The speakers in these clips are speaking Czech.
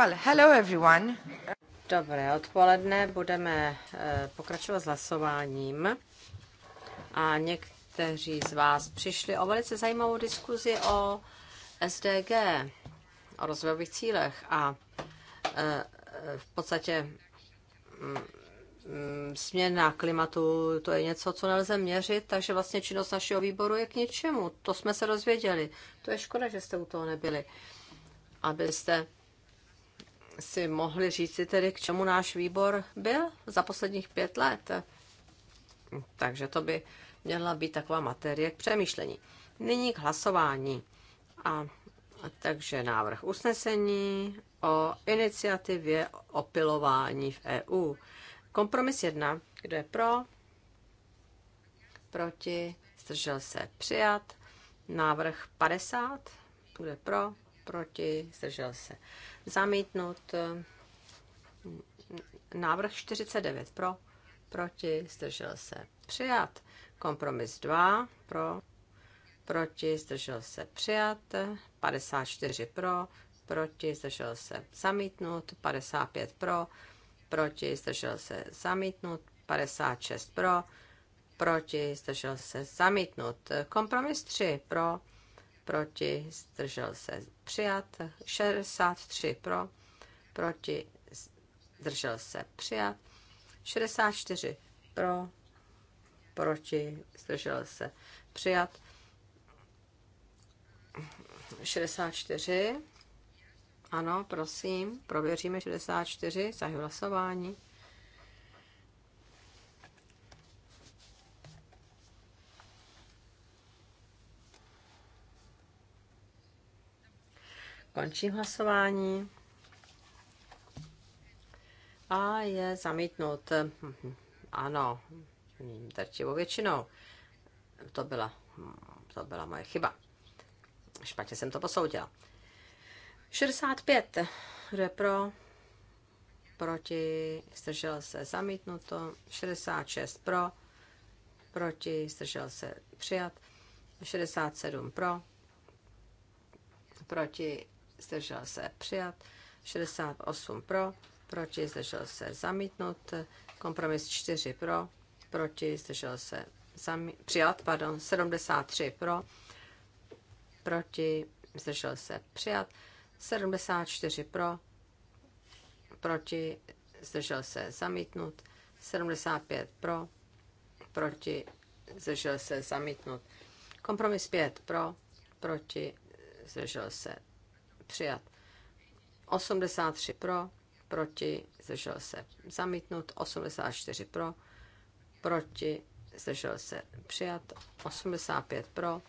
Well, hello everyone. Dobré odpoledne, budeme eh, pokračovat s hlasováním. A někteří z vás přišli o velice zajímavou diskuzi o SDG, o rozvojových cílech a eh, v podstatě změna mm, mm, klimatu, to je něco, co nelze měřit, takže vlastně činnost našeho výboru je k ničemu. To jsme se rozvěděli. To je škoda, že jste u toho nebyli. Abyste si mohli říci tedy, k čemu náš výbor byl za posledních pět let. Takže to by měla být taková materie k přemýšlení. Nyní k hlasování. A, a takže návrh usnesení o iniciativě opilování v EU. Kompromis 1. Kdo je pro? Proti? Zdržel se přijat. Návrh 50. Kdo je pro? Proti? Zdržel se zamítnout návrh 49 pro, proti, zdržel se přijat. Kompromis 2 pro, proti, zdržel se přijat. 54 pro, proti, zdržel se zamítnout 55 pro, proti, zdržel se zamítnout 56 pro, proti, zdržel se zamítnout Kompromis 3 pro, proti, zdržel se přijat, 63 pro, proti, zdržel se přijat, 64 pro, proti, zdržel se přijat, 64, ano, prosím, prověříme 64, zahy hlasování. Končím hlasování. A je zamítnut. Ano, drtivou většinou. To byla, to byla moje chyba. Špatně jsem to posoudila. 65. Kdo je pro? Proti? Zdržel se zamítnuto. 66 pro. Proti? Zdržel se přijat. 67 pro. Proti? zdržel se přijat, 68 pro, proti, zdržel se zamítnut, kompromis 4 pro, proti, zdržel se zamí- přijat, pardon, 73 pro, proti, zdržel se přijat, 74 pro, proti, zdržel se zamítnut, 75 pro, proti, zdržel se zamítnut. Kompromis 5 pro, proti, zdržel se přijat. 83 pro, proti, zdržel se zamítnut, 84 pro, proti, zdržel se přijat, 85 pro,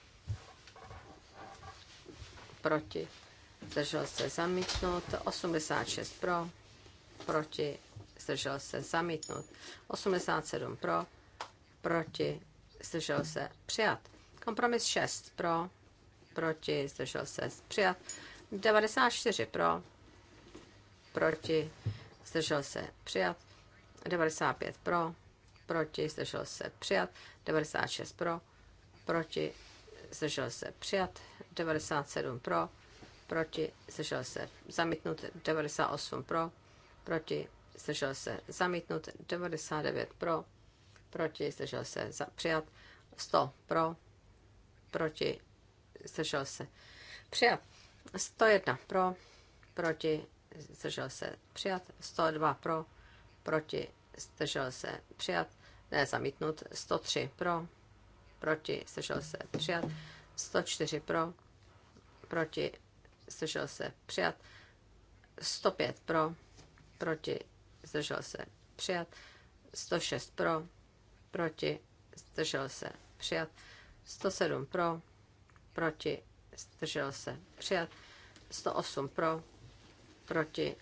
proti, zdržel se zamítnut, 86 pro, proti, zdržel se zamítnut, 87 pro, proti, zdržel se přijat. Kompromis 6 pro, proti, zdržel se přijat. 94 pro, proti, zdržel se přijat. 95 pro, proti, zdržel se přijat. 96 pro, proti, zdržel se přijat. 97 pro, proti, zdržel se zamítnut. 98 pro, proti, zdržel se zamítnut. 99 pro, proti, zdržel se za, přijat. 100 pro, proti, zdržel se přijat. 101 pro, proti, zdržel se přijat. 102 pro, proti, zdržel se přijat. Ne, zamítnut. 103 pro, proti, zdržel se přijat. 104 pro, proti, zdržel se přijat. 105 pro, proti, zdržel se přijat. 106 pro, proti, zdržel se přijat. 107 pro, proti, zdržel se přijat. 108 pro, proti,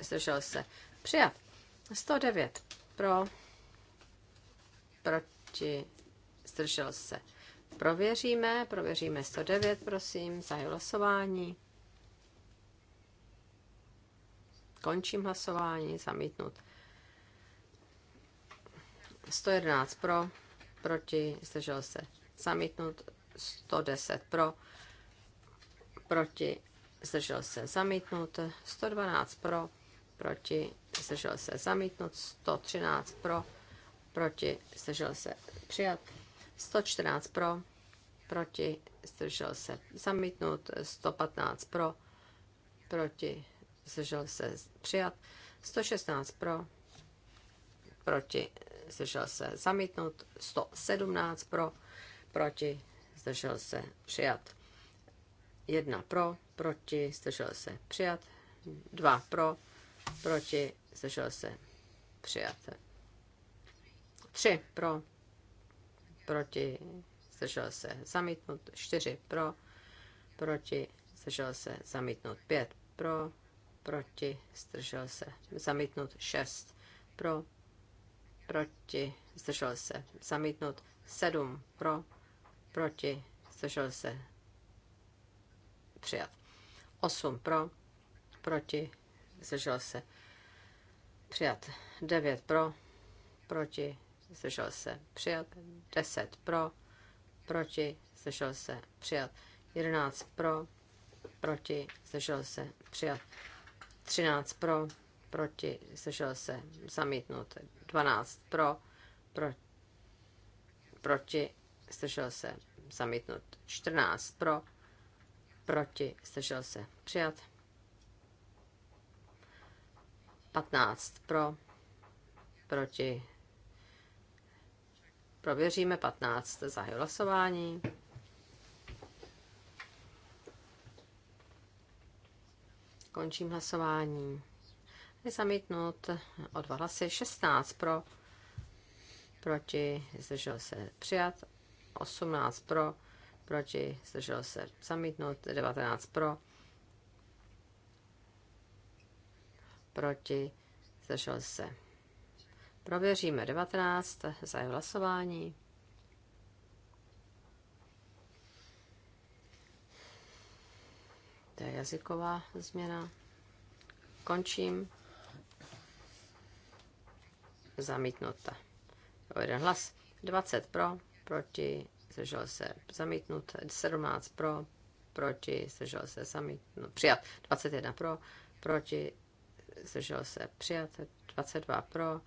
zdržel se přijat. 109 pro, proti, zdržel se. Prověříme, prověříme 109, prosím, zahajuji hlasování. Končím hlasování, zamítnut. 111 pro, proti, zdržel se, zamítnut. 110 pro, proti, zdržel se zamítnut, 112 pro, proti, zdržel se zamítnut, 113 pro, proti, zdržel se přijat, 114 pro, proti, zdržel se zamítnut, 115 pro, proti, zdržel se přijat, 116 pro, proti, zdržel se zamítnut, 117 pro, proti, zdržel se přijat. 1 pro, proti, zdržel se přijat. 2 pro, proti, zdržel se přijat. 3 pro, proti, zdržel se zamítnut. 4 pro, proti, zdržel se zamítnut. 5 pro, proti, zdržel se zamítnut. 6 pro, proti, zdržel se zamítnut. 7 pro, proti, zdržel se přijat. 8 pro, proti, zdržel se, přijat. 9 pro, proti, zdržel se, přijat. 10 pro, proti, zdržel se, přijat. 11 pro, proti, zdržel se, přijat. 13 pro, proti, zdržel se, zamítnut. 12 pro, pro proti, zdržel se, zamítnut. 14 pro, proti, zdržel se, přijat. 15 pro, proti, prověříme 15, zahajuji hlasování. Končím hlasování. Je zamítnut o dva hlasy, 16 pro, proti, zdržel se, přijat, 18 pro, proti, zdrželo se zamítnout, 19 pro, proti, zdrželo se. Prověříme 19, za zahajuji hlasování. To je jazyková změna. Končím. Zamítnuta. O jeden hlas. 20 pro, proti, zdržel se zamítnut, 17 pro, proti, zdržel se zamítnut, přijat, 21 pro, proti, zdržel se přijat, 22 pro,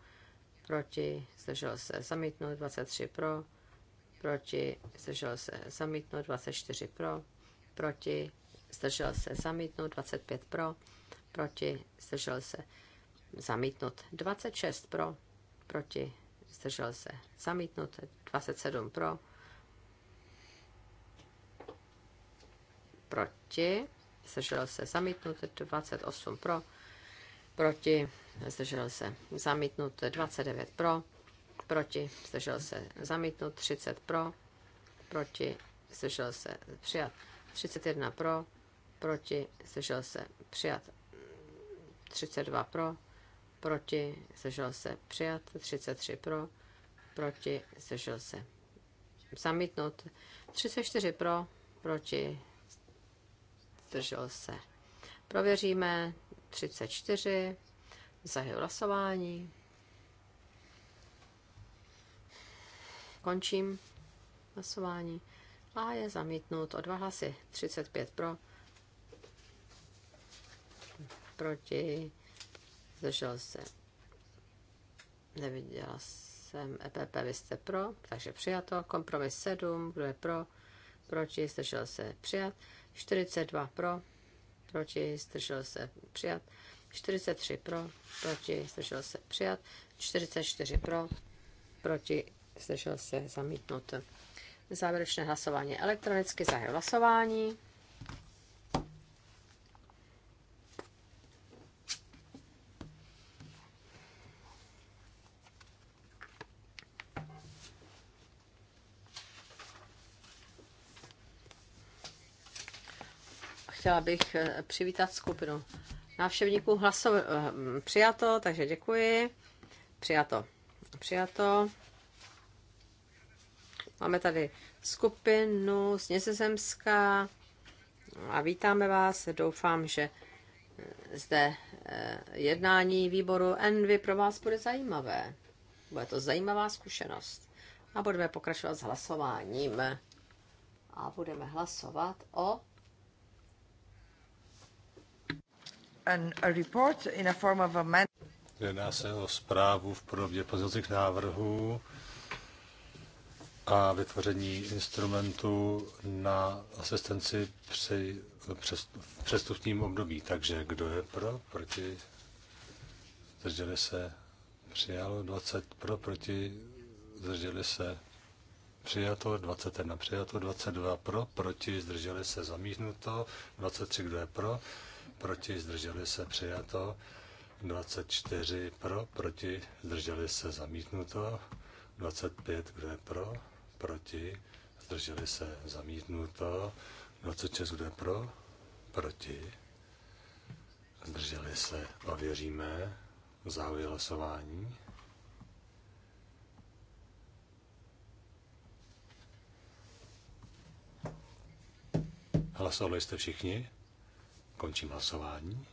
proti, zdržel se zamítnout, 23 pro, proti, zdržel se zamítnout, 24 pro, proti, zdržel se zamítnout, 25 pro, proti, zdržel se zamítnout, 26 pro, proti, zdržel se zamítnout, 27 pro, proti, zdržel se zamítnut, 28 pro, proti, zdržel se zamítnut, 29 pro, proti, zdržel se zamítnut, 30 pro, proti, zdržel se přijat, 31 pro, proti, zdržel se přijat, 32 pro, proti, zdržel se přijat, 33 pro, proti, zdržel se zamítnut, 34 pro, proti, zdržel se. Prověříme 34, zahy hlasování. Končím hlasování a je zamítnut o dva hlasy. 35 pro, proti, zdržel se. Neviděla jsem EPP, vy jste pro, takže přijato. Kompromis 7, kdo je pro, proti, zdržel se, přijat. 42 pro, proti, zdržel se přijat. 43 pro, proti, zdržel se přijat. 44 pro, proti, zdržel se zamítnut. Závěrečné hlasování elektronicky zahájil hlasování. chtěla bych eh, přivítat skupinu návštěvníků. Hlasov... Eh, přijato, takže děkuji. Přijato. Přijato. Máme tady skupinu z Nězezemska a vítáme vás. Doufám, že eh, zde jednání výboru Envy pro vás bude zajímavé. Bude to zajímavá zkušenost. A budeme pokračovat s hlasováním. A budeme hlasovat o Jedná se o zprávu v podobě pozitivních návrhů a vytvoření instrumentu na asistenci při přestupním období. Takže kdo je pro, proti, zdrželi se, přijalo 20 pro, proti, zdrželi se, přijato, 21 přijato, 22 pro, proti, zdrželi se, zamítnuto, 23 kdo je pro, proti, zdrželi se přijato, 24 pro, proti, zdrželi se zamítnuto, 25, kdo je pro, proti, zdrželi se zamítnuto, 26, kdo je pro, proti, zdrželi se, ověříme, zahajuji hlasování. Hlasovali jste všichni? Končím hlasování.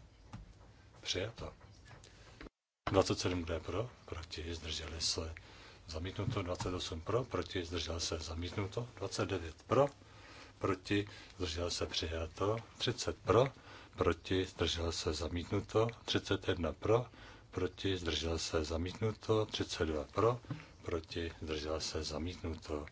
Přijato. 27, kde pro? Proti, zdrželi se. Zamítnuto 28 pro, proti, zdržel se. Zamítnuto 29 pro, proti, zdržel se. Přijato 30 pro, proti, zdržel se. Zamítnuto 31 pro, proti, zdržel se. Zamítnuto 32 pro, proti, zdržel se. Zamítnuto.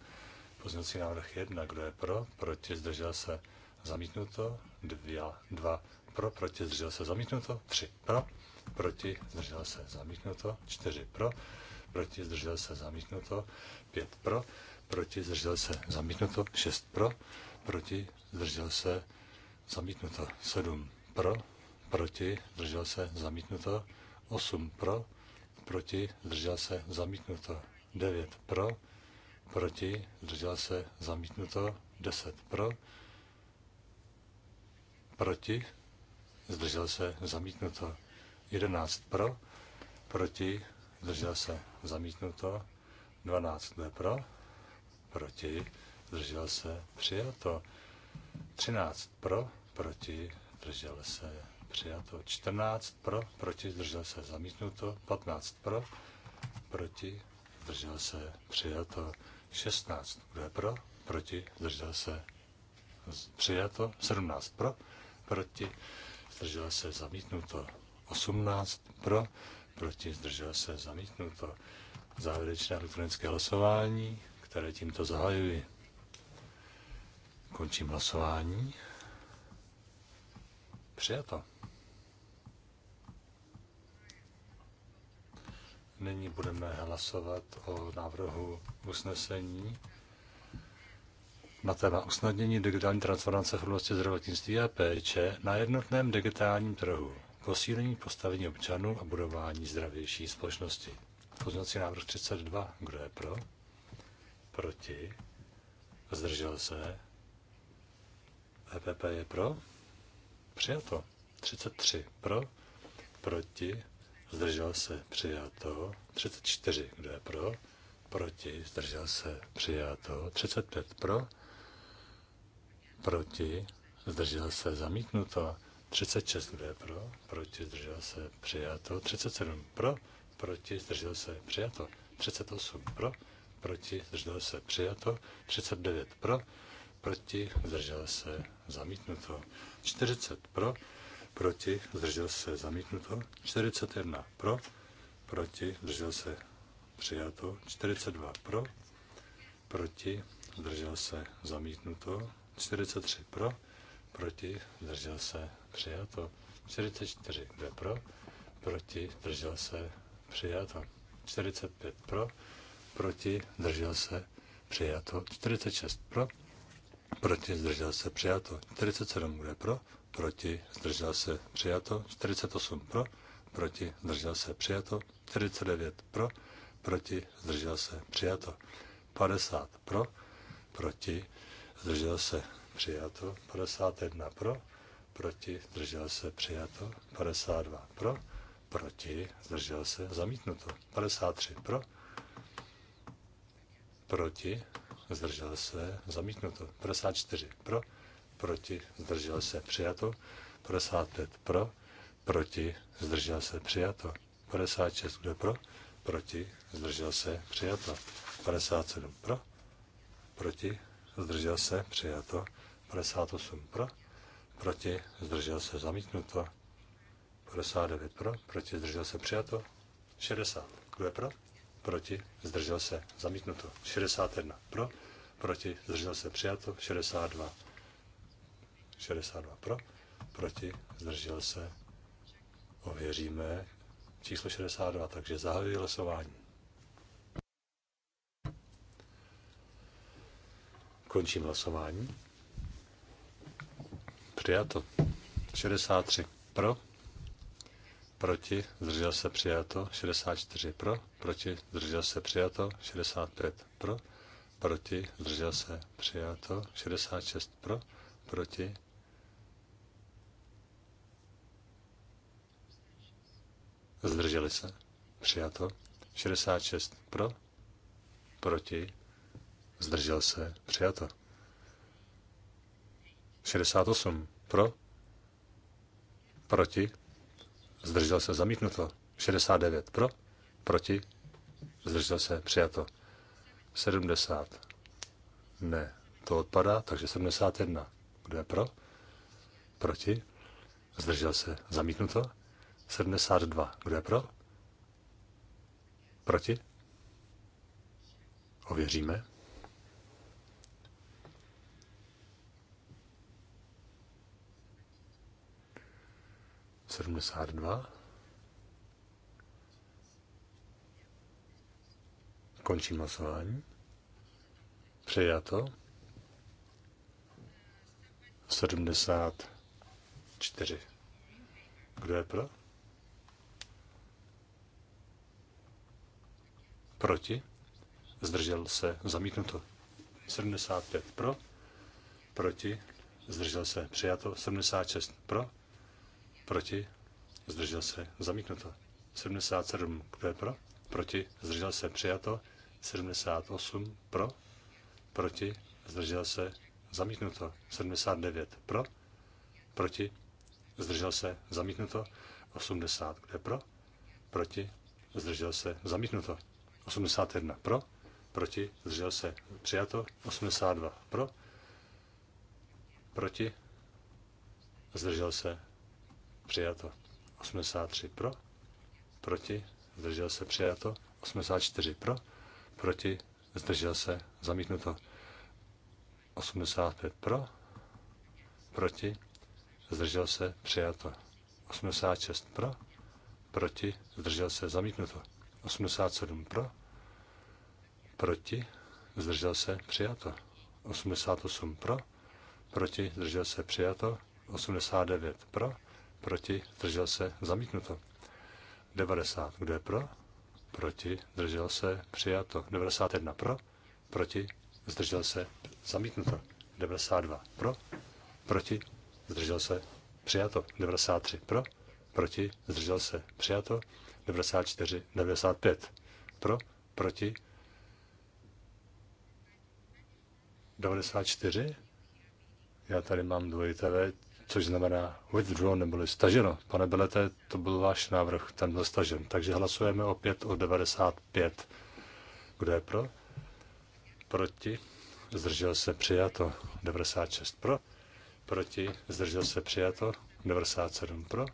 Poznací návrh 1, kdo je pro, proti, zdržel se zamítnuto, dvě, dva pro, proti, zdržel se, zamítnuto, tři, pro, proti, zdržel se, zamítnuto, čtyři, pro, proti, zdržel se, zamítnuto, pět, pro, proti, zdržel se, zamítnuto, šest, pro, proti, zdržel se, zamítnuto, sedm, pro, proti, zdržel se, zamítnuto, osm, pro, proti, zdržel se, zamítnuto, devět, pro, proti, zdržel se, zamítnuto, deset, pro, proti, zdržel se, zamítnuto. 11 pro, proti, zdržel se, zamítnuto. 12 ne pro, proti, zdržel se, přijato. 13 pro, proti, zdržel se, přijato. 14 pro, proti, zdržel se, zamítnuto. 15 pro, proti, zdržel se, přijato. 16 ne pro, proti, zdržel se, přijato. 17 pro, proti, zdržela se zamítnuto. 18 pro, proti, zdržela se zamítnuto. Závěrečné elektronické hlasování, které tímto zahajuji. Končím hlasování. Přijato. Nyní budeme hlasovat o návrhu usnesení na téma usnadnění digitální transformace v oblasti zdravotnictví a péče na jednotném digitálním trhu, posílení postavení občanů a budování zdravější společnosti. Poznací návrh 32. Kdo je pro? Proti? Zdržel se? EPP je pro? Přijato. 33. Pro? Proti? Zdržel se? Přijato. 34. Kdo je pro? Proti? Zdržel se? Přijato. 35. Pro? proti, zdržel se zamítnuto, 36, kdo je pro, proti, zdržel se přijato, 37 pro, proti, zdržel se přijato, 38 pro, proti, zdržel se přijato, 39 pro, proti, zdržel se zamítnuto, 40 pro, proti, zdržel se zamítnuto, 41 pro, proti, zdržel se přijato, 42 pro, proti, zdržel se zamítnuto, 43 pro, proti, zdržel se, přijato. 44 pro, proti, zdržel se, přijato. 45 pro, proti, zdržel se, přijato. 46 pro, proti, zdržel se, přijato. 47 bude pro, proti, zdržel se, přijato. 48 pro, proti, zdržel se, přijato. 49 pro, proti, zdržel se, přijato. 50 pro, proti, zdržel se, přijato. 51 pro, proti, zdržel se, přijato. 52 pro, proti, zdržel se, zamítnuto. 53 pro, proti, zdržel se, zamítnuto. 54 pro, proti, zdržel se, přijato. 55 pro, proti, zdržel se, přijato. 56, kdo pro, proti, zdržel se, přijato. 57 pro, proti, zdržel se, přijato. 58 pro, proti, zdržel se, zamítnuto. 59 pro, proti, zdržel se, přijato. 60. Kdo je pro? Proti, zdržel se, zamítnuto. 61 pro, proti, zdržel se, přijato. 62. 62 pro, proti, zdržel se, ověříme číslo 62, takže zahajuji hlasování. Končím hlasování. Přijato. 63 pro, proti, zdržel se přijato, 64 pro, proti, zdržel se přijato, 65 pro, proti, zdržel se přijato, 66 pro, proti, zdrželi se, přijato, 66 pro, proti, zdržel se, přijato. 68 pro, proti, zdržel se, zamítnuto. 69 pro, proti, zdržel se, přijato. 70 ne, to odpadá, takže 71. Kdo je pro? Proti? Zdržel se. Zamítnuto? 72. Kdo je pro? Proti? Ověříme. 72. Končím hlasování. Přijato. 74. Kdo je pro? Proti? Zdržel se. Zamítnuto. 75 pro. Proti? Zdržel se. Přijato. 76 pro Proti? Zdržel se. Zamítnuto. 77. Kdo je pro? Proti? Zdržel se. Přijato. 78. Pro? Proti? Zdržel se. Zamítnuto. 79. Pro? Proti? Zdržel se. Zamítnuto. 80. Kdo je pro? Proti? Zdržel se. Zamítnuto. 81. Pro? Proti? Zdržel se. Přijato. 82. Pro? Proti? Zdržel se. Přijato. 83 pro. Proti. Zdržel se. Přijato. 84 pro. Proti. Zdržel se. Zamítnuto. 85 pro. Proti. Zdržel se. Přijato. 86 pro. Proti. Zdržel se. Zamítnuto. 87 pro. Proti. Zdržel se. Přijato. 88 pro. Proti. Zdržel se. Přijato. 89 pro Proti? Zdržel se? Zamítnuto. 90. Kdo je pro? Proti? Zdržel se? Přijato. 91. Pro? Proti? Zdržel se? Zamítnuto. 92. Pro? Proti? Zdržel se? Přijato. 93. Pro? Proti? Zdržel se? Přijato. 94. 95. Pro? Proti? 94. Já tady mám dvojité což znamená withdrawn neboli staženo. Pane Belete, to byl váš návrh, ten byl stažen. Takže hlasujeme opět o 95. Kdo je pro? Proti? Zdržel se přijato. 96 pro. Proti? Zdržel se přijato. 97 pro.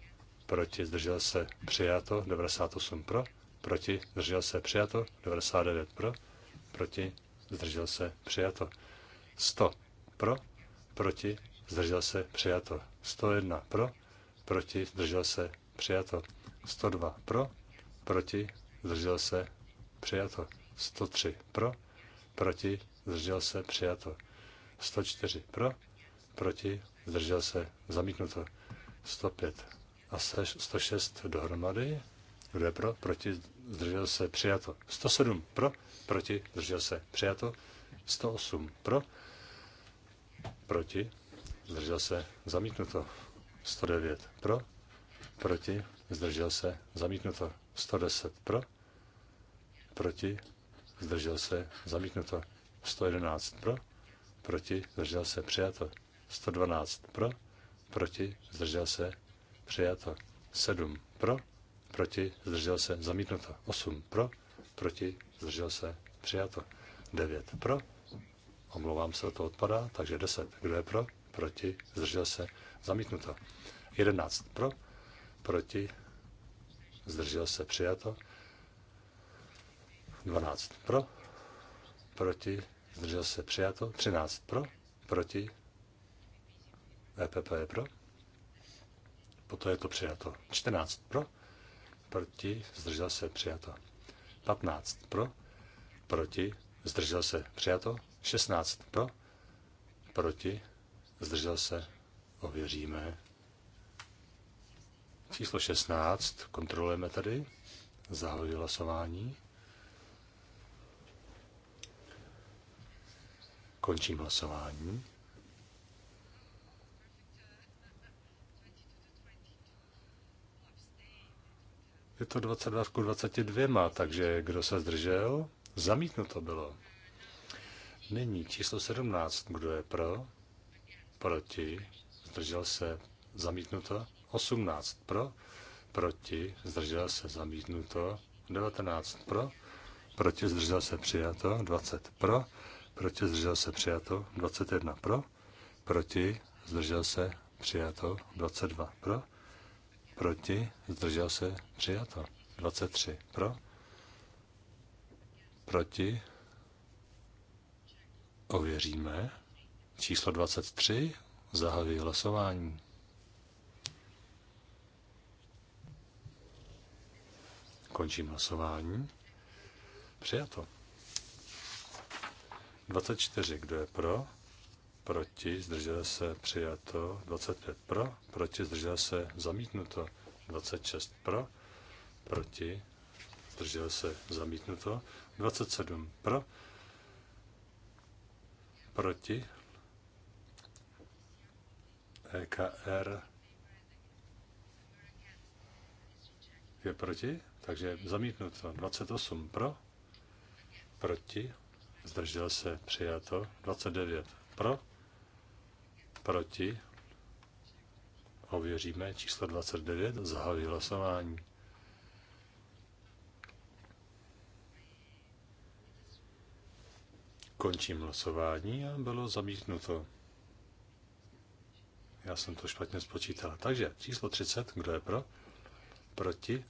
Proti? Zdržel se přijato. 98 pro. Proti? Zdržel se přijato. 99 pro. Proti? Zdržel se přijato. 100 pro. Proti? zdržel se, přijato. 101 pro, proti, zdržel se, přijato. 102 pro, proti, zdržel se, přijato. 103 pro, proti, zdržel se, přijato. 104 pro, proti, zdržel se, zamítnuto. 105 a 106 dohromady, kdo je pro, proti, zdržel se, přijato. 107 pro, proti, zdržel se, přijato. 108 pro, proti, zdržel se, zamítnuto. 109 pro, proti, zdržel se, zamítnuto. 110 pro, proti, zdržel se, zamítnuto. 111 pro, proti, zdržel se, přijato. 112 pro, proti, zdržel se, přijato. 7 pro, proti, zdržel se, zamítnuto. 8 pro, proti, zdržel se, přijato. 9 pro, omlouvám se, to odpadá, takže 10. Kdo je pro? proti, zdržel se, zamítnuto. 11 pro, proti, zdržel se, přijato. 12 pro, proti, zdržel se, přijato. 13 pro, proti, EPP je pro. poté je to přijato. 14 pro, proti, zdržel se, přijato. 15 pro, proti, zdržel se, přijato. 16 pro, proti, zdržel se, ověříme. Číslo 16, kontrolujeme tady, zahajuji hlasování. Končím hlasování. Je to 22 k 22, takže kdo se zdržel? Zamítnuto bylo. Nyní číslo 17. Kdo je pro? proti, zdržel se, zamítnuto. 18 pro, proti, zdržel se, zamítnuto. 19 pro, proti, zdržel se, přijato. 20 pro, proti, zdržel se, přijato. 21 pro, proti, zdržel se, přijato. 22 pro, proti, zdržel se, přijato. 23 pro, proti, ověříme. Číslo 23. Zahajuji hlasování. Končím hlasování. Přijato. 24. Kdo je pro? Proti, zdržel se, přijato. 25 pro, proti, zdržel se, zamítnuto. 26 pro, proti, zdržel se, zamítnuto. 27 pro, proti, EKR je proti, takže zamítnuto. 28 pro, proti, zdržel se, přijato. 29 pro, proti, ověříme číslo 29, zahájí hlasování. Končím hlasování a bylo zamítnuto. Já jsem to špatně spočítal. Takže číslo 30, kdo je pro? Proti?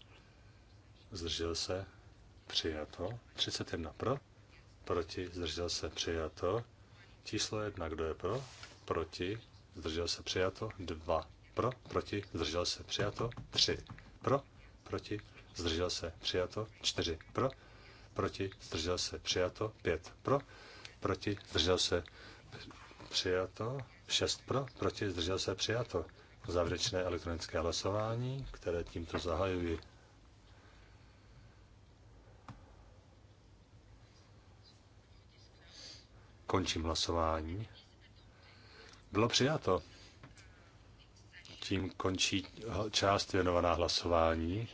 Zdržel se? Přijato. 31 pro? Proti? Zdržel se? Přijato. Číslo 1, kdo je pro? Proti? Zdržel se? Přijato. 2 pro? Proti? Zdržel se? Přijato. 3 pro? Proti? Zdržel se? Přijato. 4 pro? Proti? Zdržel se? Přijato. 5 pro? Proti? Zdržel se? Přijato. 6 pro, proti, zdržel se, přijato. Závěrečné elektronické hlasování, které tímto zahajuji. Končím hlasování. Bylo přijato. Tím končí část věnovaná hlasování.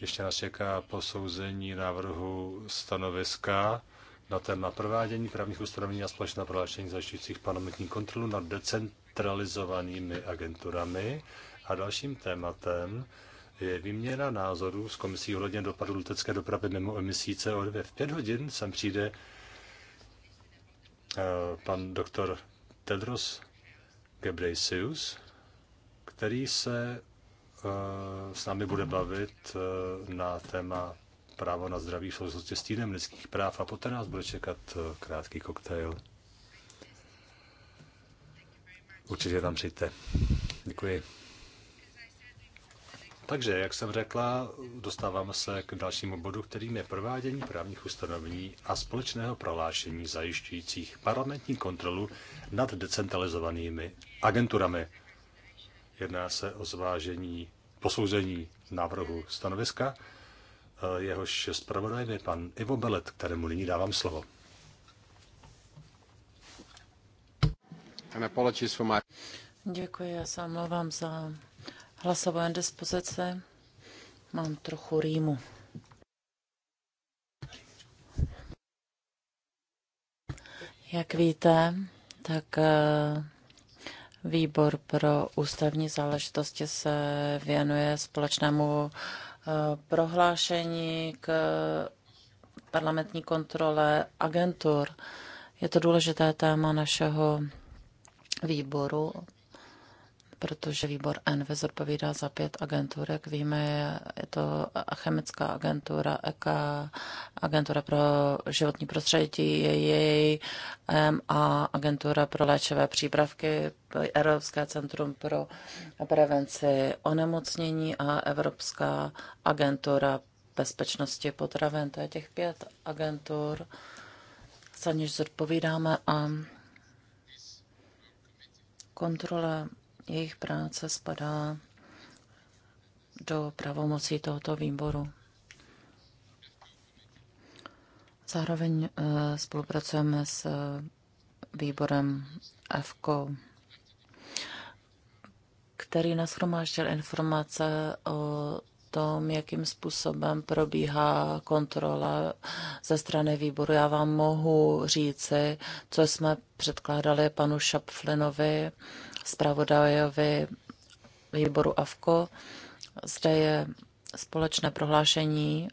Ještě nás čeká posouzení návrhu stanoviska na téma provádění právních ustanovení a společná prohlášení zajišťujících parlamentní kontrolu nad decentralizovanými agenturami. A dalším tématem je výměna názorů s komisí ohledně dopadu letecké dopravy mimo emisí CO2. V pět hodin sem přijde eh, pan doktor Tedros Gebreyesus, který se eh, s námi bude bavit eh, na téma právo na zdraví v souvislosti s týdnem lidských práv a poté nás bude čekat eh, krátký koktejl. Určitě tam přijďte. Děkuji. Takže, jak jsem řekla, dostáváme se k dalšímu bodu, kterým je provádění právních ustanovení a společného prohlášení zajišťujících parlamentní kontrolu nad decentralizovanými agenturami. Jedná se o zvážení posouzení návrhu stanoviska Eh, jehož zpravodajem je pan Ivo Belet, kterému nyní dávám slovo. Děkuji, já se omlouvám za hlasové dispozice. Mám trochu rýmu. Jak víte, tak eh, výbor pro ústavní záležitosti se věnuje společnému Eh, prohlášení k parlamentní kontrole agentur. Je to důležité téma našeho výboru protože výbor ENVY zodpovídá za pět agentur, jak Víme, je to chemická agentura, EKA, agentura pro životní prostředí, jej a agentura pro léčivé přípravky, Evropské centrum pro prevenci onemocnění a Evropská agentura bezpečnosti potravin. To je těch pět agentur, za něž zodpovídáme a kontrola jejich práce spadá do pravomocí tohoto výboru. Zároveň eh, spolupracujeme s eh, výborem FCO, který nashromáždil informace o tom, jakým způsobem probíhá kontrola ze strany výboru. Já vám mohu říci, co jsme předkládali panu Šapflinovi zpravodajovi výboru AVKO. Zde je společné prohlášení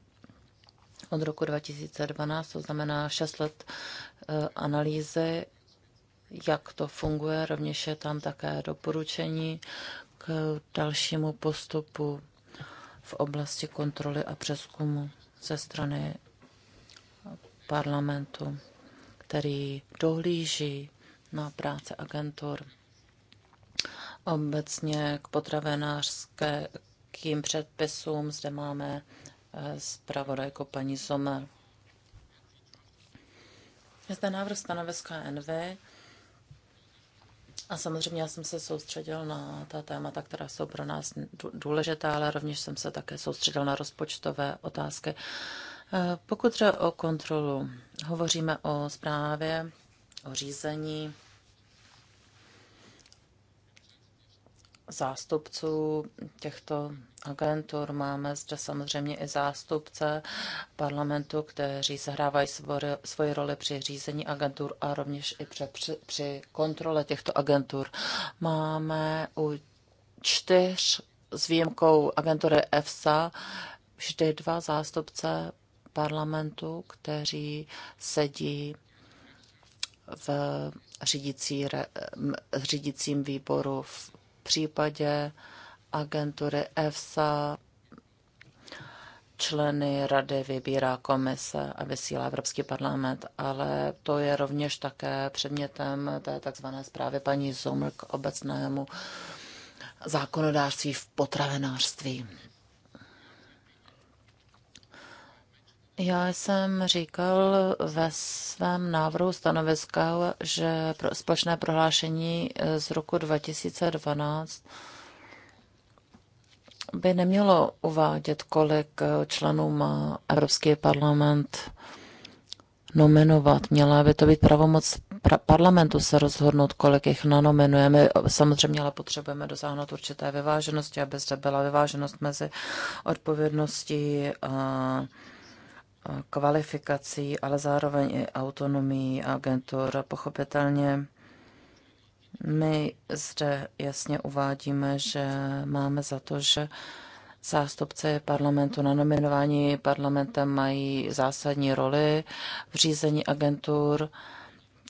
od roku 2012, to znamená 6 let e, analýzy, jak to funguje. Rovněž je tam také doporučení k dalšímu postupu v oblasti kontroly a přeskumu ze strany parlamentu, který dohlíží na práce agentur obecně k potravenářským předpisům. Zde máme eh, zpravodajku paní Sommer. Je zde návrh stanoviska NV a samozřejmě já jsem se soustředil na ta témata, která jsou pro nás důležitá, ale rovněž jsem se také soustředil na rozpočtové otázky. Eh, pokud jde o kontrolu, hovoříme o zprávě, o řízení, zástupců těchto agentur. Máme zde samozřejmě i zástupce parlamentu, kteří zahrávají svoji roli při řízení agentur a rovněž i při, při kontrole těchto agentur. Máme u čtyř s výjimkou agentury EFSA vždy dva zástupce parlamentu, kteří sedí v řídící, řídícím výboru v případě agentury EFSA členy rady vybírá komise a vysílá Evropský parlament, ale to je rovněž také předmětem té takzvané zprávy paní Zomr k obecnému zákonodářství v potravinářství. Já jsem říkal ve svém návrhu stanoviska, že pro společné prohlášení e, z roku 2012 by nemělo uvádět, kolik e, členů má Evropský parlament nominovat. Měla by to být pravomoc parlamentu se rozhodnout, kolik jich nanominujeme. Samozřejmě ale potřebujeme dosáhnout určité vyváženosti, aby zde byla vyváženost mezi odpovědností a kvalifikací, ale zároveň i autonomií agentur. Pochopitelně my zde jasně uvádíme, že máme za to, že zástupci parlamentu na nominování parlamentem mají zásadní roli v řízení agentur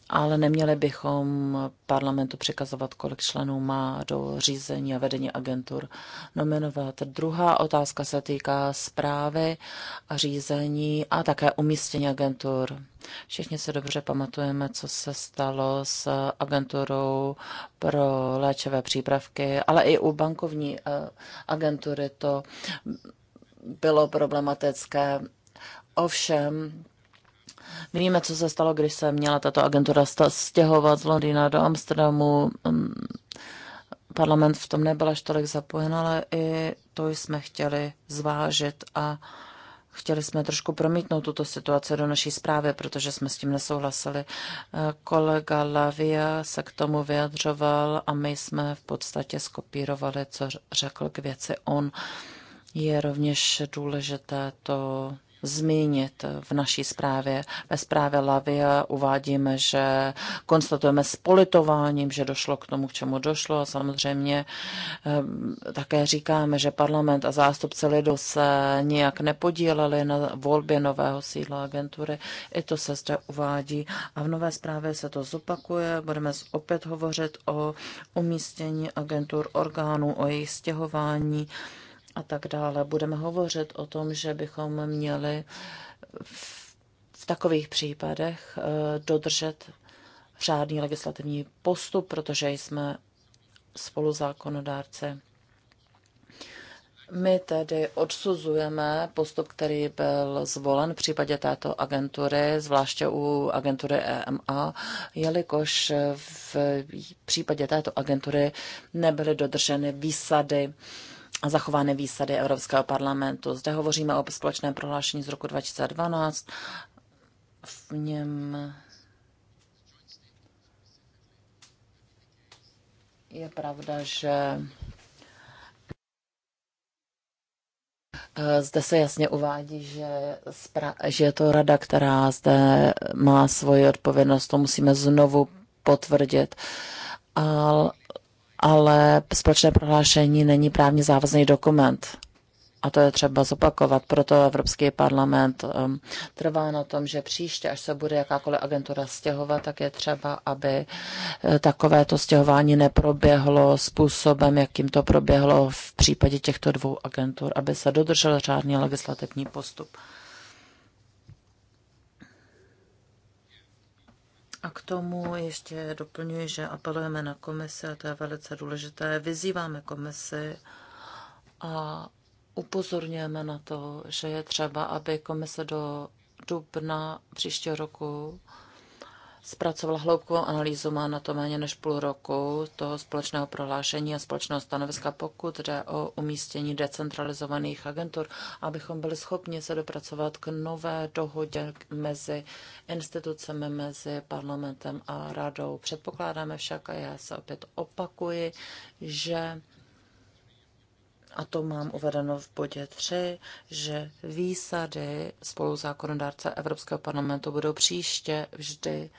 ale neměli bychom parlamentu přikazovat, kolik členů má do řízení a vedení agentur nominovat. Druhá otázka se týká zprávy a řízení a také umístění agentur. Všichni se dobře pamatujeme, co se stalo s agenturou pro léčivé přípravky, ale i u bankovní eh, agentury to bylo problematické. Ovšem, Víme, co se stalo, když se měla tato agentura stěhovat z Londýna do Amsterdamu. Mm, parlament v tom nebyl až tolik zapojen, ale i to jsme chtěli zvážit a chtěli jsme trošku promítnout tuto situaci do naší zprávy, protože jsme s tím nesouhlasili. Eh, kolega Lavia se k tomu vyjadřoval a my jsme v podstatě skopírovali, co řekl k věci on. Je rovněž důležité to zmínit v naší zprávě. Ve zprávě Lavia uvádíme, že konstatujeme s politováním, že došlo k tomu, k čemu došlo a samozřejmě eh, také říkáme, že parlament a zástupce lidu se nijak nepodíleli na volbě nového sídla agentury. I to se zde uvádí a v nové zprávě se to zopakuje. Budeme opět hovořit o umístění agentur orgánů, o jejich stěhování a tak dále. Budeme hovořit o tom, že bychom měli v takových případech eh, dodržet řádný legislativní postup, protože jsme spoluzákonodárce. My tedy odsuzujeme postup, který byl zvolen v případě této agentury, zvláště u agentury EMA, jelikož v případě této agentury nebyly dodrženy výsady uh, a zachovány výsady Evropského parlamentu. Zde hovoříme o společném prohlášení z roku 2012. V něm je pravda, že eh, Zde se jasně uvádí, že, že je to rada, která zde má svoji odpovědnost, to musíme znovu potvrdit. Ale ale společné prohlášení není právně závazný dokument. A to je třeba zopakovat. Proto Evropský parlament um, trvá na tom, že příště, až se bude jakákoliv agentura stěhovat, tak je třeba, aby eh, takovéto stěhování neproběhlo způsobem, jakým to proběhlo v případě těchto dvou agentur, aby se dodržel řádný legislativní postup. A k tomu ještě doplňuji, že apelujeme na komisi, a to je velice důležité, vyzýváme komisi a upozorňujeme na to, že je třeba, aby komise do dubna příštího roku zpracoval hloubkovou analýzu, má na to méně než půl roku toho společného prohlášení a společného stanoviska, pokud jde o umístění decentralizovaných agentur, abychom byli schopni se dopracovat k nové dohodě mezi institucemi, mezi parlamentem a radou. Předpokládáme však, a já se opět opakuji, že a to mám uvedeno v bodě 3, že výsady spoluzákonodárce Evropského parlamentu budou příště vždy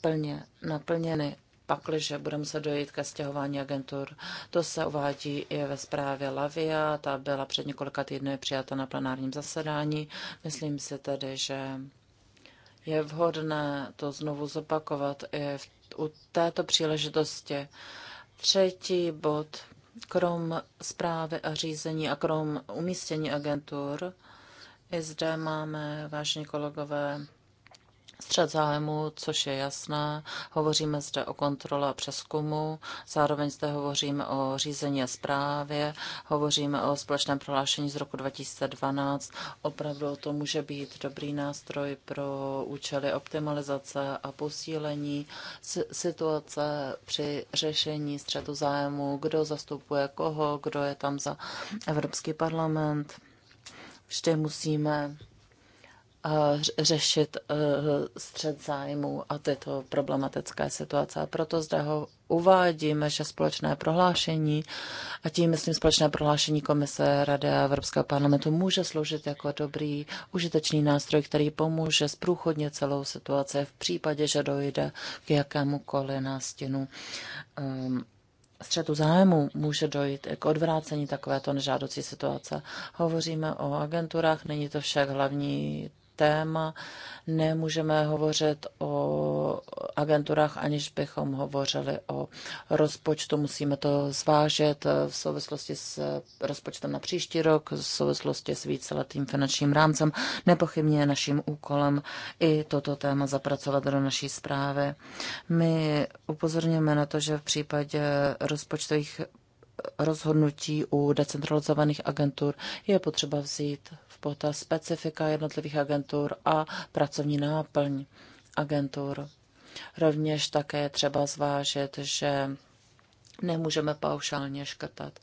plně naplněny pakliže bude muset dojít ke stěhování agentur. To se uvádí i ve zprávě Lavia, ta byla před několika týdny přijata na plenárním zasedání. Myslím si tedy, že je vhodné to znovu zopakovat i v, u této příležitosti. Třetí bod krom zprávy a řízení a krom umístění agentur, i zde máme, vážení kolegové, střed zájmu, což je jasné. Hovoříme zde o kontrole a přeskumu, zároveň zde hovoříme o řízení a zprávě, hovoříme o společném prohlášení z roku 2012. Opravdu to může být dobrý nástroj pro účely optimalizace a posílení situace při řešení střetu zájmu, kdo zastupuje koho, kdo je tam za Evropský parlament. Vždy musíme řešit e, střed zájmu a tyto problematické situace. A proto zde ho uvádíme, že společné prohlášení, a tím myslím společné prohlášení Komise Rady a Evropského parlamentu, může sloužit jako dobrý užitečný nástroj, který pomůže zprůchodnit celou situaci v případě, že dojde k jakémukoliv nástinu ehm, střetu zájmu může dojít k odvrácení takovéto nežádoucí situace. Hovoříme o agenturách, není to však hlavní téma. Nemůžeme hovořit o agenturách, aniž bychom hovořili o rozpočtu. Musíme to zvážit v souvislosti s rozpočtem na příští rok, v souvislosti s víceletým finančním rámcem. Nepochybně je naším úkolem i toto téma zapracovat do naší zprávy. My upozorňujeme na to, že v případě rozpočtových rozhodnutí u decentralizovaných agentur je potřeba vzít v potaz specifika jednotlivých agentur a pracovní náplň agentur. Rovněž také je třeba zvážit, že nemůžeme paušálně škrtat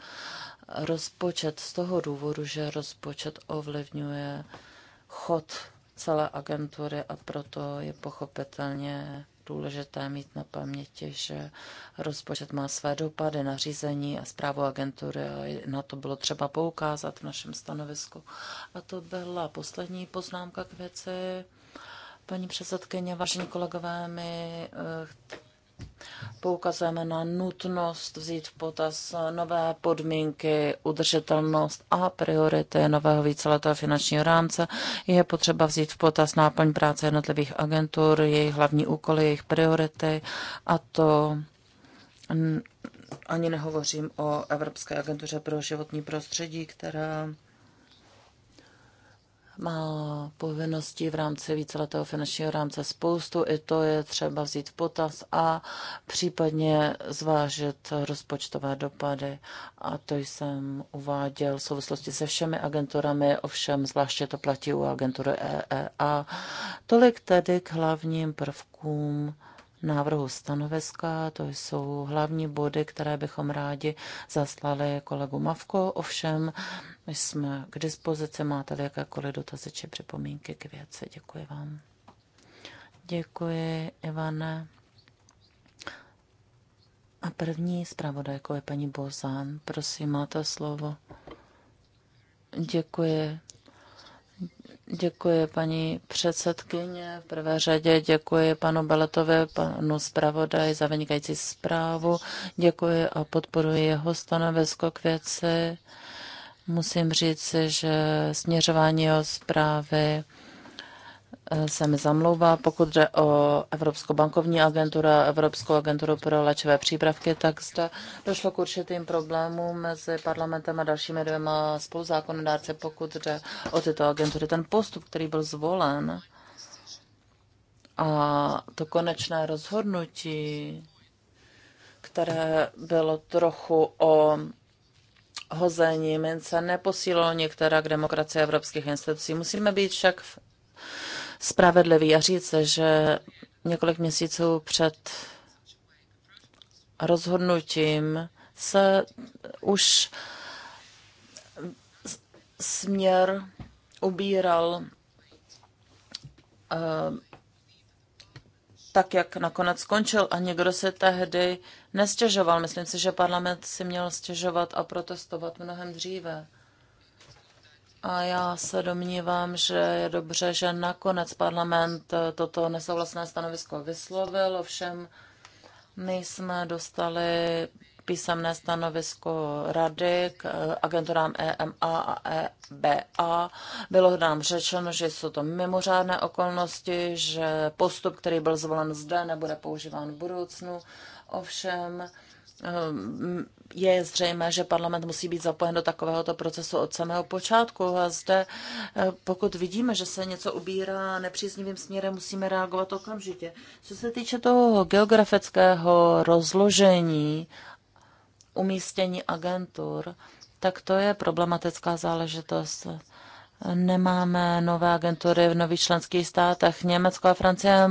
rozpočet z toho důvodu, že rozpočet ovlivňuje chod celé agentury a proto je pochopitelně důležité mít na paměti, že rozpočet má své dopady na řízení a zprávu agentury a na to bylo třeba poukázat v našem stanovisku. A to byla poslední poznámka k věci. Paní předsedkyně, vážení kolegové, my eh, Poukazujeme na nutnost vzít v potaz nové podmínky, udržitelnost a priority nového víceletého finančního rámce. Je potřeba vzít v potaz náplň práce jednotlivých agentur, jejich hlavní úkoly, jejich priority a to ani nehovořím o Evropské agentuře pro životní prostředí, která má povinnosti v rámci víceletého finančního rámce spoustu, i to je třeba vzít v potaz a případně zvážit rozpočtové dopady. A to jsem uváděl v souvislosti se všemi agenturami, ovšem zvláště to platí u agentury EEA. Tolik tedy k hlavním prvkům návrhu stanoviska. To jsou hlavní body, které bychom rádi zaslali kolegu Mavko. Ovšem, my jsme k dispozici, máte jakékoliv dotazy či připomínky k věci. Děkuji vám. Děkuji, Ivane. A první zpravodajkou je paní Bozán. Prosím, máte slovo. Děkuji. Děkuji, paní předsedkyně. V prvé řadě děkuji panu Beletovi, panu zpravodaj za vynikající zprávu. Děkuji a podporuji jeho stanovisko k věci. Musím říci, že směřování jeho zprávy Eh, se mi zamlouvá. Pokud jde o Evropskou bankovní agenturu a Evropskou agenturu pro léčivé přípravky, tak zde došlo k určitým problémům mezi parlamentem a dalšími dvěma spoluzákonodárci, pokud jde o tyto agentury. Ten postup, který byl zvolen a to konečné rozhodnutí, které bylo trochu o hození mince, neposílilo některá k demokracii evropských institucí. Musíme být však spravedlivý a říct, že několik měsíců před rozhodnutím se už směr ubíral uh, tak, jak nakonec skončil a někdo se tehdy nestěžoval. Myslím si, že parlament si měl stěžovat a protestovat mnohem dříve. A já se domnívám, že je dobře, že nakonec parlament eh, toto nesouhlasné stanovisko vyslovil, ovšem my jsme dostali písemné stanovisko rady k eh, agenturám EMA a EBA. E Bylo nám řečeno, že jsou to mimořádné okolnosti, že postup, který byl zvolen zde, nebude používán v budoucnu. Ovšem, Ehm, je zřejmé, že parlament musí být zapojen do takovéhoto procesu od samého počátku a zde, eh, pokud vidíme, že se něco ubírá nepříznivým směrem, musíme reagovat okamžitě. Co se týče toho geografického rozložení, umístění agentur, tak to je problematická záležitost nemáme nové agentury v nových členských státech. Německo a Francie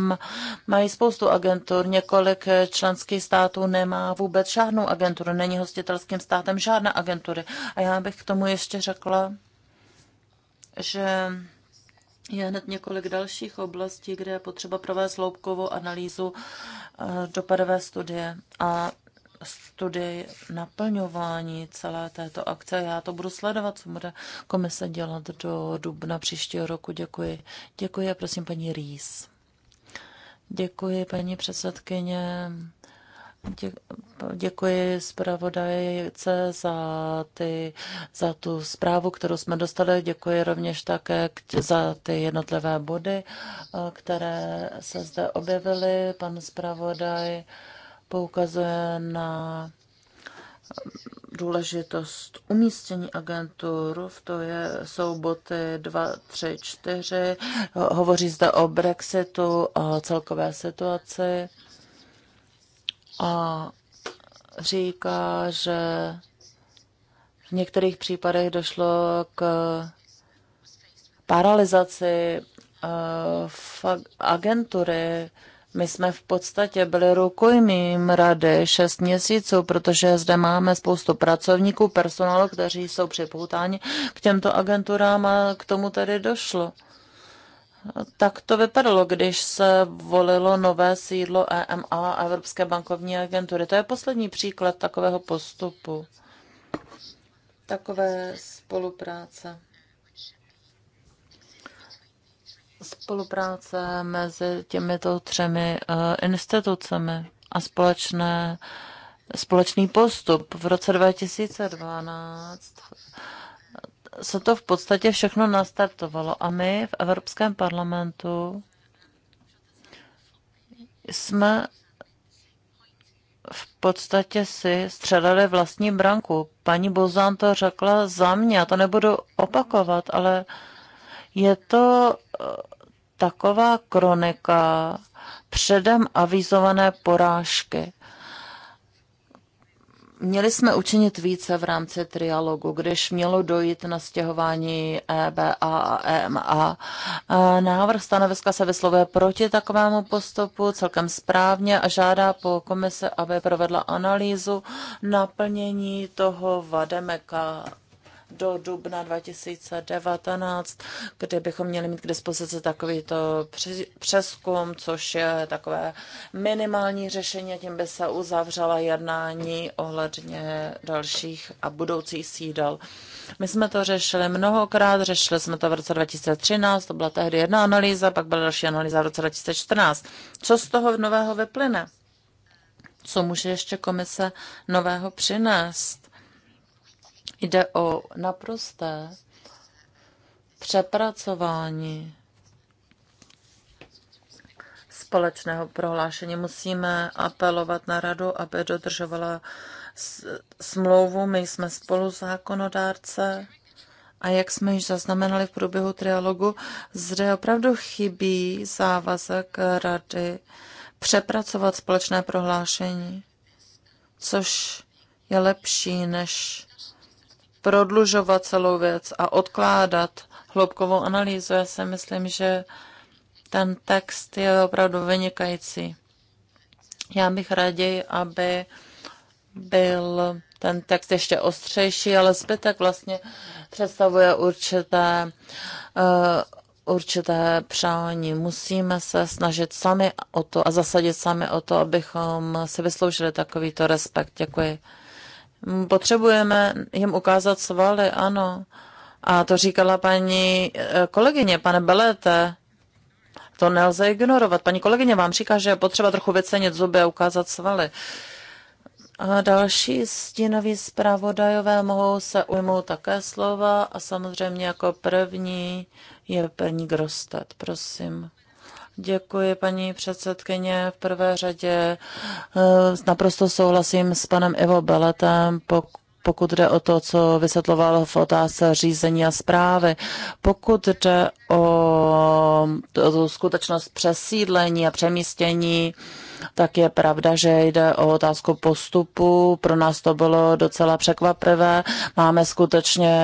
mají spoustu agentur, několik členských států nemá vůbec žádnou agenturu, není hostitelským státem žádná agentury. A já bych k tomu ještě řekla, že je hned několik dalších oblastí, kde je potřeba provést hloubkovou analýzu eh, dopadové studie. A studii naplňování celé této akce. Já to budu sledovat, co bude komise dělat do dubna příštího roku. Děkuji. Děkuji a prosím paní Rýs. Děkuji, paní předsedkyně. Děkuji zpravodajce za, ty, za tu zprávu, kterou jsme dostali. Děkuji rovněž také za ty jednotlivé body, eh, které se zde objevily. Pan zpravodaj poukazuje na důležitost umístění agentur, to je, souboty 2, 3, 4, hovoří zde o Brexitu, o celkové situaci a říká, že v některých případech došlo k paralizaci eh, agentury my jsme v podstatě byli rukojmím rady 6 měsíců, protože zde máme spoustu pracovníků, personálu, kteří jsou připoutáni k těmto agenturám a k tomu tedy došlo. Tak to vypadalo, když se volilo nové sídlo EMA a Evropské bankovní agentury. To je poslední příklad takového postupu, takové spolupráce. spolupráce mezi těmito třemi eh, institucemi a společné, společný postup. V roce 2012 se to v podstatě všechno nastartovalo a my v Evropském parlamentu jsme v podstatě si střelili vlastní branku. Paní Bozán to řekla za mě, já to nebudu opakovat, ale uh, je to eh, taková kronika předem avizované porážky. Měli jsme učinit více v rámci trialogu, když mělo dojít na stěhování EBA a EMA. E návrh stanoviska se vyslovuje proti takovému postupu celkem správně a žádá po komise, aby provedla analýzu naplnění toho Vademeka do dubna 2019, kdy bychom měli mít k dispozici takovýto přeskum, což je takové minimální řešení, tím by se uzavřela jednání ohledně dalších a budoucích sídel. My jsme to řešili mnohokrát, řešili jsme to v roce 2013, to byla tehdy jedna analýza, pak byla další analýza v roce 2014. Co z toho nového vyplyne? Co může ještě komise nového přinést? Jde o naprosté přepracování společného prohlášení. Musíme apelovat na radu, aby dodržovala smlouvu. My jsme spolu zákonodárce a jak jsme již zaznamenali v průběhu trialogu, zde opravdu chybí závazek rady přepracovat společné prohlášení, což je lepší než prodlužovat celou věc a odkládat hloubkovou analýzu. Já si myslím, že ten text je opravdu vynikající. Já bych raději, aby byl ten text ještě ostřejší, ale zbytek vlastně představuje určité, uh, určité přání. Musíme se snažit sami o to a zasadit sami o to, abychom si vysloužili takovýto respekt. Děkuji. Potřebujeme jim ukázat svaly, ano. A to říkala paní eh, kolegyně, pane Belete, to nelze ignorovat. Paní kolegyně vám říká, že je potřeba trochu vycenit zuby a ukázat svaly. A další stínoví zpravodajové mohou se ujmout také slova a samozřejmě jako první je paní Grostat, prosím. Děkuji, paní předsedkyně. V prvé řadě eh, naprosto souhlasím s panem Ivo Beletem, pokud jde o to, co vysvětloval v otázce řízení a zprávy. Pokud jde o tu skutečnost přesídlení a přemístění, tak je pravda, že jde o otázku postupu. Pro nás to bylo docela překvapivé. Máme skutečně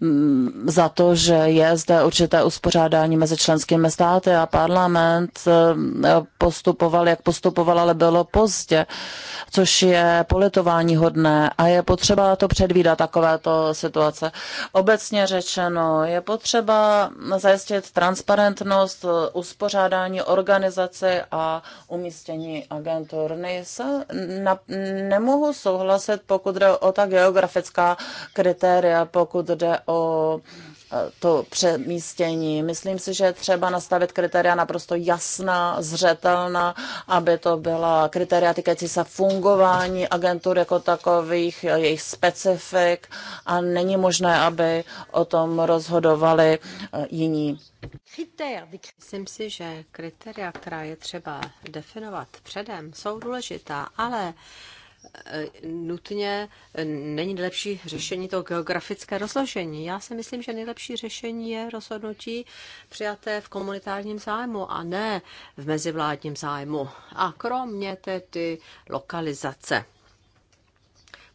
mm, za to, že je zde určité uspořádání mezi členskými státy a parlament eh, postupoval, jak postupoval, ale bylo pozdě, což je politování hodné a je potřeba to předvídat, takovéto situace. Obecně řečeno, je potřeba zajistit transparentnost, uspořádání organizace a umístění umístění agentur. Nejsa, na, nemohu souhlasit, pokud jde o ta geografická kritéria, pokud jde o uh, to přemístění. Myslím si, že třeba nastavit kritéria naprosto jasná, zřetelná, aby to byla kritéria týkající se fungování agentur jako takových, jejich specifik a není možné, aby o tom rozhodovali eh, jiní. Myslím si, že kritéria, která je třeba definovat předem, jsou důležitá, ale Eh, nutně eh, není lepší řešení to geografické rozložení. Já si myslím, že nejlepší řešení je rozhodnutí přijaté v komunitárním zájmu a ne v mezivládním zájmu. A kromě tedy lokalizace.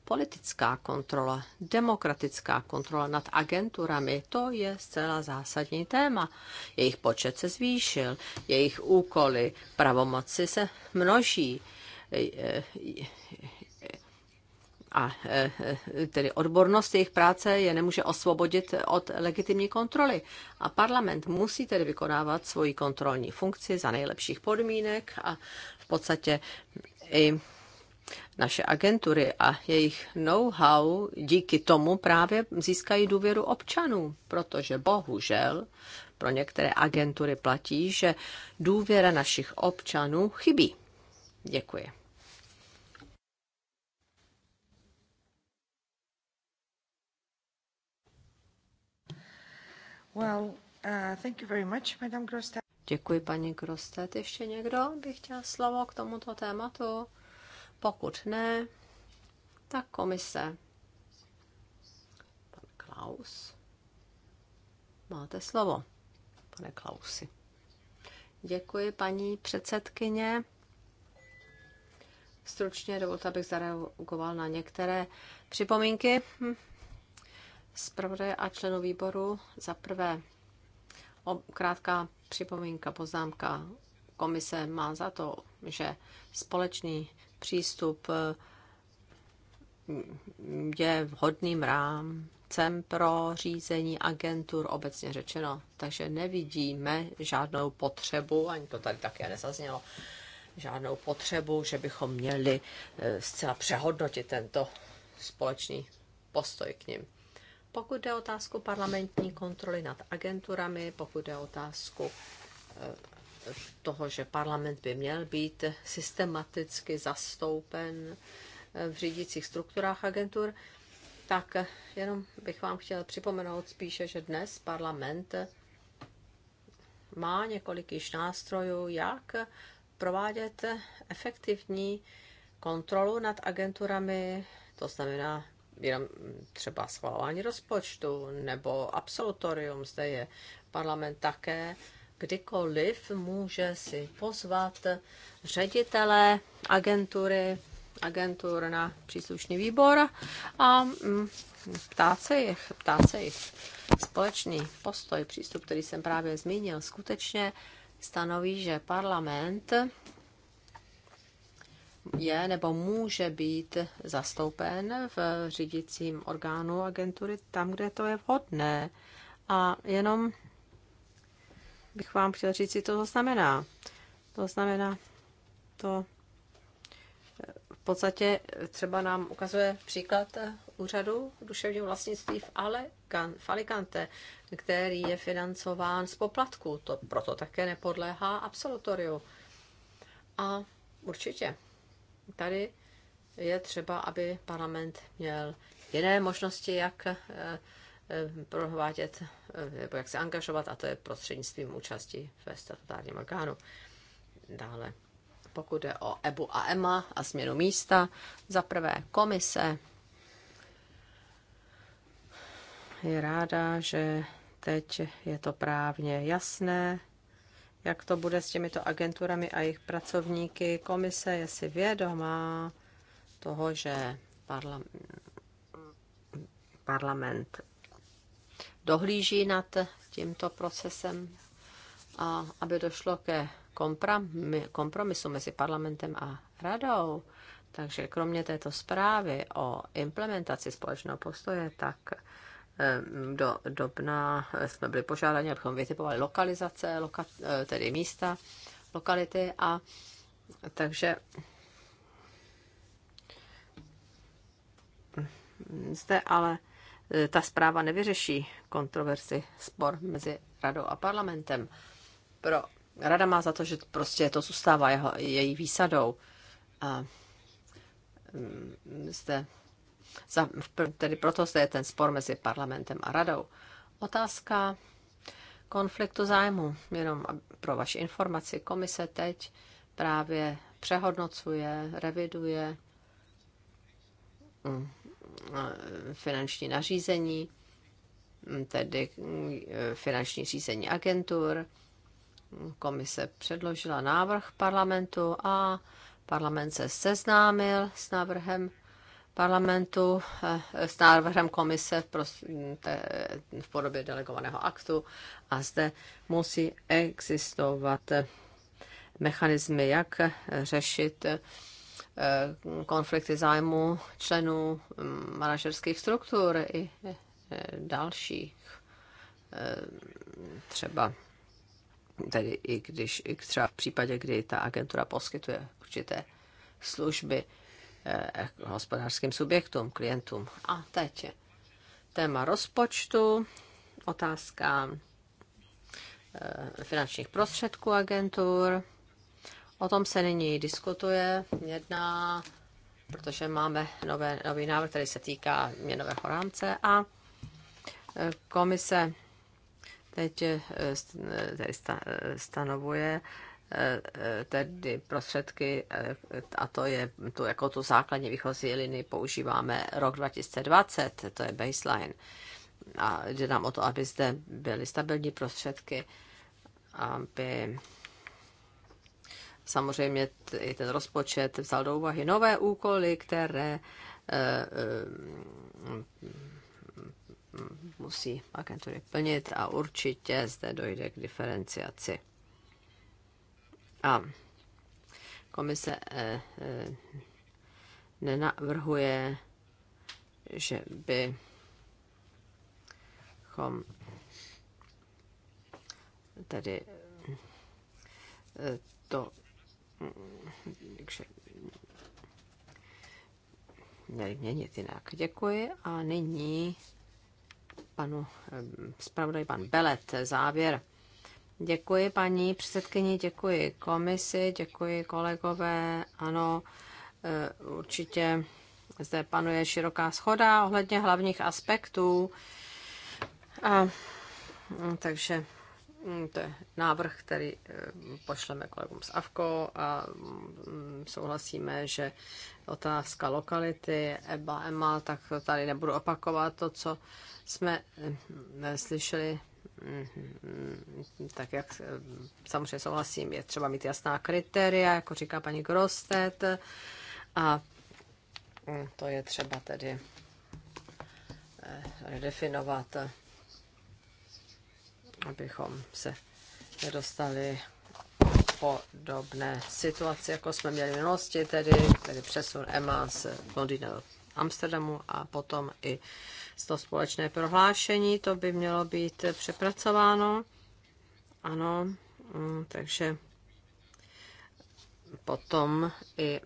Politická kontrola, demokratická kontrola nad agenturami, to je zcela zásadní téma. Jejich počet se zvýšil, jejich úkoly, pravomoci se množí eh, a e, e, tedy odbornost jejich práce je nemůže osvobodit od legitimní kontroly. A parlament musí tedy vykonávat svoji kontrolní funkci za nejlepších podmínek a v podstatě i naše agentury a jejich know-how díky tomu právě získají důvěru občanů, protože bohužel pro některé agentury platí, že důvěra našich občanů chybí. Děkuji. Uh, Děkuji, paní Grostet. Ještě někdo by chtěl slovo k tomuto tématu? Pokud ne, tak komise. Pan Klaus. Máte slovo, pane Klausi. Děkuji, paní předsedkyně. Stručně dovolte, abych zareagoval na některé připomínky hm zpravodaje a členů výboru. Za prvé, krátká připomínka, poznámka. Komise má za to, že společný přístup eh, je vhodným rámcem pro řízení agentur obecně řečeno. Takže nevidíme žádnou potřebu, ani to tady také nezaznělo, žádnou potřebu, že bychom měli eh, zcela přehodnotit tento společný postoj k ním. Pokud jde o otázku parlamentní kontroly nad agenturami, pokud jde o otázku eh, toho, že parlament by měl být systematicky zastoupen eh, v řídících strukturách agentur, tak eh, jenom bych vám chtěl připomenout spíše, že dnes parlament má několik již nástrojů, jak provádět efektivní kontrolu nad agenturami, to znamená jenom třeba schvalování rozpočtu nebo absolutorium. Zde je parlament také kdykoliv může si pozvat ředitele agentury, agentur na příslušný výbor a mm, ptát se jich, ptát se jich. Společný postoj, přístup, který jsem právě zmínil, skutečně stanoví, že parlament je nebo může být zastoupen v řídicím orgánu agentury tam, kde to je vhodné. A jenom bych vám chtěl říct, co to znamená. To znamená, to v podstatě třeba nám ukazuje příklad úřadu duševního vlastnictví v, Ale v Alicante, který je financován z poplatku. To proto také nepodléhá absolutoriu. A určitě Tady je třeba, aby parlament měl jiné možnosti, jak eh, eh, provádět, eh, nebo jak se angažovat, a to je prostřednictvím účasti ve statutárním orgánu. Dále, pokud je o EBU a EMA a změnu místa, za prvé komise je ráda, že teď je to právně jasné, jak to bude s těmito agenturami a jejich pracovníky. Komise je si vědomá toho, že parla- parlament dohlíží nad tímto procesem a aby došlo ke kompromisu mezi parlamentem a radou. Takže kromě této zprávy o implementaci společného postoje, tak do dobna jsme byli požádáni, abychom vytipovali lokalizace, loka, e, tedy místa, lokality a takže zde ale e, ta zpráva nevyřeší kontroverzi, spor mezi radou a parlamentem. Pro, rada má za to, že prostě to zůstává jeho, její výsadou. A mm, zde tedy proto se je ten spor mezi parlamentem a radou. Otázka konfliktu zájmu. Jenom pro vaši informaci, komise teď právě přehodnocuje, reviduje mm, finanční nařízení, mm, tedy mm, e, finanční řízení agentur. Komise předložila návrh parlamentu a parlament se seznámil s návrhem parlamentu eh, s návrhem komise v podobě delegovaného aktu a zde musí existovat eh, mechanismy, jak řešit eh, konflikty zájmu členů mm, manažerských struktur i dalších. Třeba tedy i když i třeba v případě, kdy ta agentura poskytuje určité služby, Eh, hospodářským subjektům, klientům. A teď je téma rozpočtu, otázka eh, finančních prostředků agentur. O tom se nyní diskutuje, jedná, protože máme nové, nový návrh, který se týká měnového rámce a eh, komise teď stanovuje E, e, tedy prostředky, e, a to je tu, jako tu základní výchozí linii používáme rok 2020, to je baseline. A jde nám o to, aby zde byly stabilní prostředky, aby samozřejmě i ten rozpočet vzal do úvahy nové úkoly, které musí agentury plnit a určitě zde dojde k diferenciaci. A komise eh, eh, nenavrhuje, že by chom tedy eh, to měli měnit jinak. Děkuji a nyní panu zpravodaj pan Belet závěr. Děkuji paní předsedkyni, děkuji komisi, děkuji kolegové. Ano, eh, určitě zde panuje široká schoda ohledně hlavních aspektů. A, mm, takže mm, to je návrh, který eh, pošleme kolegům z AVKO a mm, souhlasíme, že otázka lokality EBA, EMA, tak tady nebudu opakovat to, co jsme eh, slyšeli Mhm. tak jak eh, samozřejmě souhlasím, je třeba mít jasná kritéria, jako říká paní Grostet, a mm, to je třeba tedy eh, redefinovat, abychom se nedostali podobné situaci, jako jsme měli v minulosti, tedy, tedy přesun EMA z Londýna do Amsterdamu a potom i to společné prohlášení, to by mělo být přepracováno. Ano, mm, takže potom i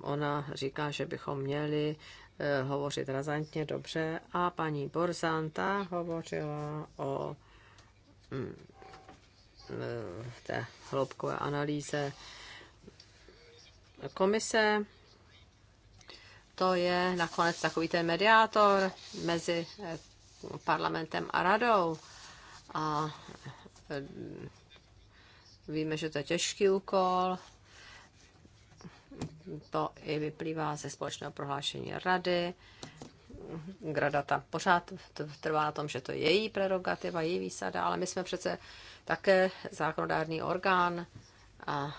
ona říká, že bychom měli eh, hovořit razantně dobře a paní Borzanta hovořila o mm, eh, té hloubkové analýze komise to je nakonec takový ten mediátor mezi eh, parlamentem a radou. A eh, víme, že to je těžký úkol. To i vyplývá ze společného prohlášení rady. Grada tam pořád trvá na tom, že to je její prerogativa, její výsada, ale my jsme přece také zákonodárný orgán a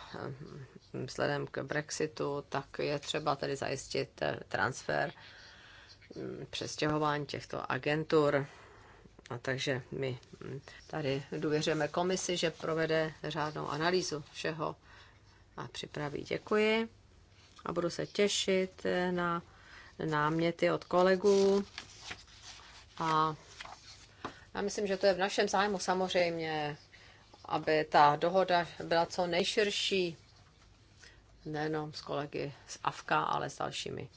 vzhledem k Brexitu, tak je třeba tedy zajistit eh, transfer mm, přestěhování těchto agentur. A takže my mm, tady důvěřujeme komisi, že provede řádnou analýzu všeho a připraví. Děkuji a budu se těšit eh, na náměty od kolegů. A já myslím, že to je v našem zájmu samozřejmě, aby ta dohoda byla co nejširší, nejenom s kolegy z AFKA, ale s dalšími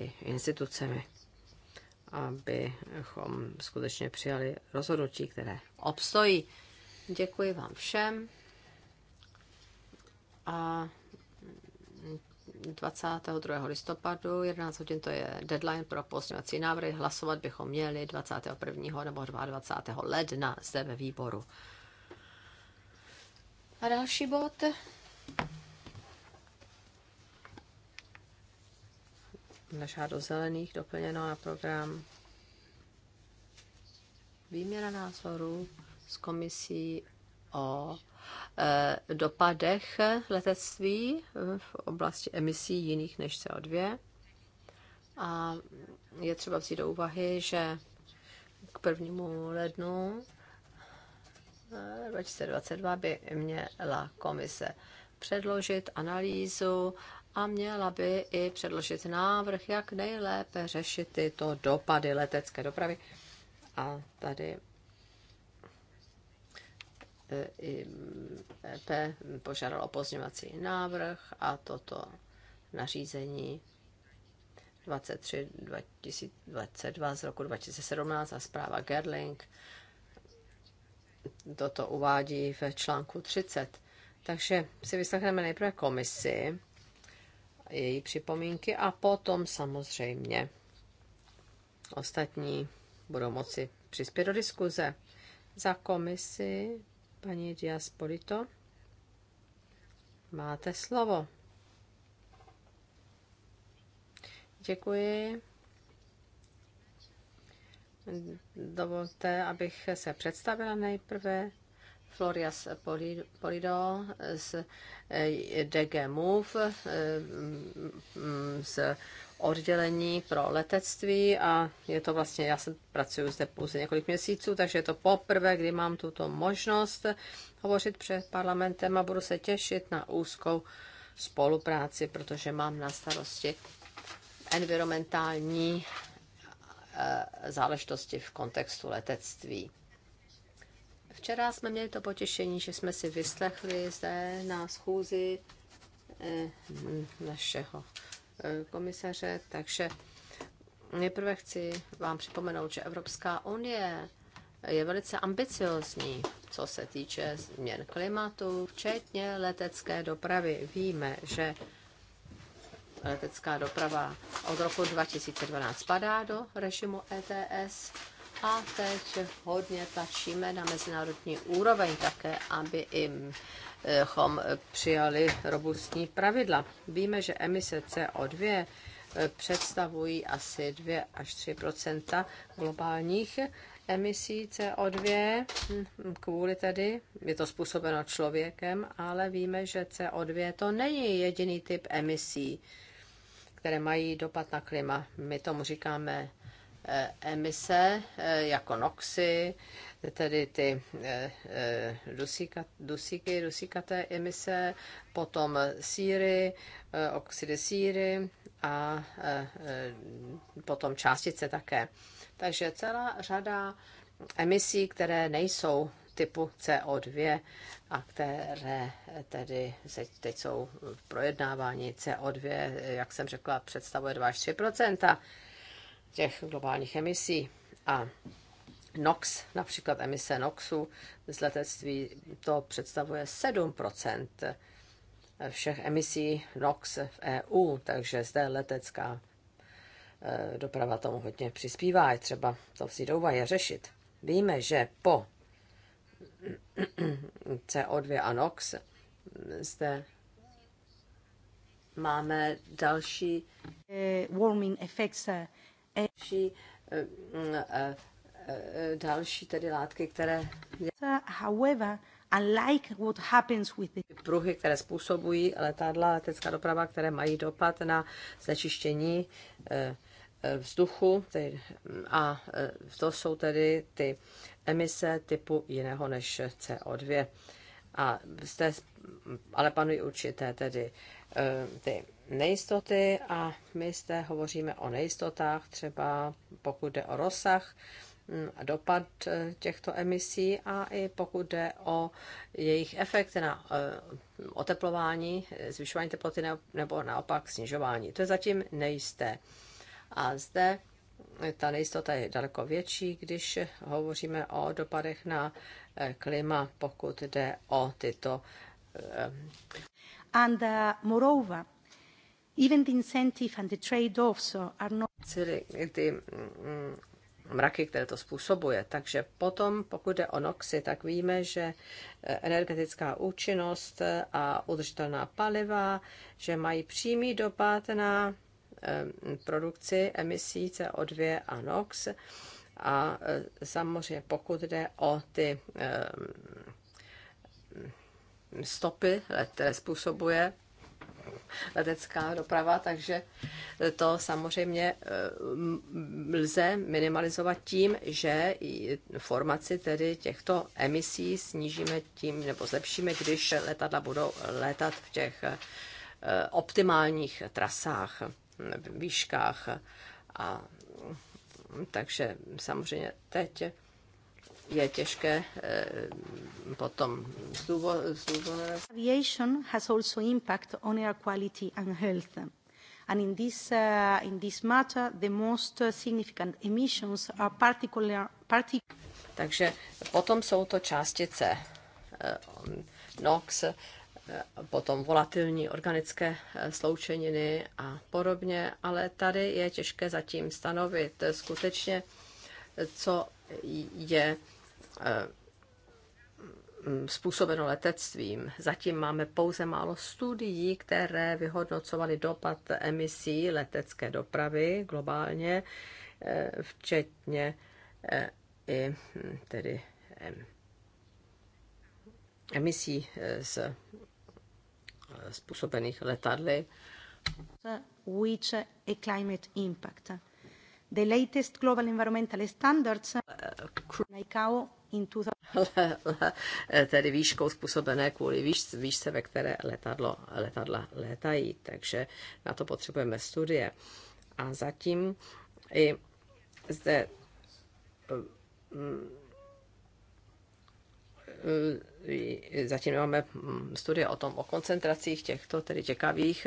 i institucemi, abychom skutečně přijali rozhodnutí, které obstojí. Děkuji vám všem a 22. listopadu, 11 hodin to je deadline pro pozměňovací návrhy. Hlasovat bychom měli 21. nebo 22. ledna zde ve výboru. A další bod Naša do zelených doplněno na program výměna názorů s komisí o e, dopadech letectví v oblasti emisí jiných než CO2. A je třeba vzít do úvahy, že k prvnímu lednu 2022 e, by měla komise předložit analýzu a měla by i předložit návrh, jak nejlépe řešit tyto dopady letecké dopravy. A tady EP eh, požádal o pozněvací návrh a toto nařízení 23.2022 z roku 2017 a zpráva Gerling toto uvádí v článku 30. Takže si vyslechneme nejprve komisi její připomínky a potom samozřejmě ostatní budou moci přispět do diskuze. Za komisi paní Diaspolito máte slovo. Děkuji. Dovolte, abych se představila nejprve. Florias Polido z eh, DG Move, eh, mm, z oddělení pro letectví a je to vlastně, já se pracuji zde pouze několik měsíců, takže je to poprvé, kdy mám tuto možnost hovořit před parlamentem a budu se těšit na úzkou spolupráci, protože mám na starosti environmentální eh, záležitosti v kontextu letectví. Včera jsme měli to potěšení, že jsme si vyslechli zde na schůzi eh, našeho eh, komisaře, takže nejprve chci vám připomenout, že Evropská unie je velice ambiciozní, co se týče změn klimatu, včetně letecké dopravy. Víme, že letecká doprava od roku 2012 padá do režimu ETS a teď hodně tlačíme na mezinárodní úroveň také, aby jim e, chom přijali robustní pravidla. Víme, že emise CO2 e, představují asi 2 až 3 globálních emisí CO2 hm, kvůli tedy, je to způsobeno člověkem, ale víme, že CO2 to není jediný typ emisí, které mají dopad na klima. My tomu říkáme Eh, emise eh, jako noxy, tedy ty eh, dusíky, dusíkaté emise, potom síry, oxidy síry a potom částice také. Takže celá řada emisí, které nejsou typu CO2 a které tedy se teď jsou v projednávání CO2, jak jsem řekla, představuje 2 až 3 těch globálních emisí a NOx, například emise NOxu z letectví, to představuje 7 všech emisí NOx v EU, takže zde letecká e, doprava tomu hodně přispívá, je třeba to vzít do je řešit. Víme, že po CO2 a NOx zde máme další eh, warming effects eh, další, eh, eh, další tedy látky, které... However, unlike what happens with the... Pruhy, které způsobují letadla, letecká doprava, které mají dopad na znečištění eh, vzduchu a to jsou tedy ty emise typu jiného než CO2. A zde ale panují určité tedy ty nejistoty a my zde hovoříme o nejistotách, třeba pokud jde o rozsah mm, dopad e, těchto emisí a i pokud jde o jejich efekt na e, oteplování, zvyšování teploty nebo naopak snižování. To je zatím nejisté. A zde ta nejistota je daleko větší, když hovoříme o dopadech na e, klima, pokud jde o tyto. And uh, moreover, Even the incentive and the trade-offs are not... ty mm, mm, mraky, které to způsobuje. Takže potom, pokud jde o noxy, tak víme, že e, energetická účinnost a udržitelná paliva, že mají přímý dopad na e, produkci emisí CO2 a NOx. A e, samozřejmě, pokud jde o ty stopy, které způsobuje letecká doprava, takže to samozřejmě eh, lze minimalizovat tím, že formaci tedy těchto emisí snížíme tím, nebo zlepšíme, když letadla budou létat v těch eh, optimálních trasách, výškách a takže samozřejmě teď je těžké eh, potom zdůvodnit. Aviation has also impact on air quality and health. And in this, uh, in this matter, the most significant emissions are particular, partic Takže potom jsou to částice eh, NOx, potom volatilní organické sloučeniny a podobně, ale tady je těžké zatím stanovit skutečně, co je Eh, způsobeno letectvím. Zatím máme pouze málo studií, které vyhodnocovaly dopad emisí letecké dopravy globálně, eh, včetně eh, i hm, tedy emisí z způsobených letadly. Which a climate impact. The latest global environmental standards, ICAO Eh, tedy výškou způsobené kvůli výš, výšce, ve které letadlo, letadla létají. Takže na to potřebujeme studie. A zatím i zde eh, mm, eh, zatím máme mm, studie o tom, o koncentracích těchto tedy těkavých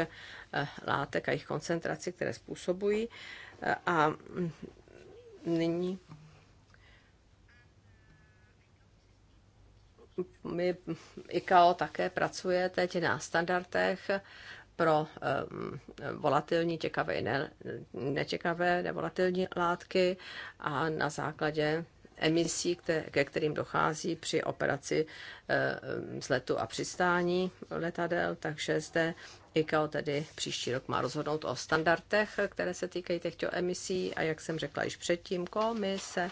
látek a jejich koncentraci, které způsobují. A mm, nyní my ICAO také pracuje teď na standardech pro eh, volatilní těkavé ne, nečekavé nevolatilní látky a na základě emisí, ke kterým dochází při operaci eh, zletu a přistání letadel, takže zde ICAO tedy příští rok má rozhodnout o standardech, které se týkají těchto emisí a jak jsem řekla již předtím, komise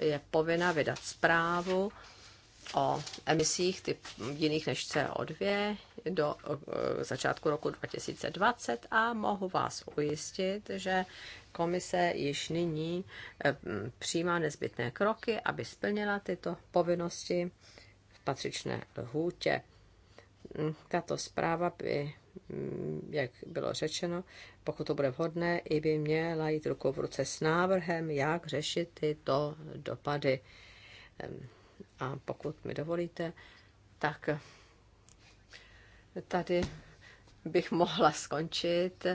je povinna vydat zprávu o emisích typ jiných než CO2 do začátku roku 2020 a mohu vás ujistit, že komise již nyní e, přijímá nezbytné kroky, aby splnila tyto povinnosti v patřičné lhůtě. Tato zpráva by, jak bylo řečeno, pokud to bude vhodné, i by měla jít ruku v ruce s návrhem, jak řešit tyto dopady a pokud mi dovolíte, tak tady bych mohla skončit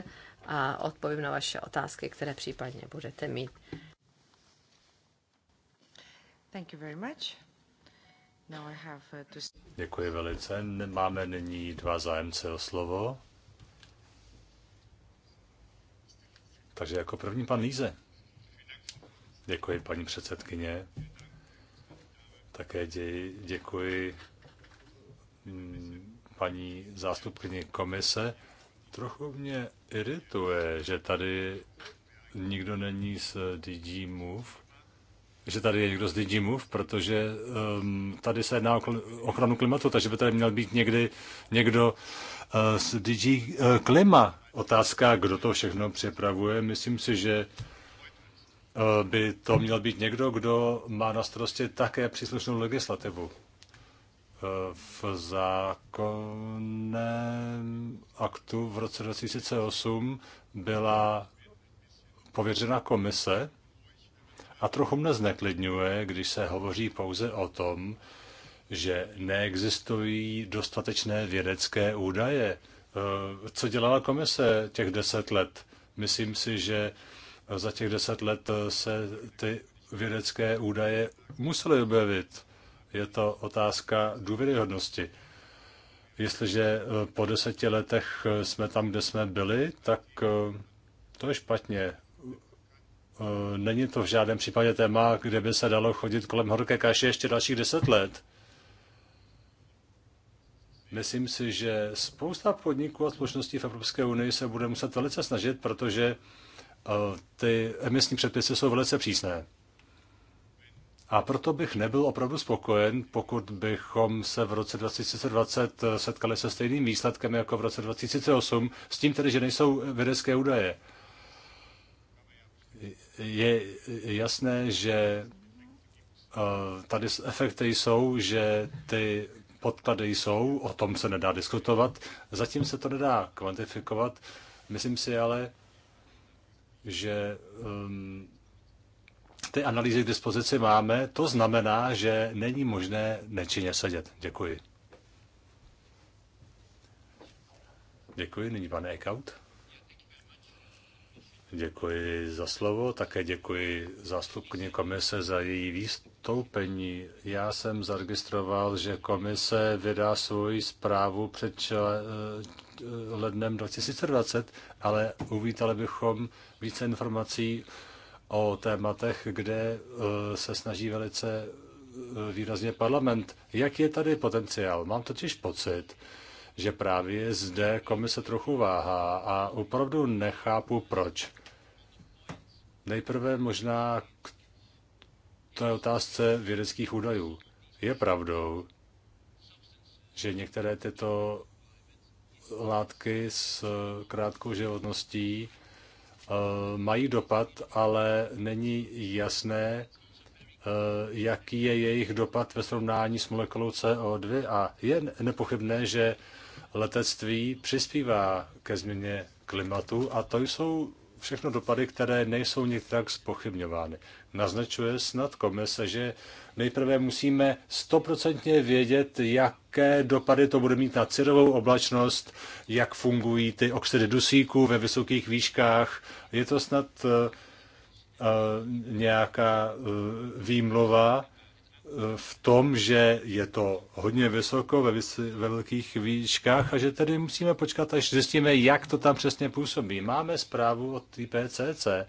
a odpovím na vaše otázky, které případně budete mít. Thank you very much. Now I have uh, to... Děkuji velice. Máme nyní dva zájemce o slovo. Takže jako první pan Líze. Děkuji, paní předsedkyně. Také děkuji mm, paní zástupkyni komise. Trochu mě irituje, že tady nikdo není z DG Move, že tady je někdo z DG Move, protože um, tady se jedná o ochranu klimatu, takže by tady měl být někdy někdo uh, z DG uh, eh, Klima. Otázka, kdo to všechno připravuje, myslím si, že uh, Eh, by to měl být někdo, kdo má na starosti také příslušnou legislativu. Eh, v zákonném aktu v roce 2008 byla pověřena komise a trochu mne zneklidňuje, když se hovoří pouze o tom, že neexistují dostatečné vědecké údaje. Eh, co dělala komise těch deset let? Myslím si, že za těch deset let eh, se ty vědecké údaje musely objevit. Je to otázka důvěryhodnosti. Jestliže eh, po deseti letech eh, jsme tam, kde jsme byli, tak to je špatně. Není to v žádném případě téma, kde by se dalo chodit kolem horké kaše ještě dalších deset let. Myslím si, že spousta podniků a společností v Evropské unii se bude muset velice snažit, protože ty emisní předpisy jsou velice přísné. A proto bych nebyl opravdu spokojen, pokud bychom se v roce 2020 eh, setkali se stejným výsledkem jako v roce 2008, s tím tedy, že nejsou vědecké údaje. Je jasné, že eh, tady efekty jsou, že ty podklady jsou, o tom se nedá diskutovat, zatím se to nedá kvantifikovat. Myslím si ale, že um, ty analýzy k dispozici máme, to znamená, že není možné nečinně sedět. Děkuji. Děkuji, nyní pan Ekaut. Děkuji za slovo, také děkuji zástupkyni komise za její výstup vystoupení. Já jsem zaregistroval, že komise vydá svoji zprávu před čele, eh, lednem 2020, ale uvítali bychom více informací o tématech, kde eh, se snaží velice eh, výrazně parlament. Jak je tady potenciál? Mám totiž pocit, že právě zde komise trochu váhá a opravdu nechápu proč. Nejprve možná té otázce vědeckých údajů. Je pravdou, že některé tyto látky s krátkou životností eh, mají dopad, ale není jasné, eh, jaký je jejich dopad ve srovnání s molekulou CO2 a je nepochybné, že letectví přispívá ke změně klimatu a to jsou všechno dopady, které nejsou nikterak spochybňovány. Naznačuje snad komise, že nejprve musíme stoprocentně vědět, jaké dopady to bude mít na cirovou oblačnost, jak fungují ty oxidy dusíku ve vysokých výškách. Je to snad uh, nějaká uh, výmluva, v tom, že je to hodně vysoko ve, vys- ve velkých výškách a že tedy musíme počkat, až zjistíme, jak to tam přesně působí. Máme zprávu od IPCC eh,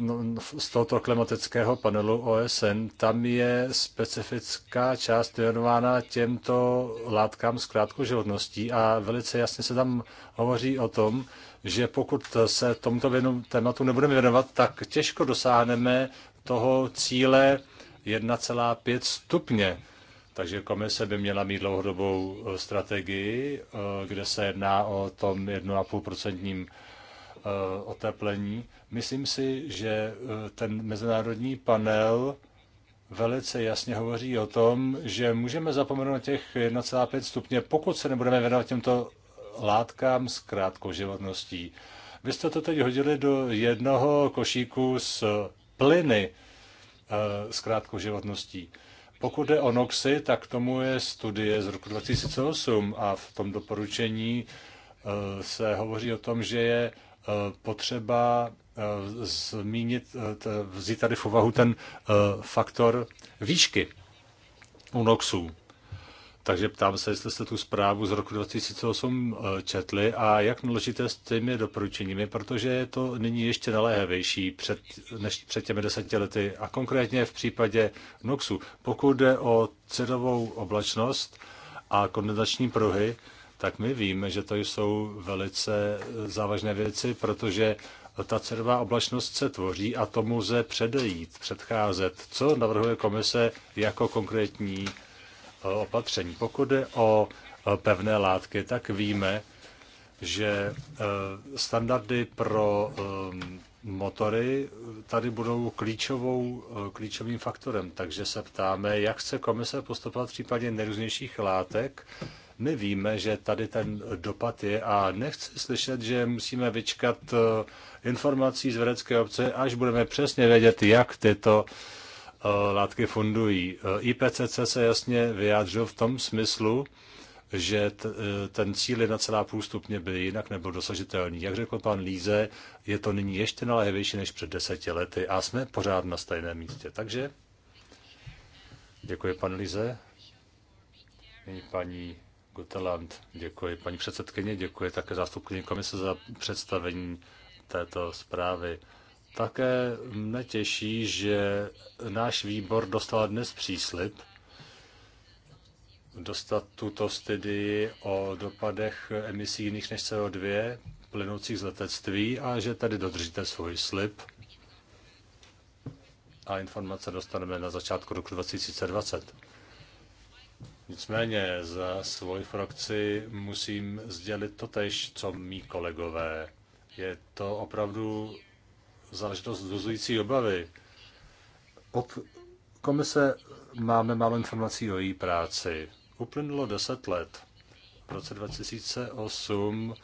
no, z tohoto klimatického panelu OSN. Tam je specifická část věnována těmto látkám s krátkou životností a velice jasně se tam hovoří o tom, že pokud se tomuto věnu, tématu nebudeme věnovat, tak těžko dosáhneme toho cíle 1,5 stupně. Takže komise by měla mít dlouhodobou eh, strategii, eh, kde se jedná o tom 1,5% eh, oteplení. Myslím si, že ten mezinárodní panel velice jasně hovoří o tom, že můžeme zapomenout těch 1,5 stupně, pokud se nebudeme věnovat těmto látkám s krátkou životností. Vy jste to teď hodili do jednoho košíku s plyny eh, s krátkou životností. Pokud je o NOXy, tak tomu je studie z roku 2008 a v tom doporučení eh, se hovoří o tom, že je eh, potřeba zmínit, vzít tady v úvahu ten faktor výšky u NOXů. Takže ptám se, jestli jste tu zprávu z roku 2008 eh, četli a jak naložíte s těmi doporučeními, protože je to nyní ještě naléhavější před, než před těmi deseti lety a konkrétně v případě NOXu. Pokud jde o cedovou oblačnost a kondenzační pruhy, tak my víme, že to jsou velice eh, závažné věci, protože ta cedová oblačnost se tvoří a tomu lze předejít, předcházet. Co navrhuje komise jako konkrétní opatření. Pokud je o e, pevné látky, tak víme, že e, standardy pro e, motory tady budou klíčovou, klíčovým faktorem. Takže se ptáme, jak chce komise postupovat v případě nejrůznějších látek. My víme, že tady ten dopad je a nechci slyšet, že musíme vyčkat informací z vědecké obce, až budeme přesně vědět, jak tyto uh, Eh, látky fundují. Eh, IPCC se jasně vyjádřil v tom smyslu, že eh, ten cíl 1,5 stupně by jinak nebyl dosažitelný. Jak řekl pan Líze, je to nyní ještě naléhavější než před deseti lety a jsme pořád na stejném místě. Takže děkuji, pan Líze. Nyní paní Guteland, děkuji paní předsedkyně, děkuji také zástupkyni komise za představení této zprávy. Také mne těší, že náš výbor dostal dnes příslip dostat tuto studii o dopadech emisí jiných než CO2 plynoucích z letectví a že tady dodržíte svůj slib a informace dostaneme na začátku roku 2020. Nicméně za svoji frakci musím sdělit totež, co mý kolegové. Je to opravdu záležitost vzbuzující obavy. Od komise máme málo informací o její práci. Uplynulo 10 let. V roce 2008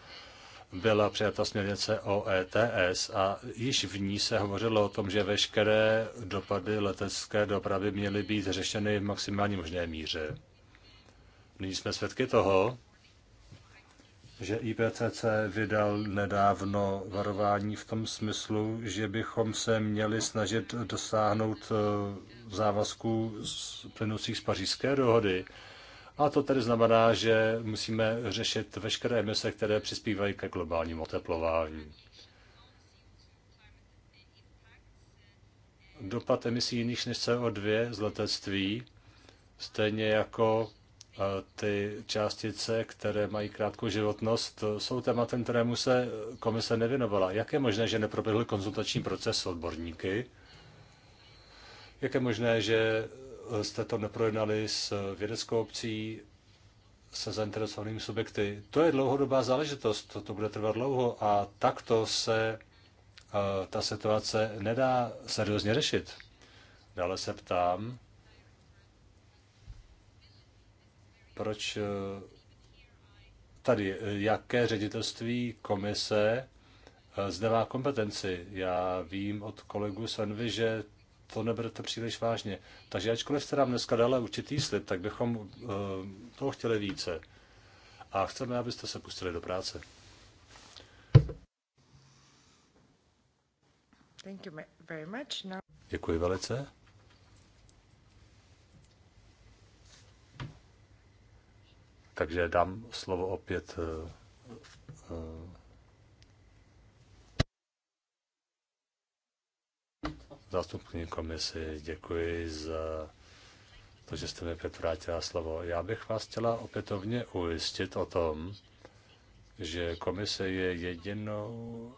byla přijata směrnice o ETS a již v ní se hovořilo o tom, že veškeré dopady letecké dopravy měly být řešeny v maximální možné míře. Nyní jsme svědky toho, že IPCC vydal nedávno varování v tom smyslu, že bychom se měli snažit dosáhnout eh, závazků plynoucích z pařížské dohody. A to tedy znamená, že musíme řešit veškeré emise, které přispívají ke globálnímu oteplování. Dopad emisí jiných než CO2 z letectví, stejně jako ty částice, které mají krátkou životnost, jsou tématem, kterému se komise nevěnovala. Jak je možné, že neproběhl konzultační proces s odborníky? Jak je možné, že jste to neprojednali s vědeckou obcí, se zainteresovanými subjekty? To je dlouhodobá záležitost, to, to bude trvat dlouho a takto se eh, ta situace nedá seriózně řešit. Dále se ptám, proč eh, tady, eh, jaké ředitelství komise eh, zde má kompetenci. Já vím od kolegů Senvy, že to neberete příliš vážně. Takže ačkoliv jste nám dneska dala určitý slib, tak bychom toho chtěli více. A chceme, abyste se pustili do práce. Děkuji velice. Takže dám slovo opět eh, eh, zástupní komisi. Děkuji za to, že jste mi opět vrátila slovo. Já bych vás chtěla opětovně ujistit o tom, že komise je jedinou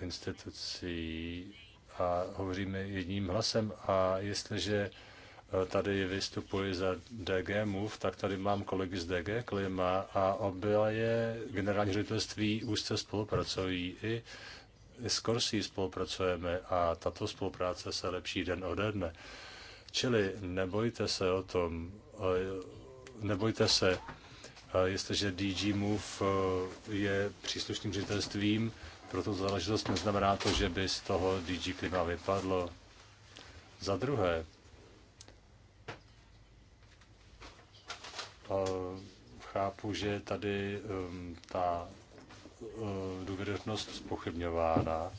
institucí a hovoříme jedním hlasem a jestliže tady vystupuji za DG Move, tak tady mám kolegy z DG Klima a obě generální ředitelství úzce spolupracují. I s Korsí spolupracujeme a tato spolupráce se lepší den ode dne. Čili nebojte se o tom, eh, nebojte se, eh, jestliže DG Move eh, je příslušným ředitelstvím, proto záležitost neznamená to, že by z toho DG Klima vypadlo. Za druhé, chápu, že je tady um, ta uh, důvěryhodnost spochybňována.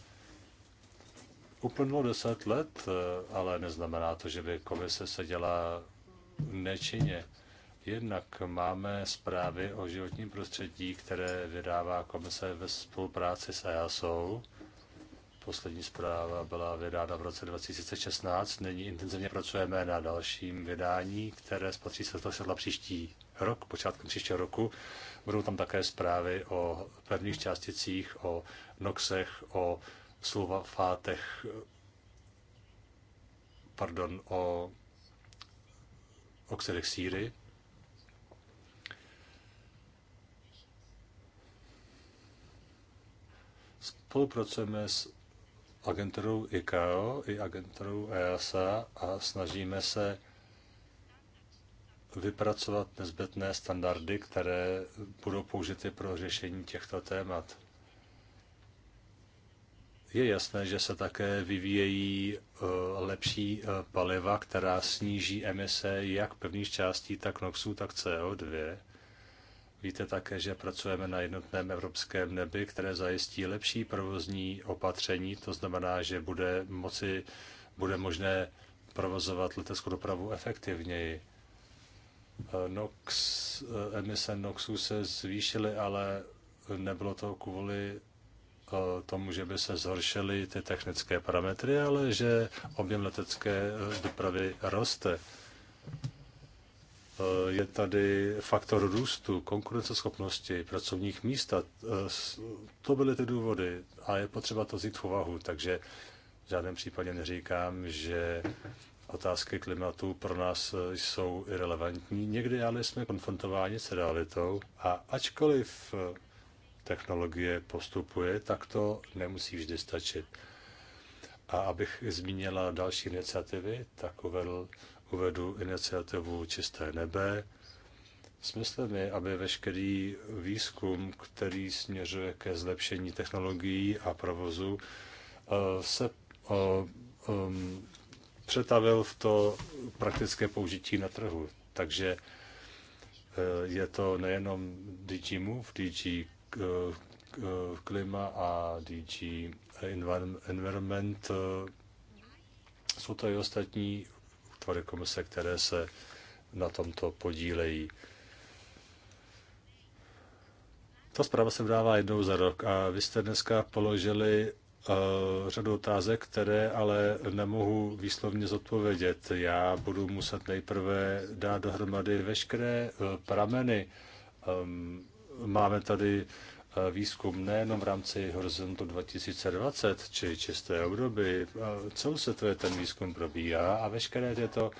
Uplynulo deset let, eh, ale neznamená to, že by komise seděla nečinně. Jednak máme zprávy o životním prostředí, které vydává komise ve spolupráci s EASou. Poslední zpráva byla vydána v roce 2016. Nyní intenzivně pracujeme na dalším vydání, které spatří to sedla příští rok, počátkem příštího roku. Budou tam také zprávy o pevných částicích, o noxech, o sulfátech, pardon, o oxidech síry. Spolupracujeme s agenturou ICAO i agenturou EASA a snažíme se vypracovat nezbytné standardy, které budou použity pro řešení těchto témat. Je jasné, že se také vyvíjejí eh, lepší eh, paliva, která sníží emise jak pevných částí, tak NOXů, tak CO2. Víte také, že pracujeme na jednotném evropském nebi, které zajistí lepší provozní opatření, to znamená, že bude, moci, bude možné provozovat leteckou dopravu efektivněji. NOx, emise NOxů se zvýšily, ale nebylo to kvůli eh, tomu, že by se zhoršily ty technické parametry, ale že objem letecké dopravy roste. Eh, je tady faktor růstu, konkurenceschopnosti, pracovních míst. Eh, to byly ty důvody a je potřeba to vzít v úvahu. Takže v žádném případě neříkám, že otázky klimatu pro nás eh, jsou irrelevantní. Někdy ale jsme konfrontováni s realitou a ačkoliv technologie postupuje, tak to nemusí vždy stačit. A abych zmínila další iniciativy, tak uvedl uvedu iniciativu Čisté nebe. Smyslem je, aby veškerý výzkum, který směřuje ke zlepšení technologií a provozu, eh, se eh, přetavil v to praktické použití na trhu. Takže eh, je to nejenom DG Move, DG klima a DG Environment. Jsou to i ostatní útvary komise, které se na tomto podílejí. Ta zpráva se vydává jednou za rok a vy jste dneska položili uh, řadu otázek, které ale nemohu výslovně zodpovědět. Já budu muset nejprve dát dohromady veškeré uh, prameny. Um, máme tady výzkum nejenom v rámci Horizontu 2020 či čisté Evropy. Celosvětově ten výzkum probíhá a veškeré tyto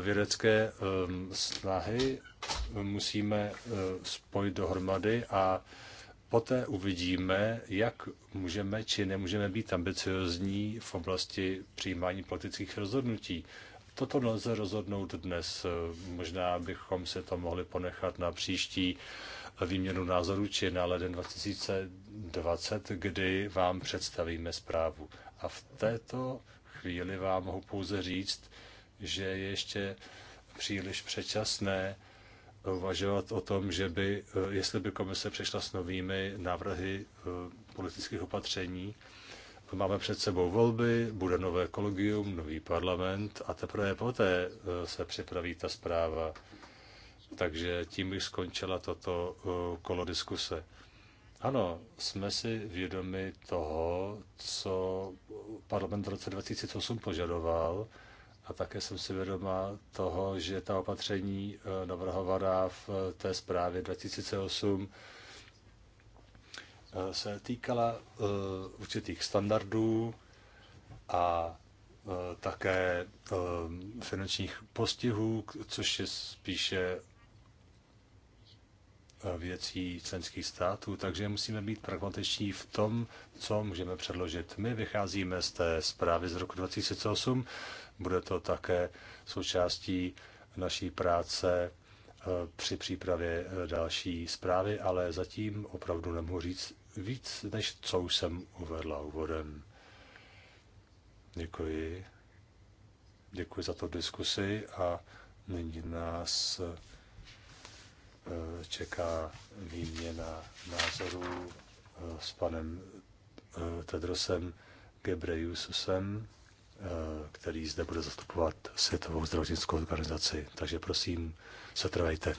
vědecké um, snahy musíme uh, spojit dohromady a poté uvidíme, jak můžeme či nemůžeme být ambiciozní v oblasti přijímání politických rozhodnutí. Toto nelze rozhodnout dnes. Možná bychom se to mohli ponechat na příští výměnu názorů či na leden 2020, kdy vám představíme zprávu. A v této chvíli vám mohu pouze říct, že je ještě příliš předčasné uvažovat o tom, že by, eh, jestli by komise přišla s novými návrhy eh, politických opatření, Máme před sebou volby, bude nové kolegium, nový parlament a teprve poté eh, se připraví ta zpráva. Takže tím bych skončila toto eh, kolo diskuse. Ano, jsme si vědomi toho, co parlament v roce 2008 požadoval a také jsem si vědoma toho, že ta opatření eh, navrhovaná v eh, té zprávě 2008 se týkala určitých standardů a také finančních postihů, což je spíše věcí členských států, takže musíme být pragmatiční v tom, co můžeme předložit. My vycházíme z té zprávy z roku 2008, bude to také součástí naší práce eh, při přípravě eh, další zprávy, ale zatím opravdu nemohu říct víc, než co už jsem uvedla úvodem. Děkuji. Děkuji za to diskusi a nyní nás Eh, čeká výměna názorů eh, s panem eh, Tedrosem Gebrejususem, který zde bude zastupovat Světovou zdravotnickou organizaci. Takže prosím, setrvejte.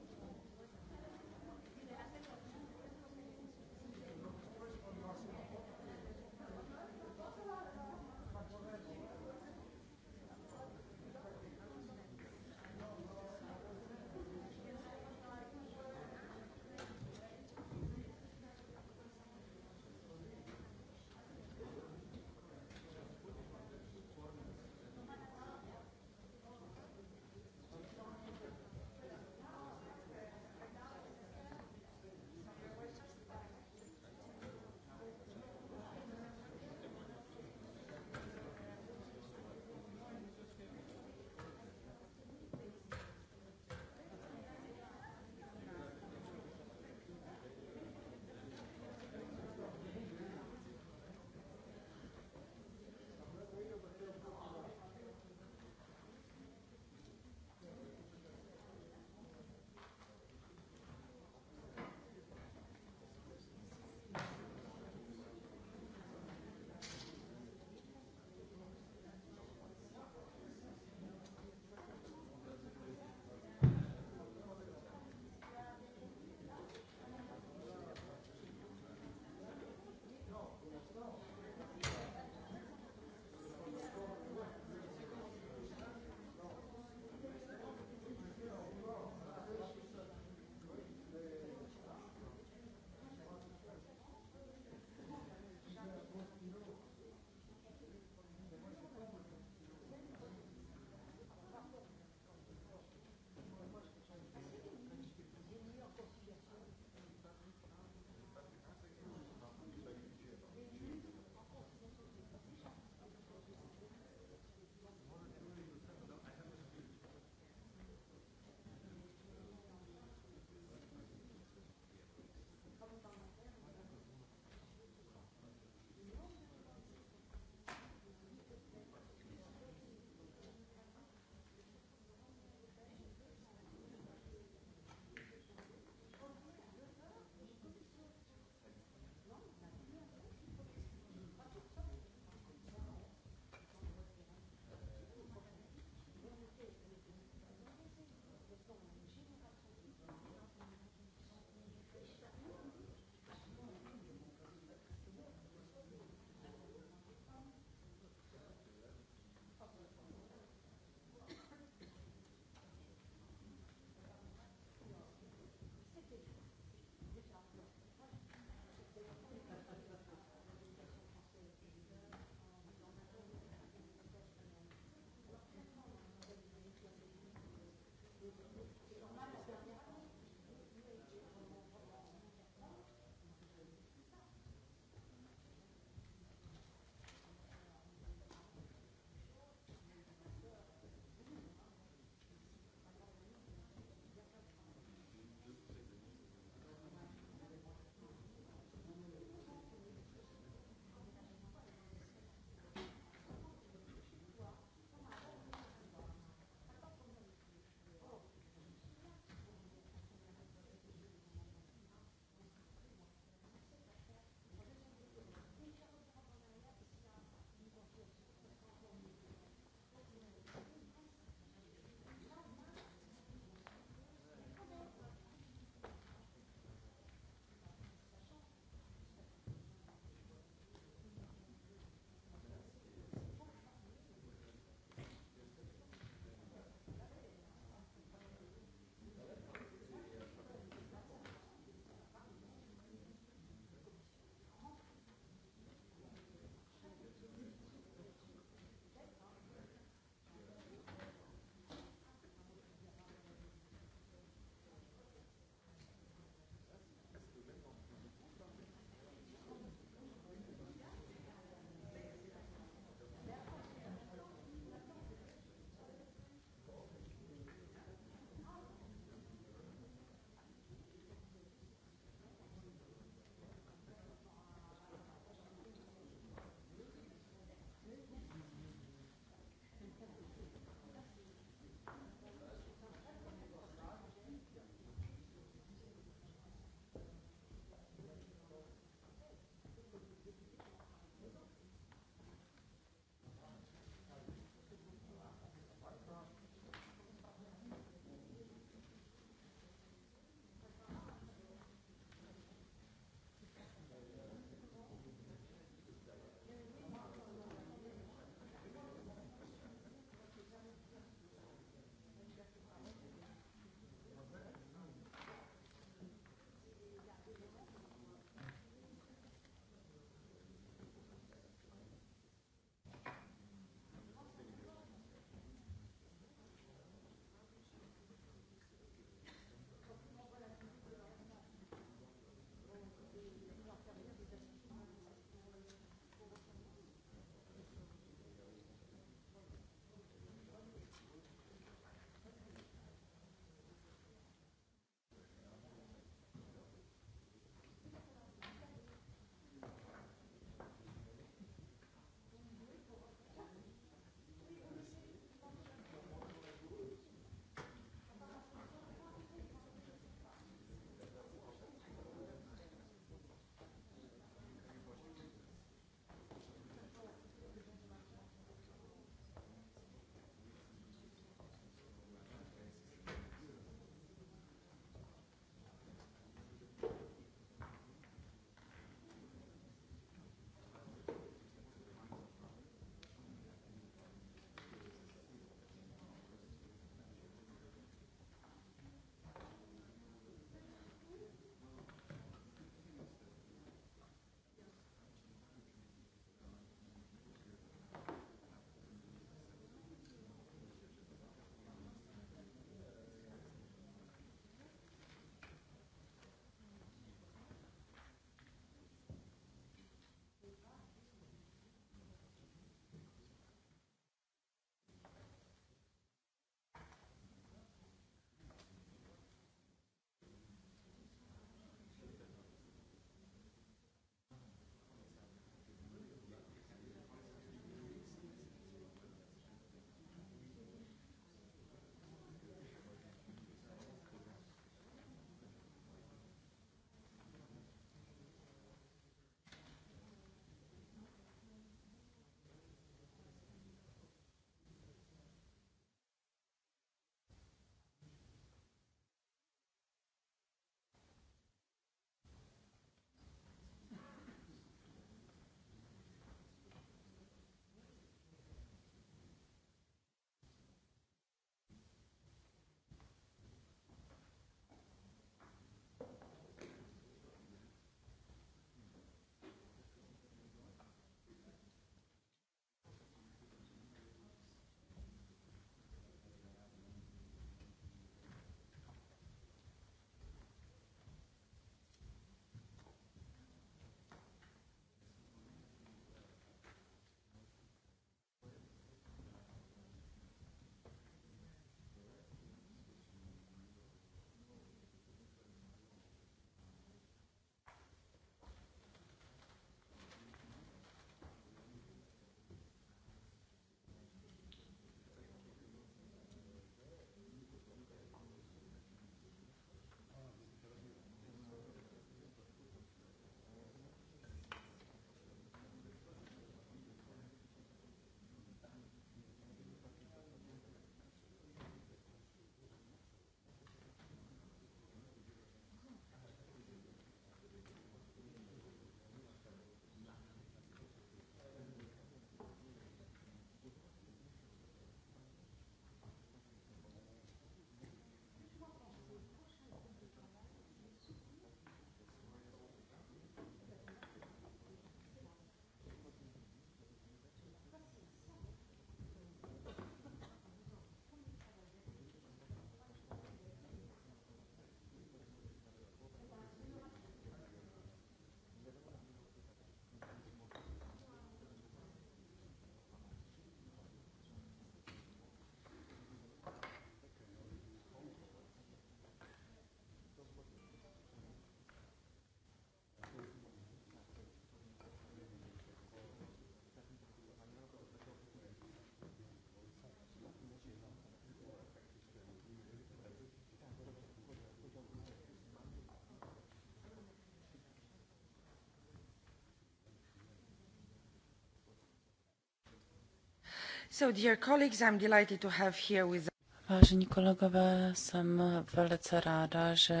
Vážení kolegové, jsem velice ráda, že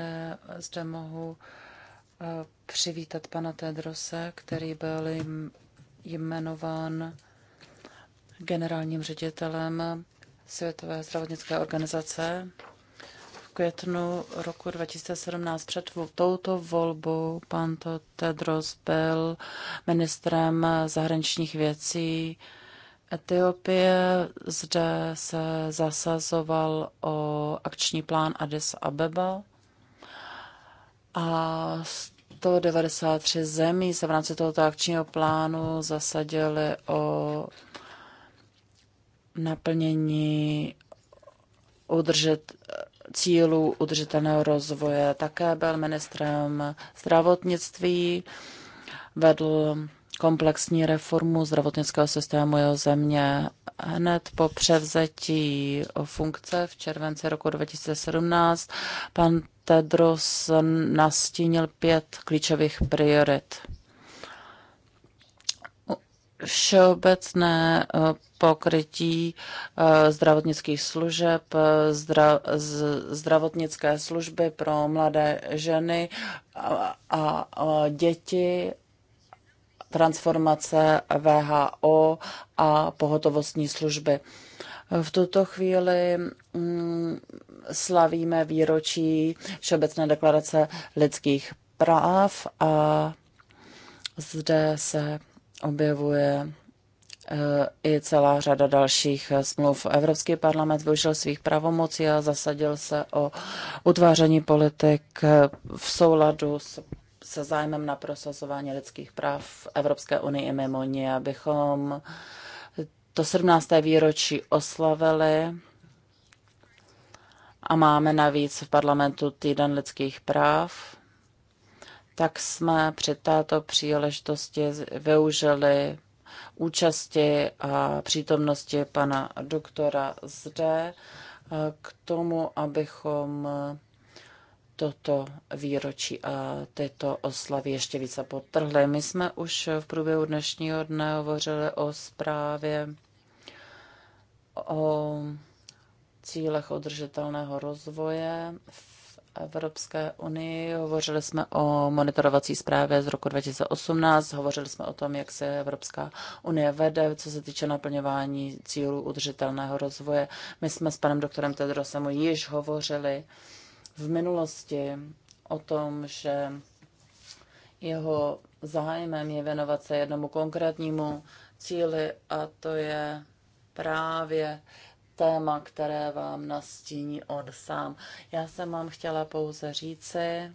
zde mohu eh, přivítat pana Tedrose, který byl jmenován generálním ředitelem Světové zdravotnické organizace v květnu roku 2017. Před touto volbou pan Tedros byl ministrem zahraničních věcí Etiopie. Zde se zasazoval o akční plán Addis Abeba a 193 zemí se v rámci tohoto akčního plánu zasadili o naplnění udržet cílů udržitelného rozvoje. Také byl ministrem zdravotnictví, vedl komplexní reformu zdravotnického systému jeho země. Hned po převzetí funkce v červenci roku 2017 pan Tedros nastínil pět klíčových priorit. Všeobecné eh, pokrytí eh, zdravotnických služeb, eh, zdra, zdravotnické služby pro mladé ženy a, a, a děti transformace VHO a pohotovostní služby. V tuto chvíli mm, slavíme výročí Všeobecné deklarace lidských práv a zde se objevuje e, i celá řada dalších smluv. Evropský parlament využil svých pravomocí a zasadil se o utváření politik v souladu s se zájmem na prosazování lidských práv v Evropské unii i mimo ní, abychom to 17. výročí oslavili a máme navíc v parlamentu týden lidských práv, tak jsme při této příležitosti využili účasti a přítomnosti pana doktora zde k tomu, abychom toto výročí a této oslavy ještě více potrhly. My jsme už v průběhu dnešního dne hovořili o zprávě o cílech udržitelného rozvoje v Evropské unii. Hovořili jsme o monitorovací zprávě z roku 2018, hovořili jsme o tom, jak se Evropská unie vede, co se týče naplňování cílů udržitelného rozvoje. My jsme s panem doktorem Tedrosem již hovořili v minulosti o tom, že jeho zájmem je věnovat se jednomu konkrétnímu cíli a to je právě téma, které vám nastíní on sám. Já jsem vám chtěla pouze říci,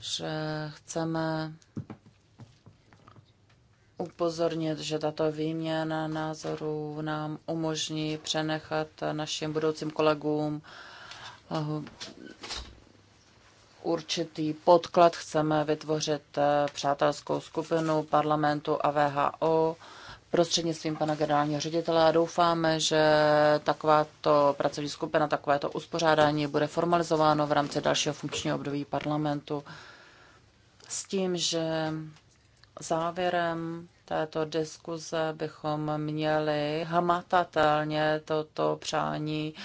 že chceme upozornit, že tato výměna názorů nám umožní přenechat našim budoucím kolegům uh, Eh, určitý podklad. Chceme vytvořit eh, přátelskou skupinu parlamentu a VHO prostřednictvím pana generálního ředitele a doufáme, že takováto pracovní skupina, takovéto uspořádání bude formalizováno v rámci dalšího funkčního období parlamentu s tím, že závěrem této diskuze bychom měli hamatatelně toto přání uh,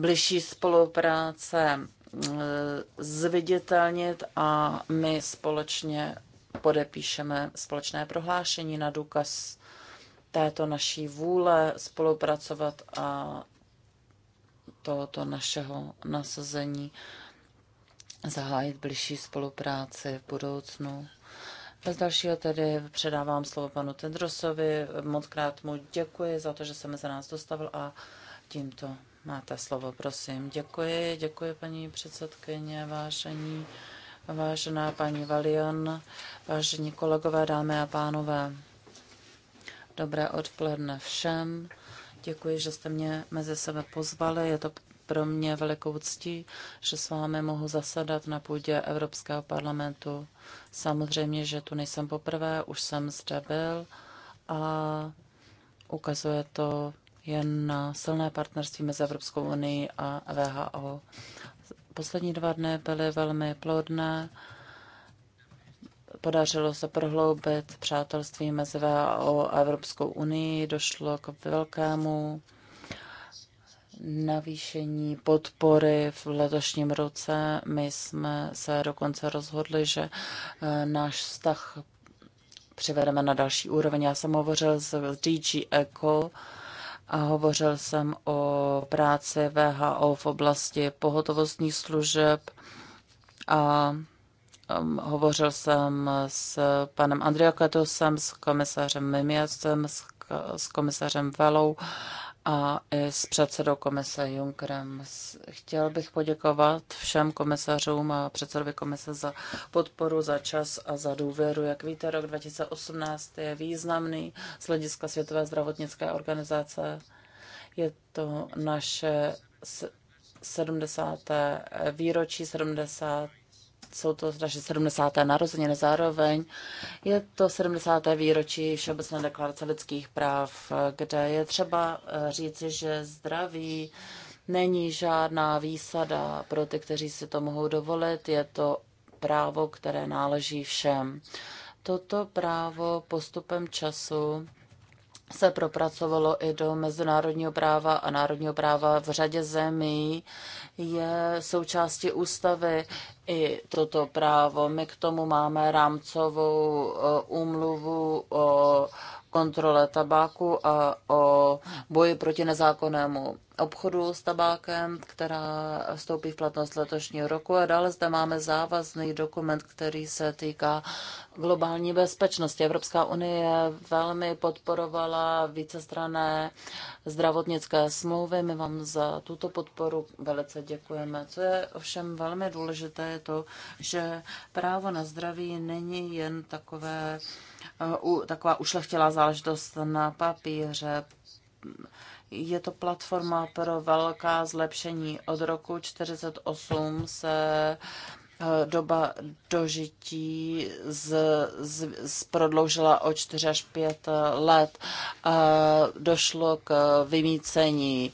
bližší spolupráce eh, zviditelnit a my společně podepíšeme společné prohlášení na důkaz této naší vůle spolupracovat a tohoto našeho nasazení zahájit bližší spolupráci v budoucnu. Bez dalšího tedy předávám slovo panu Tendrosovi. Moc krát mu děkuji za to, že se mezi nás dostavil a tímto Máte slovo, prosím. Děkuji, děkuji paní předsedkyně, vážení, vážená paní Valion, vážení kolegové, dámy a pánové. Dobré odpoledne všem. Děkuji, že jste mě mezi sebe pozvali. Je to pro mě velikou ctí, že s vámi mohu zasadat na půdě Evropského parlamentu. Samozřejmě, že tu nejsem poprvé, už jsem zde byl a ukazuje to jen na silné partnerství mezi Evropskou unii a VHO. Poslední dva dny byly velmi plodné. Podařilo se prohloubit přátelství mezi VHO a Evropskou unii. Došlo k velkému navýšení podpory v letošním roce. My jsme se dokonce rozhodli, že eh, náš vztah přivedeme na další úroveň. Já jsem hovořil s DG Eco, a hovořil jsem o práci VHO v oblasti pohotovostních služeb a um, hovořil jsem s panem Andriakatosem, s komisařem Mimiasem, s komisařem Velou a i s předsedou komise Junkerem. Chtěl bych poděkovat všem komisařům a předsedovi komise za podporu, za čas a za důvěru. Jak víte, rok 2018 je významný z hlediska Světové zdravotnické organizace. Je to naše 70. výročí, 70 jsou to naše 70. narozeniny zároveň. Je to 70. výročí Všeobecné deklarace lidských práv, kde je třeba eh, říci, že zdraví není žádná výsada pro ty, kteří si to mohou dovolit. Je to právo, které náleží všem. Toto právo postupem času se propracovalo i do mezinárodního práva a národního práva v řadě zemí, je součástí ústavy i toto právo. My k tomu máme rámcovou eh, úmluvu o kontrole tabáku a o boji proti nezákonnému obchodu s tabákem, která vstoupí v platnost letošního roku. A dále zde máme závazný dokument, který se týká globální bezpečnosti. Evropská unie velmi podporovala vícestrané zdravotnické smlouvy. My vám za tuto podporu velice děkujeme. Co je ovšem velmi důležité, je to, že právo na zdraví není jen takové, taková ušlechtilá záležitost na papíře je to platforma pro velká zlepšení. Od roku 48 se eh, doba dožití z, z, z prodloužila o 4 až 5 eh, let. Eh, došlo k vymícení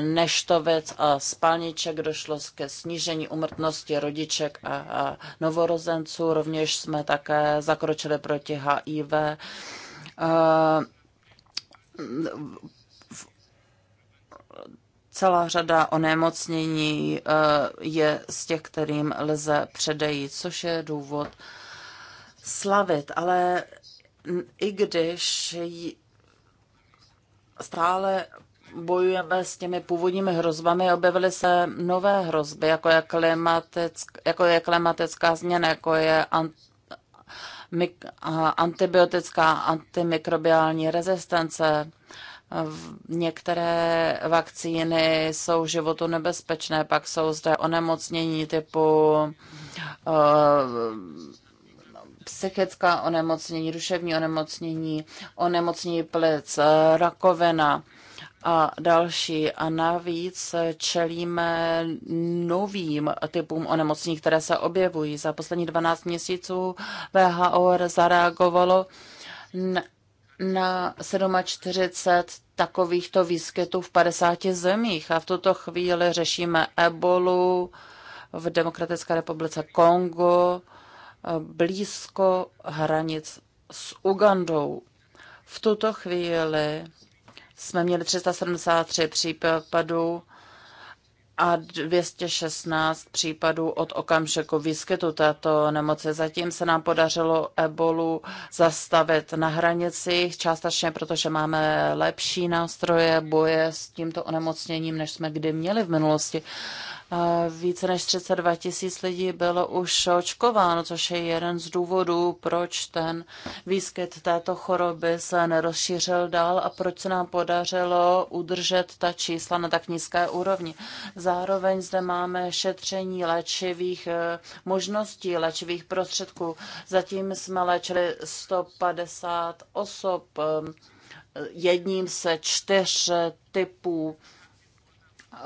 neštovec a spalniček, došlo ke snížení umrtnosti rodiček a, a novorozenců. Rovněž jsme také zakročili proti HIV. A, celá řada onemocnění eh, je z těch, kterým lze předejít, což je důvod slavit. Ale i když stále bojujeme s těmi původními hrozbami, objevily se nové hrozby, jako je, klimatick, jako je klimatická změna, jako je antibiotická, antimikrobiální rezistence, Některé vakcíny jsou životu nebezpečné, pak jsou zde onemocnění typu uh, psychická onemocnění, duševní onemocnění, onemocnění plic, eh, rakovina a další. A navíc čelíme novým typům onemocnění, které se objevují. Za poslední 12 měsíců VHO zareagovalo na 47 takovýchto výskytů v 50 zemích a v tuto chvíli řešíme ebolu v Demokratické republice Kongo, blízko hranic s Ugandou. V tuto chvíli jsme měli 373 případů a 216 případů od okamžiku výskytu této nemoci. Zatím se nám podařilo ebolu zastavit na hranicích, částečně protože máme lepší nástroje boje s tímto onemocněním, než jsme kdy měli v minulosti. Více než 32 tisíc lidí bylo už očkováno, což je jeden z důvodů, proč ten výskyt této choroby se nerozšířil dál a proč se nám podařilo udržet ta čísla na tak nízké úrovni. Zároveň zde máme šetření léčivých e, možností, léčivých prostředků. Zatím jsme léčili 150 osob e, jedním se čtyř typů Eh,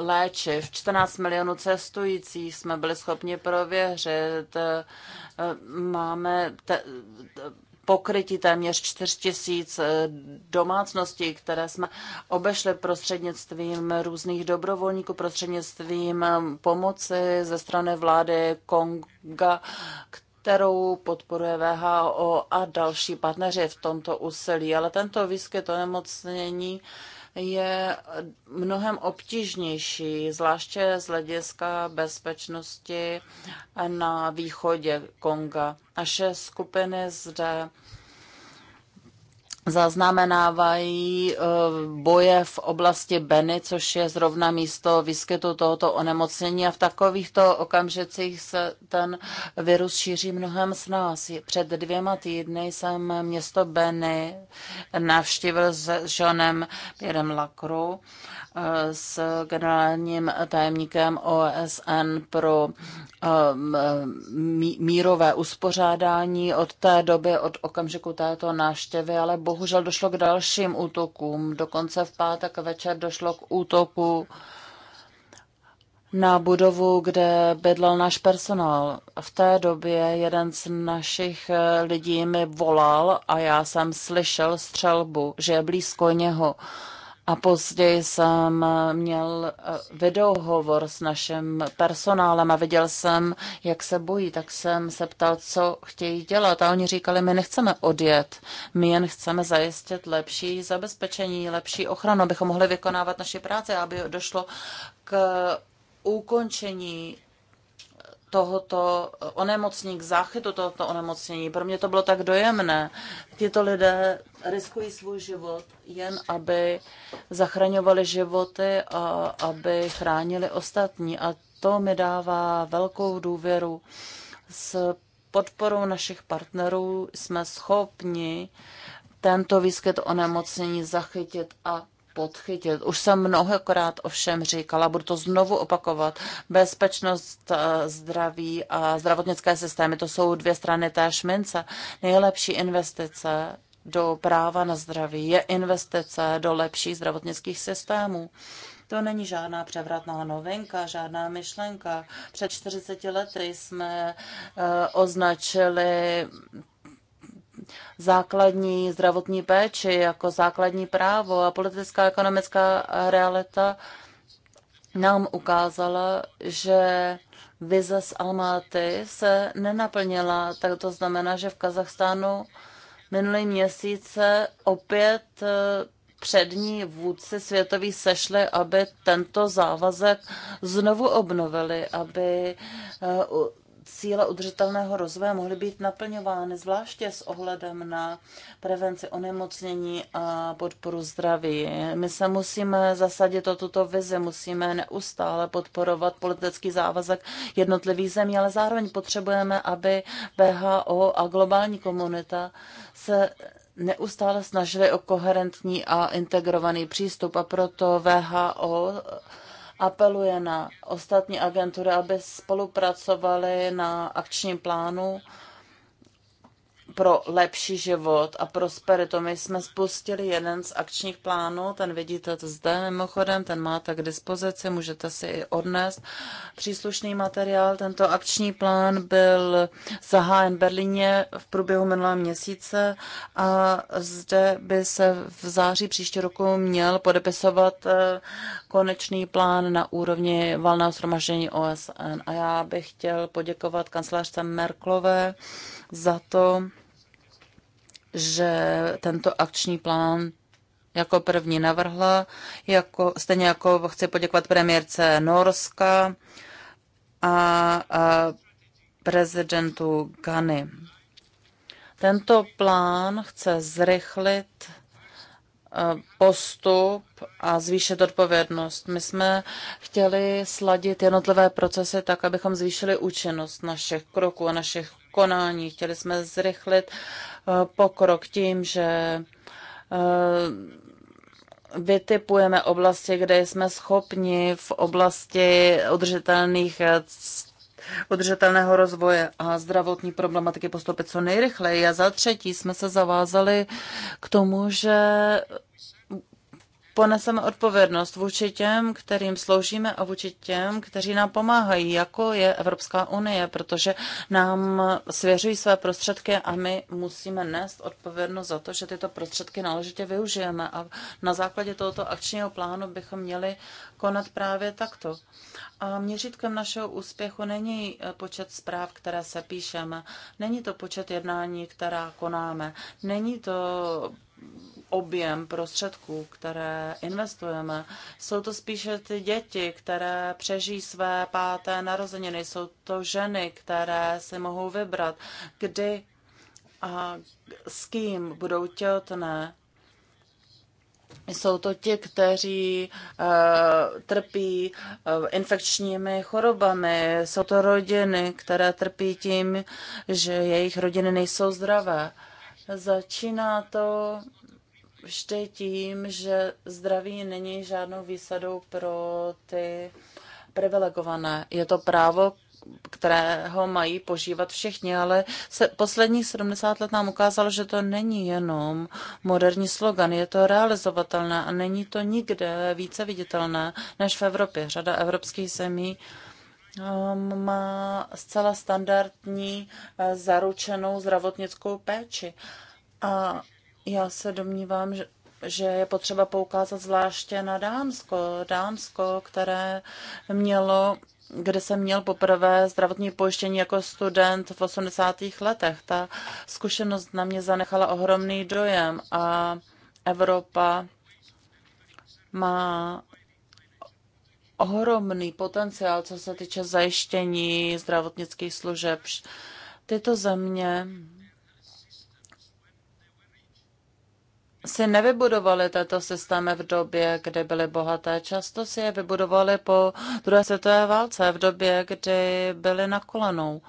léčiv, 14 milionů cestujících jsme byli schopni prověřit, eh, máme te, pokrytí téměř 4 tisíc eh, domácností, které jsme obešli prostřednictvím různých dobrovolníků, prostřednictvím pomoci ze strany vlády Konga, kterou podporuje VHO a další partneři v tomto úsilí. Ale tento výskyt onemocnění to je mnohem obtížnější, zvláště z hlediska bezpečnosti na východě Konga. Naše skupiny zde zaznamenávají eh, boje v oblasti Beny, což je zrovna místo výskytu tohoto onemocnění a v takovýchto okamžicích se ten virus šíří mnohem z nás. Před dvěma týdny jsem město Beny navštívil s Johnem Pierrem Lacru s generálním tajemníkem OSN pro um, mírové uspořádání od té doby, od okamžiku této náštěvy, ale bohužel došlo k dalším útokům. Dokonce v pátek večer došlo k útoku na budovu, kde bydlel náš personál. V té době jeden z našich lidí mi volal a já jsem slyšel střelbu, že je blízko něho. A později jsem měl eh, videohovor s naším personálem a viděl jsem, jak se bojí, tak jsem se ptal, co chtějí dělat. A oni říkali, my nechceme odjet, my jen chceme zajistit lepší zabezpečení, lepší ochranu, abychom mohli vykonávat naši práci, aby došlo k ukončení tohoto eh, onemocnění, k záchytu tohoto onemocnění. Pro mě to bylo tak dojemné. Tito lidé riskují svůj život jen, aby zachraňovali životy a aby chránili ostatní. A to mi dává velkou důvěru. S podporou našich partnerů jsme schopni tento výskyt onemocnění zachytit a podchytit. Už jsem mnohokrát ovšem říkala, budu to znovu opakovat. Bezpečnost, eh, zdraví a zdravotnické systémy, to jsou dvě strany té šmince. Nejlepší investice do práva na zdraví je investice do lepších zdravotnických systémů. To není žádná převratná novinka, žádná myšlenka. Před 40 lety jsme eh, označili základní zdravotní péči jako základní právo a politická a ekonomická realita nám ukázala, že vize z Almaty se nenaplnila. Tak to znamená, že v Kazachstánu minulý měsíce opět eh, přední vůdci světoví sešli, aby tento závazek znovu obnovili, aby eh, cíle udržitelného rozvoje mohly být naplňovány, zvláště s ohledem na prevenci onemocnění a podporu zdraví. My se musíme zasadit o tuto vizi, musíme neustále podporovat politický závazek jednotlivých zemí, ale zároveň potřebujeme, aby VHO a globální komunita se neustále snažili o koherentní a integrovaný přístup a proto VHO apeluje na ostatní agentury, aby spolupracovali na akčním plánu pro lepší život a prosperitu. My jsme spustili jeden z akčních plánů, ten vidíte to zde mimochodem, ten máte k dispozici, můžete si i odnést příslušný materiál. Tento akční plán byl zahájen v Berlíně v průběhu minulého měsíce a zde by se v září příští roku měl podepisovat eh, konečný plán na úrovni valného shromaždění OSN. A já bych chtěl poděkovat kancelářce Merklové za to, že tento akční plán jako první navrhla, jako, stejně jako chci poděkovat premiérce Norska a, a prezidentu Gany. Tento plán chce zrychlit eh, postup a zvýšit odpovědnost. My jsme chtěli sladit jednotlivé procesy tak, abychom zvýšili účinnost našich kroků a našich konání. Chtěli jsme zrychlit eh, pokrok tím, že eh, vytipujeme oblasti, kde jsme schopni v oblasti udržitelných eh, udržitelného rozvoje a zdravotní problematiky postupit co nejrychleji. A za třetí jsme se zavázali k tomu, že poneseme odpovědnost vůči těm, kterým sloužíme a vůči těm, kteří nám pomáhají, jako je Evropská unie, protože nám svěřují své prostředky a my musíme nést odpovědnost za to, že tyto prostředky náležitě využijeme. A na základě tohoto akčního plánu bychom měli konat právě takto. A měřítkem našeho úspěchu není počet zpráv, které se píšeme, není to počet jednání, která konáme, není to objem prostředků, které investujeme. Jsou to spíše ty děti, které přežijí své páté narozeniny. Jsou to ženy, které si mohou vybrat, kdy a s kým budou těhotné. Jsou to ti, kteří uh, trpí uh, infekčními chorobami, jsou to rodiny, které trpí tím, že jejich rodiny nejsou zdravé. Začíná to vždy tím, že zdraví není žádnou výsadou pro ty privilegované. Je to právo, kterého mají požívat všichni, ale se, posledních 70 let nám ukázalo, že to není jenom moderní slogan, je to realizovatelné a není to nikde více viditelné než v Evropě. Řada evropských zemí uh, Um, má zcela standardní eh, zaručenou zdravotnickou péči. A já se domnívám, že že je potřeba poukázat zvláště na Dánsko. Dánsko, které mělo kde jsem měl poprvé zdravotní pojištění jako student v 80. letech. Ta zkušenost na mě zanechala ohromný dojem a Evropa má ohromný potenciál, co se týče zajištění zdravotnických služeb. Tyto země si nevybudovali tato systémy v době, kdy byly bohaté. Často si je vybudovali po druhé světové válce, v době, kdy byly na kolenou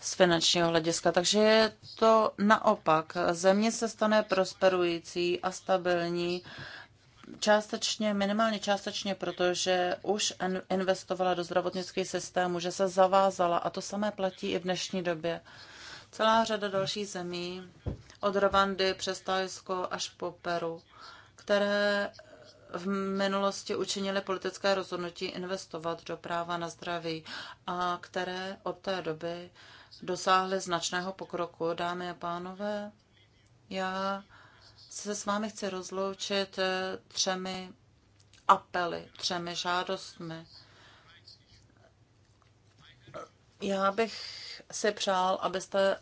z finančního hlediska. Takže je to naopak. Země se stane prosperující a stabilní částečně, minimálně částečně, protože už investovala do zdravotnických systémů, že se zavázala a to samé platí i v dnešní době. Celá řada dalších zemí, od Rwandy přes Tajsko až po Peru, které v minulosti učinili politické rozhodnutí investovat do práva na zdraví a které od té doby dosáhly značného pokroku. Dámy a pánové, já se s vámi chci rozloučit eh, třemi apely, třemi žádostmi. Já bych si přál, abyste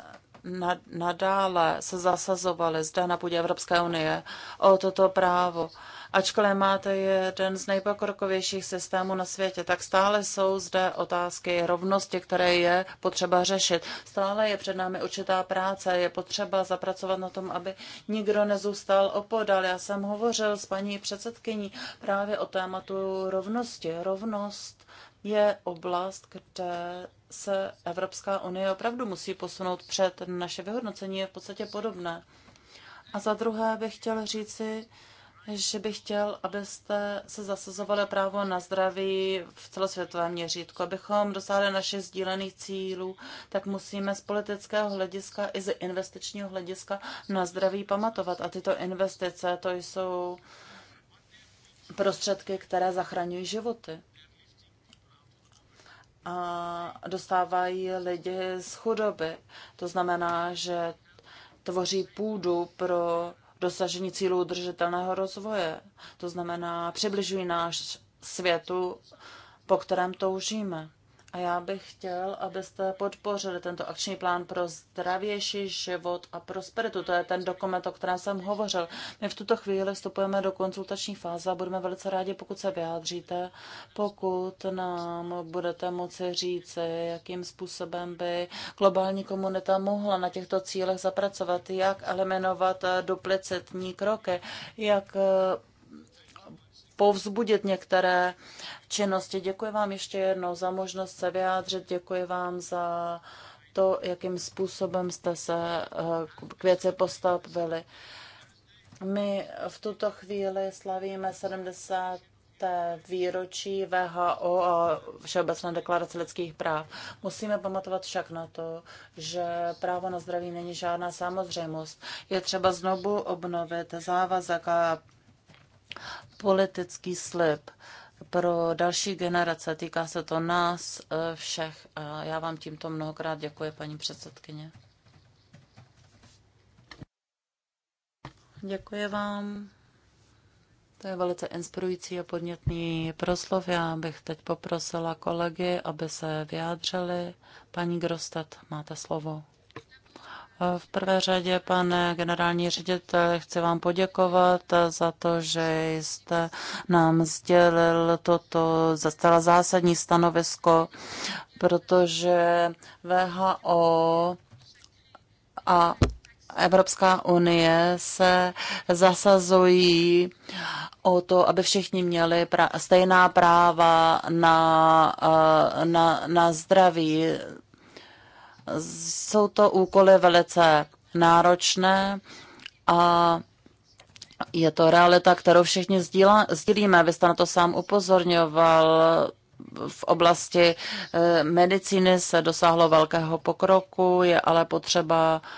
nadále se zasazovali zde na půdě Evropské unie o toto právo ačkoliv máte jeden z nejpokrokovějších systémů na světě, tak stále jsou zde otázky rovnosti, které je potřeba řešit. Stále je před námi určitá práce, je potřeba zapracovat na tom, aby nikdo nezůstal opodal. Já jsem hovořil s paní předsedkyní právě o tématu rovnosti. Rovnost je oblast, kde se Evropská unie opravdu musí posunout před. Naše vyhodnocení je v podstatě podobné. A za druhé bych chtěl říci, že bych chtěl, abyste se zasazovali právo na zdraví v celosvětovém měřítku. Abychom dosáhli našich sdílených cílů, tak musíme z politického hlediska i z investičního hlediska na zdraví pamatovat. A tyto investice, to jsou prostředky, které zachraňují životy. A dostávají lidi z chudoby. To znamená, že tvoří půdu pro dosažení cílů udržitelného rozvoje. To znamená, přibližují náš světu, po kterém toužíme. A já bych chtěl, abyste podpořili tento akční plán pro zdravější život a prosperitu. To je ten dokument, o kterém jsem hovořil. My v tuto chvíli vstupujeme do konzultační fáze a budeme velice rádi, pokud se vyjádříte, pokud nám budete moci říct, jakým způsobem by globální komunita mohla na těchto cílech zapracovat, jak eliminovat duplicitní kroky, jak povzbudit některé činnosti. Děkuji vám ještě jednou za možnost se vyjádřit, děkuji vám za to, jakým způsobem jste se eh, k věci postavili. My v tuto chvíli slavíme 70 výročí VHO a Všeobecné deklarace lidských práv. Musíme pamatovat však na to, že právo na zdraví není žádná samozřejmost. Je třeba znovu obnovit závazek a politický slib pro další generace. Týká se to nás eh, všech. A já vám tímto mnohokrát děkuji, paní předsedkyně. Děkuji vám. To je velice inspirující a podnětný proslov. Já bych teď poprosila kolegy, aby se vyjádřili. Paní Grostat, máte slovo. V prvé řadě, pane generální ředitel, chci vám poděkovat za to, že jste nám sdělil toto zcela zásadní stanovisko, protože VHO a Evropská unie se zasazují o to, aby všichni měli pra- stejná práva na, eh, na, na zdraví jsou to úkoly velice náročné a je to realita, kterou všichni sdíla, sdílíme. Vy jste na to sám upozorňoval. V oblasti eh, medicíny se dosáhlo velkého pokroku, je ale potřeba uh,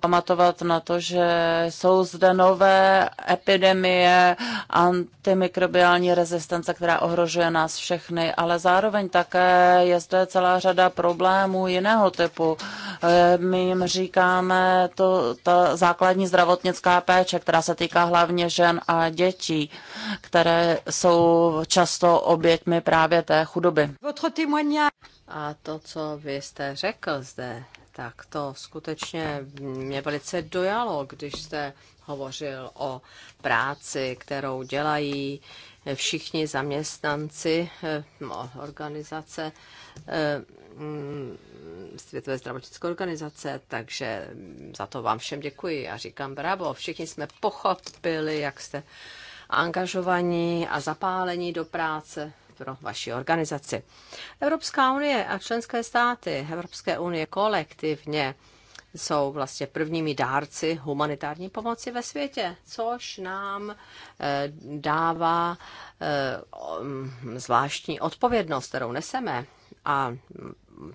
pamatovat na to, že jsou zde nové epidemie, antimikrobiální rezistence, která ohrožuje nás všechny, ale zároveň také je zde celá řada problémů jiného typu. E, my jim říkáme to, ta základní zdravotnická péče, která se týká hlavně žen a dětí, které jsou často oběťmi právě té chudoby. A to, co vy jste řekl zde, tak to skutečně mě velice dojalo, když jste hovořil o práci, kterou dělají všichni zaměstnanci eh, organizace eh, mm, Světové zdravotnické organizace, takže za to vám všem děkuji a říkám bravo. Všichni jsme pochopili, jak jste angažovaní a zapálení do práce pro vaši organizaci. Evropská unie a členské státy Evropské unie kolektivně jsou vlastně prvními dárci humanitární pomoci ve světě, což nám eh, dává eh, zvláštní odpovědnost, kterou neseme. A mm,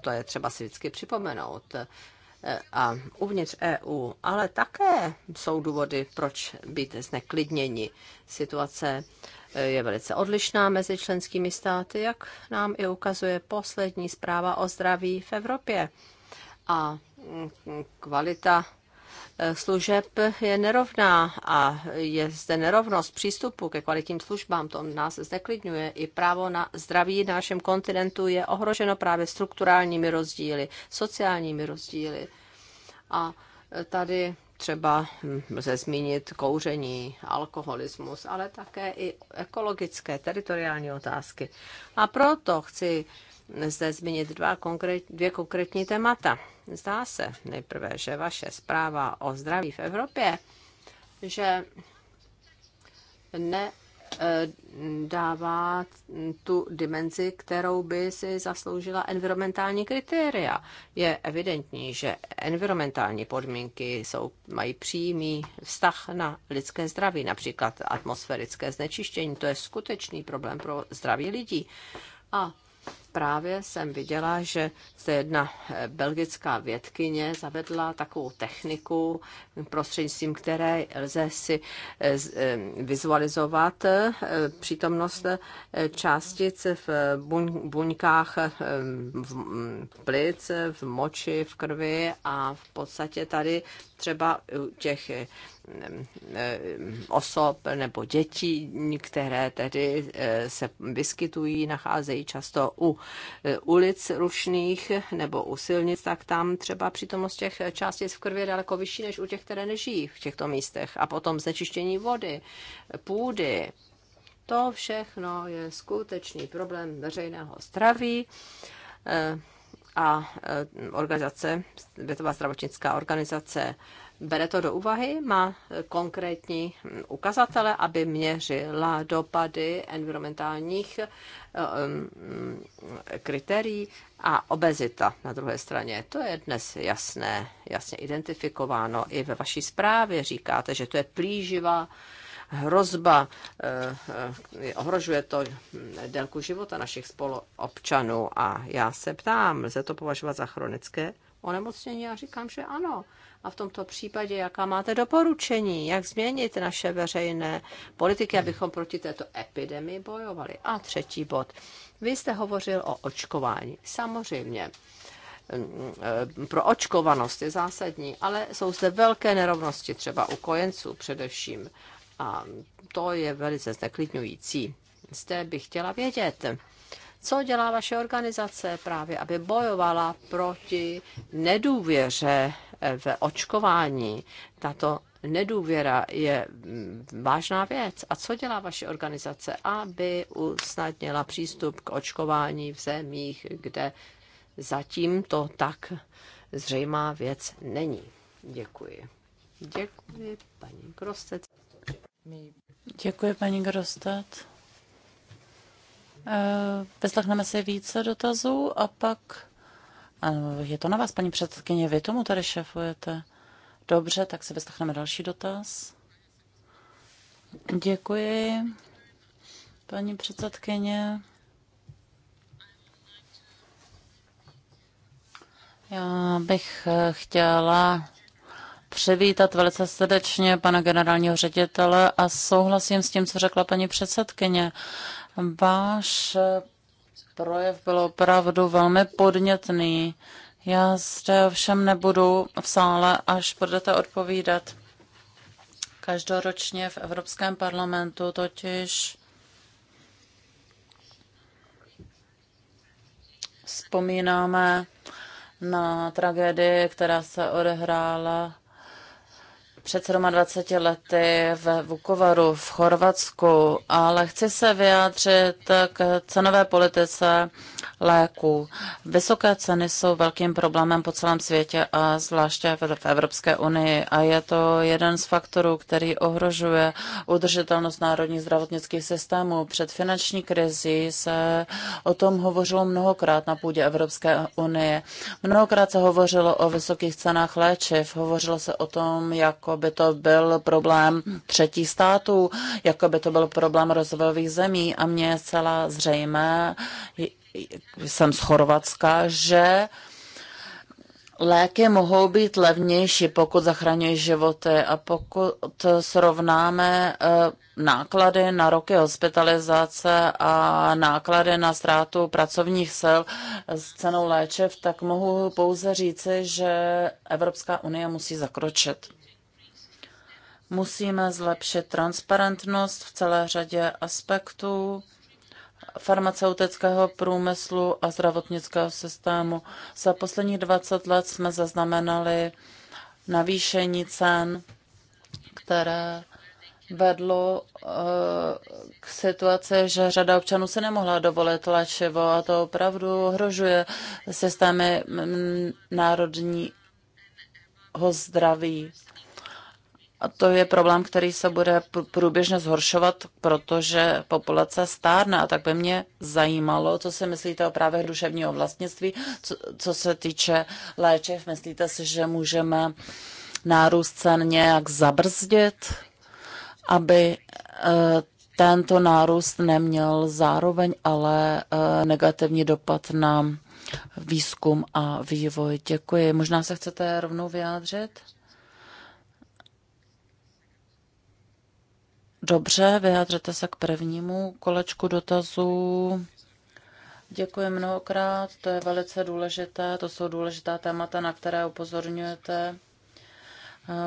to je třeba si vždycky připomenout eh, a uvnitř EU, ale také jsou důvody, proč být zneklidněni. Situace je velice odlišná mezi členskými státy, jak nám i ukazuje poslední zpráva o zdraví v Evropě. A kvalita eh, služeb je nerovná a je zde nerovnost přístupu ke kvalitním službám. To nás zneklidňuje. I právo na zdraví na našem kontinentu je ohroženo právě strukturálními rozdíly, sociálními rozdíly. A eh, tady třeba lze zmínit kouření, alkoholismus, ale také i ekologické, teritoriální otázky. A proto chci zde zmínit dva konkrét, dvě konkrétní témata. Zdá se nejprve, že vaše zpráva o zdraví v Evropě, že ne dává tu dimenzi, kterou by si zasloužila environmentální kritéria. Je evidentní, že environmentální podmínky jsou, mají přímý vztah na lidské zdraví, například atmosférické znečištění. To je skutečný problém pro zdraví lidí. A Právě jsem viděla, že se jedna eh, belgická vědkyně zavedla takovou techniku, prostřednictvím které lze si eh, eh, vizualizovat přítomnost částic v buňkách v mm, plic, v moči, v krvi a v podstatě tady třeba u těch Eh, osob nebo dětí, které tedy eh, se vyskytují, nacházejí často u eh, ulic rušných nebo u silnic, tak tam třeba přítomnost těch částic v krvi je daleko vyšší než u těch, které nežijí v těchto místech. A potom znečištění vody, půdy, to všechno je skutečný problém veřejného zdraví a organizace, Světová zdravotnická organizace bere to do úvahy, má konkrétní ukazatele, aby měřila dopady environmentálních eh, eh, kritérií a obezita na druhé straně. To je dnes jasné, jasně identifikováno. I ve vaší zprávě říkáte, že to je plíživá hrozba, eh, ohrožuje to délku života našich spoluobčanů. A já se ptám, lze to považovat za chronické onemocnění? Já říkám, že ano. A v tomto případě, jaká máte doporučení, jak změnit naše veřejné politiky, abychom proti této epidemii bojovali. A třetí bod. Vy jste hovořil o očkování. Samozřejmě mm, eh, pro očkovanost je zásadní, ale jsou zde velké nerovnosti, třeba u kojenců především. A to je velice zneklidňující. Zde bych chtěla vědět, co dělá vaše organizace právě, aby bojovala proti nedůvěře eh, v očkování? Tato nedůvěra je mm, vážná věc. A co dělá vaše organizace, aby usnadnila přístup k očkování v zemích, kde zatím to tak zřejmá věc není? Děkuji. Děkuji, paní Grostec. Děkuji, paní Grostec. Eh, vyslechneme si více dotazů a pak... Eh, je to na vás, paní předsedkyně, vy tomu tady šefujete. Dobře, tak si vyslechneme další dotaz. Děkuji, paní předsedkyně. Já bych eh, chtěla přivítat velice srdečně pana generálního ředitele a souhlasím s tím, co řekla paní předsedkyně. Váš eh, projev byl opravdu velmi podnětný. Já zde ovšem nebudu v sále, až budete odpovídat. Každoročně v Evropském parlamentu totiž vzpomínáme na tragédii, která se odehrála před 27 lety ve Vukovaru v Chorvatsku, ale chci se vyjádřit k cenové politice léků. Vysoké ceny jsou velkým problémem po celém světě a zvláště v Evropské unii a je to jeden z faktorů, který ohrožuje udržitelnost národních zdravotnických systémů. Před finanční krizi se o tom hovořilo mnohokrát na půdě Evropské unie. Mnohokrát se hovořilo o vysokých cenách léčiv, hovořilo se o tom, jako by to byl problém třetí států, jako by to byl problém rozvojových zemí a mně je zcela zřejmé, jsem z Chorvatska, že léky mohou být levnější, pokud zachraňují životy a pokud srovnáme eh, náklady na roky hospitalizace a náklady na ztrátu pracovních sil s cenou léčiv, tak mohu pouze říci, že Evropská unie musí zakročit. Musíme zlepšit transparentnost v celé řadě aspektů farmaceutického průmyslu a zdravotnického systému. Za posledních 20 let jsme zaznamenali navýšení cen, které vedlo eh, k situaci, že řada občanů se nemohla dovolit léčivo a to opravdu ohrožuje systémy mm, národního zdraví. A to je problém, který se bude průběžně zhoršovat, protože populace stárne. A tak by mě zajímalo, co si myslíte o právech duševního vlastnictví, co, co se týče léčiv. Myslíte si, že můžeme nárůst cen nějak zabrzdit, aby eh, tento nárůst neměl zároveň ale eh, negativní dopad na výzkum a vývoj. Děkuji. Možná se chcete rovnou vyjádřit? Dobře, vyjádřete se k prvnímu kolečku dotazů. Děkuji mnohokrát, to je velice důležité, to jsou důležitá témata, na které upozorňujete.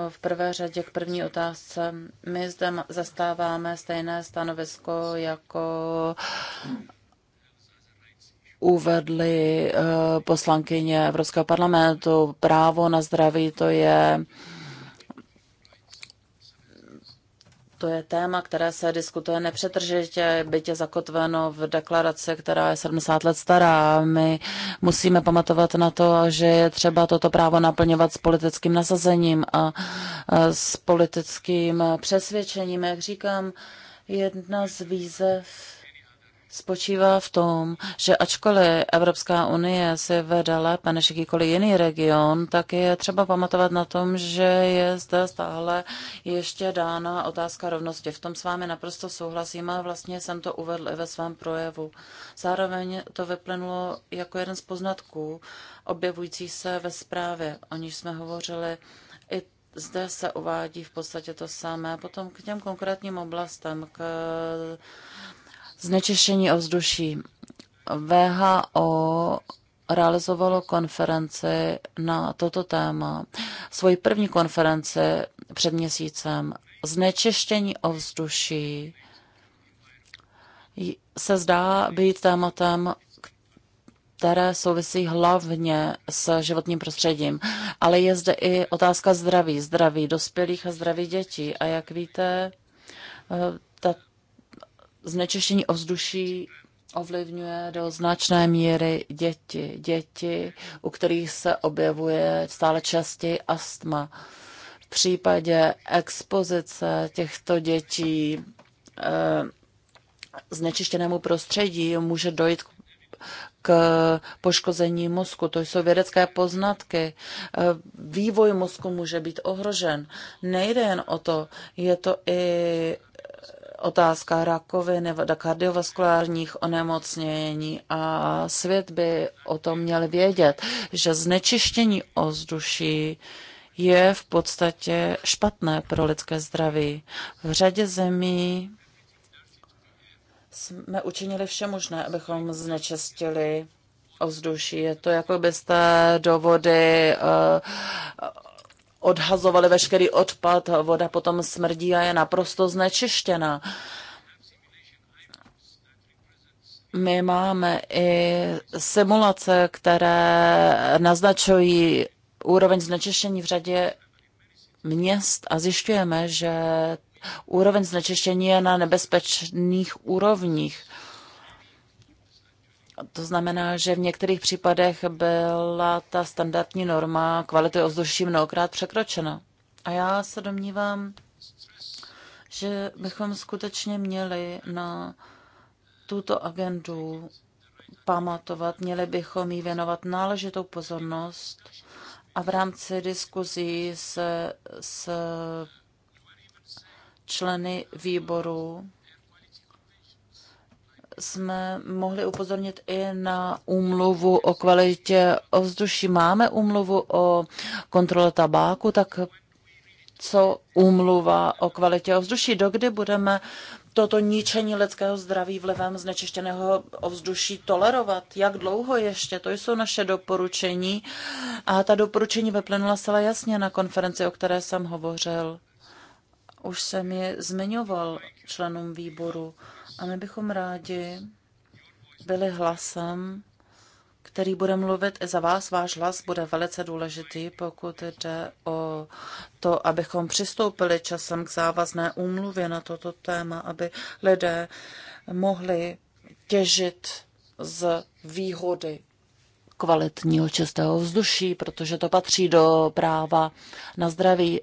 V prvé řadě k první otázce. My zde zastáváme stejné stanovisko jako uvedli eh, poslankyně Evropského parlamentu. Právo na zdraví to je To je téma, které se diskutuje nepřetržitě, bytě je zakotveno v deklaraci, která je 70 let stará. My musíme pamatovat na to, že je třeba toto právo naplňovat s politickým nasazením a s politickým přesvědčením. Jak říkám, jedna z výzev spočívá v tom, že ačkoliv Evropská unie se vede lépe než jakýkoliv jiný region, tak je třeba pamatovat na tom, že je zde stále ještě dána otázka rovnosti. V tom s vámi naprosto souhlasím a vlastně jsem to uvedl i ve svém projevu. Zároveň to vyplynulo jako jeden z poznatků objevující se ve zprávě, o níž jsme hovořili i zde se uvádí v podstatě to samé. Potom k těm konkrétním oblastem, k znečištění ovzduší. VHO realizovalo konferenci na toto téma. Svoji první konferenci před měsícem znečištění ovzduší se zdá být tématem, které souvisí hlavně s životním prostředím. Ale je zde i otázka zdraví, zdraví dospělých a zdraví dětí. A jak víte, znečištění ovzduší ovlivňuje do značné míry děti. Děti, u kterých se objevuje stále častěji astma. V případě expozice těchto dětí e, znečištěnému prostředí může dojít k k poškození mozku. To jsou vědecké poznatky. Eh, vývoj mozku může být ohrožen. Nejde jen o to, je to i otázka rakoviny, kardiovaskulárních onemocnění a svět by o tom měl vědět, že znečištění ozduší je v podstatě špatné pro lidské zdraví. V řadě zemí jsme učinili vše možné, abychom znečistili ozduší. Je to jako byste do vody uh, eh, odhazovali veškerý odpad, voda potom smrdí a je naprosto znečištěná. My máme i simulace, které naznačují úroveň znečištění v řadě měst a zjišťujeme, že úroveň znečištění je na nebezpečných úrovních. To znamená, že v některých případech byla ta standardní norma kvality ovzduší mnohokrát překročena. A já se domnívám, že bychom skutečně měli na tuto agendu pamatovat, měli bychom jí věnovat náležitou pozornost a v rámci diskuzí se, s členy výboru jsme mohli upozornit i na úmluvu o kvalitě ovzduší. Máme úmluvu o kontrole tabáku, tak co úmluva o kvalitě ovzduší? Dokdy budeme toto ničení lidského zdraví vlivem znečištěného ovzduší tolerovat? Jak dlouho ještě? To jsou naše doporučení. A ta doporučení vyplynula zcela jasně na konferenci, o které jsem hovořil. Už jsem je zmiňoval členům výboru. A my bychom rádi byli hlasem, který bude mluvit i za vás. Váš hlas bude velice důležitý, pokud jde o to, abychom přistoupili časem k závazné úmluvě na toto téma, aby lidé mohli těžit z výhody kvalitního čistého vzduší, protože to patří do práva na zdraví.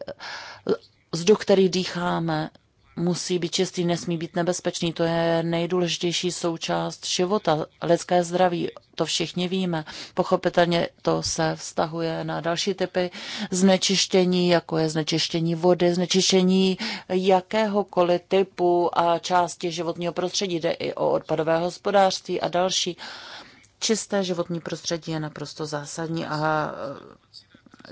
Vzduch, který dýcháme, musí být čistý, nesmí být nebezpečný. To je nejdůležitější součást života, lidské zdraví, to všichni víme. Pochopitelně to se vztahuje na další typy znečištění, jako je znečištění vody, znečištění jakéhokoliv typu a části životního prostředí. Jde i o odpadové hospodářství a další. Čisté životní prostředí je naprosto zásadní a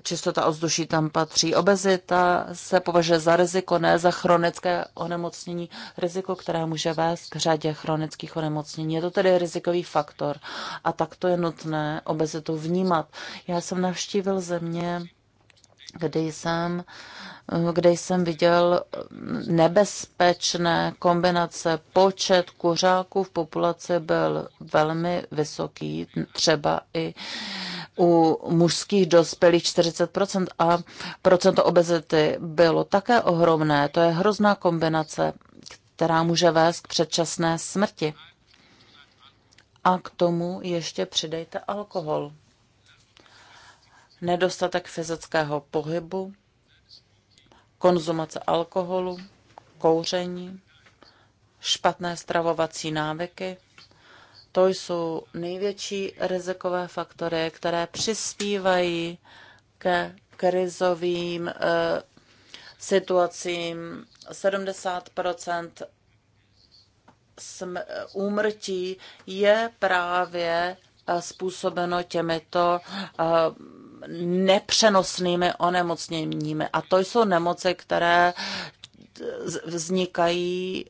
čistota ovzduší tam patří. Obezita se považuje za riziko, ne za chronické onemocnění. Riziko, které může vést k řadě chronických onemocnění. Je to tedy rizikový faktor a tak to je nutné obezitu vnímat. Já jsem navštívil země, kde jsem, kde jsem viděl nebezpečné kombinace. Počet kuřáků v populaci byl velmi vysoký, třeba i u mužských dospělých 40% a procento obezity bylo také ohromné. To je hrozná kombinace, která může vést k předčasné smrti. A k tomu ještě přidejte alkohol. Nedostatek fyzického pohybu, konzumace alkoholu, kouření, špatné stravovací návyky, to jsou největší rizikové faktory, které přispívají ke krizovým e, situacím. 70 úmrtí je právě eh, způsobeno těmito eh, nepřenosnými onemocněními. A to jsou nemoci, které vznikají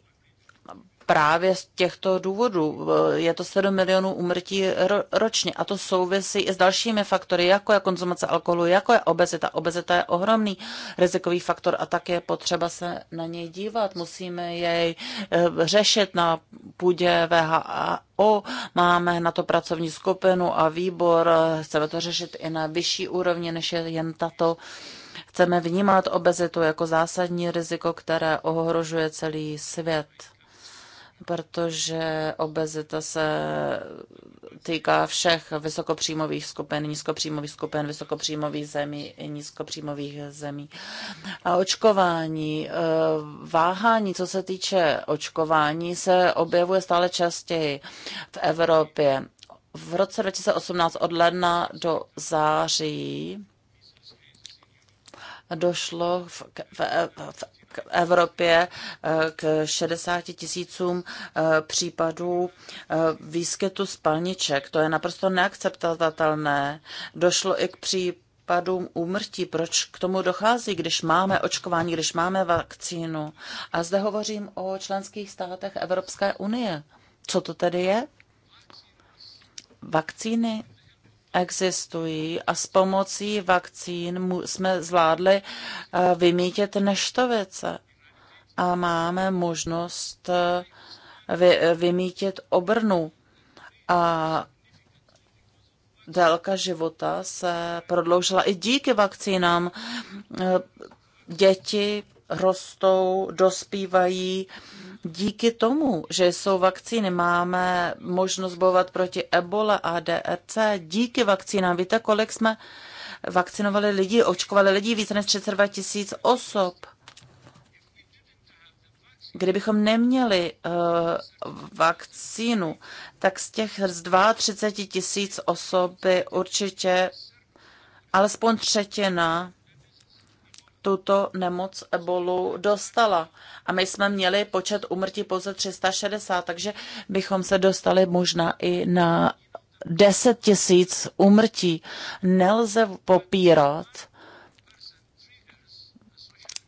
právě z těchto důvodů. Eh, je to 7 milionů umrtí ročně a to souvisí i s dalšími faktory, jako je konzumace alkoholu, jako je obezita. Obezita je ohromný rizikový faktor a tak je potřeba se na něj dívat. Musíme jej eh, řešit na půdě VHO. Máme na to pracovní skupinu a výbor. Chceme to řešit i na vyšší úrovni, než je jen tato. Chceme vnímat obezitu jako zásadní riziko, které ohrožuje celý svět protože obezita se týká všech vysokopříjmových skupin, nízkopříjmových skupin, vysokopříjmových zemí, nízkopříjmových zemí. A očkování, e, váhání, co se týče očkování, se objevuje stále častěji v Evropě. V roce 2018 od ledna do září došlo v, v, v k Evropě eh, k 60 tisícům eh, případů eh, výskytu spalniček. To je naprosto neakceptovatelné. Došlo i k případům úmrtí. Proč k tomu dochází, když máme očkování, když máme vakcínu? A zde hovořím o členských státech Evropské unie. Co to tedy je? Vakcíny existují a s pomocí vakcín jsme zvládli eh, vymítit neštovice a máme možnost eh, eh, vymítit obrnu a délka života se prodloužila i díky vakcínám. Děti rostou, dospívají. Díky tomu, že jsou vakcíny, máme možnost bojovat proti ebole a DRC. Díky vakcínám, víte, kolik jsme vakcinovali lidi, očkovali lidi, více než 32 tisíc osob. Kdybychom neměli uh, vakcínu, tak z těch z 32 tisíc osob by určitě alespoň třetina tuto nemoc ebolu dostala. A my jsme měli počet umrtí pouze 360, takže bychom se dostali možná i na 10 tisíc umrtí. Nelze popírat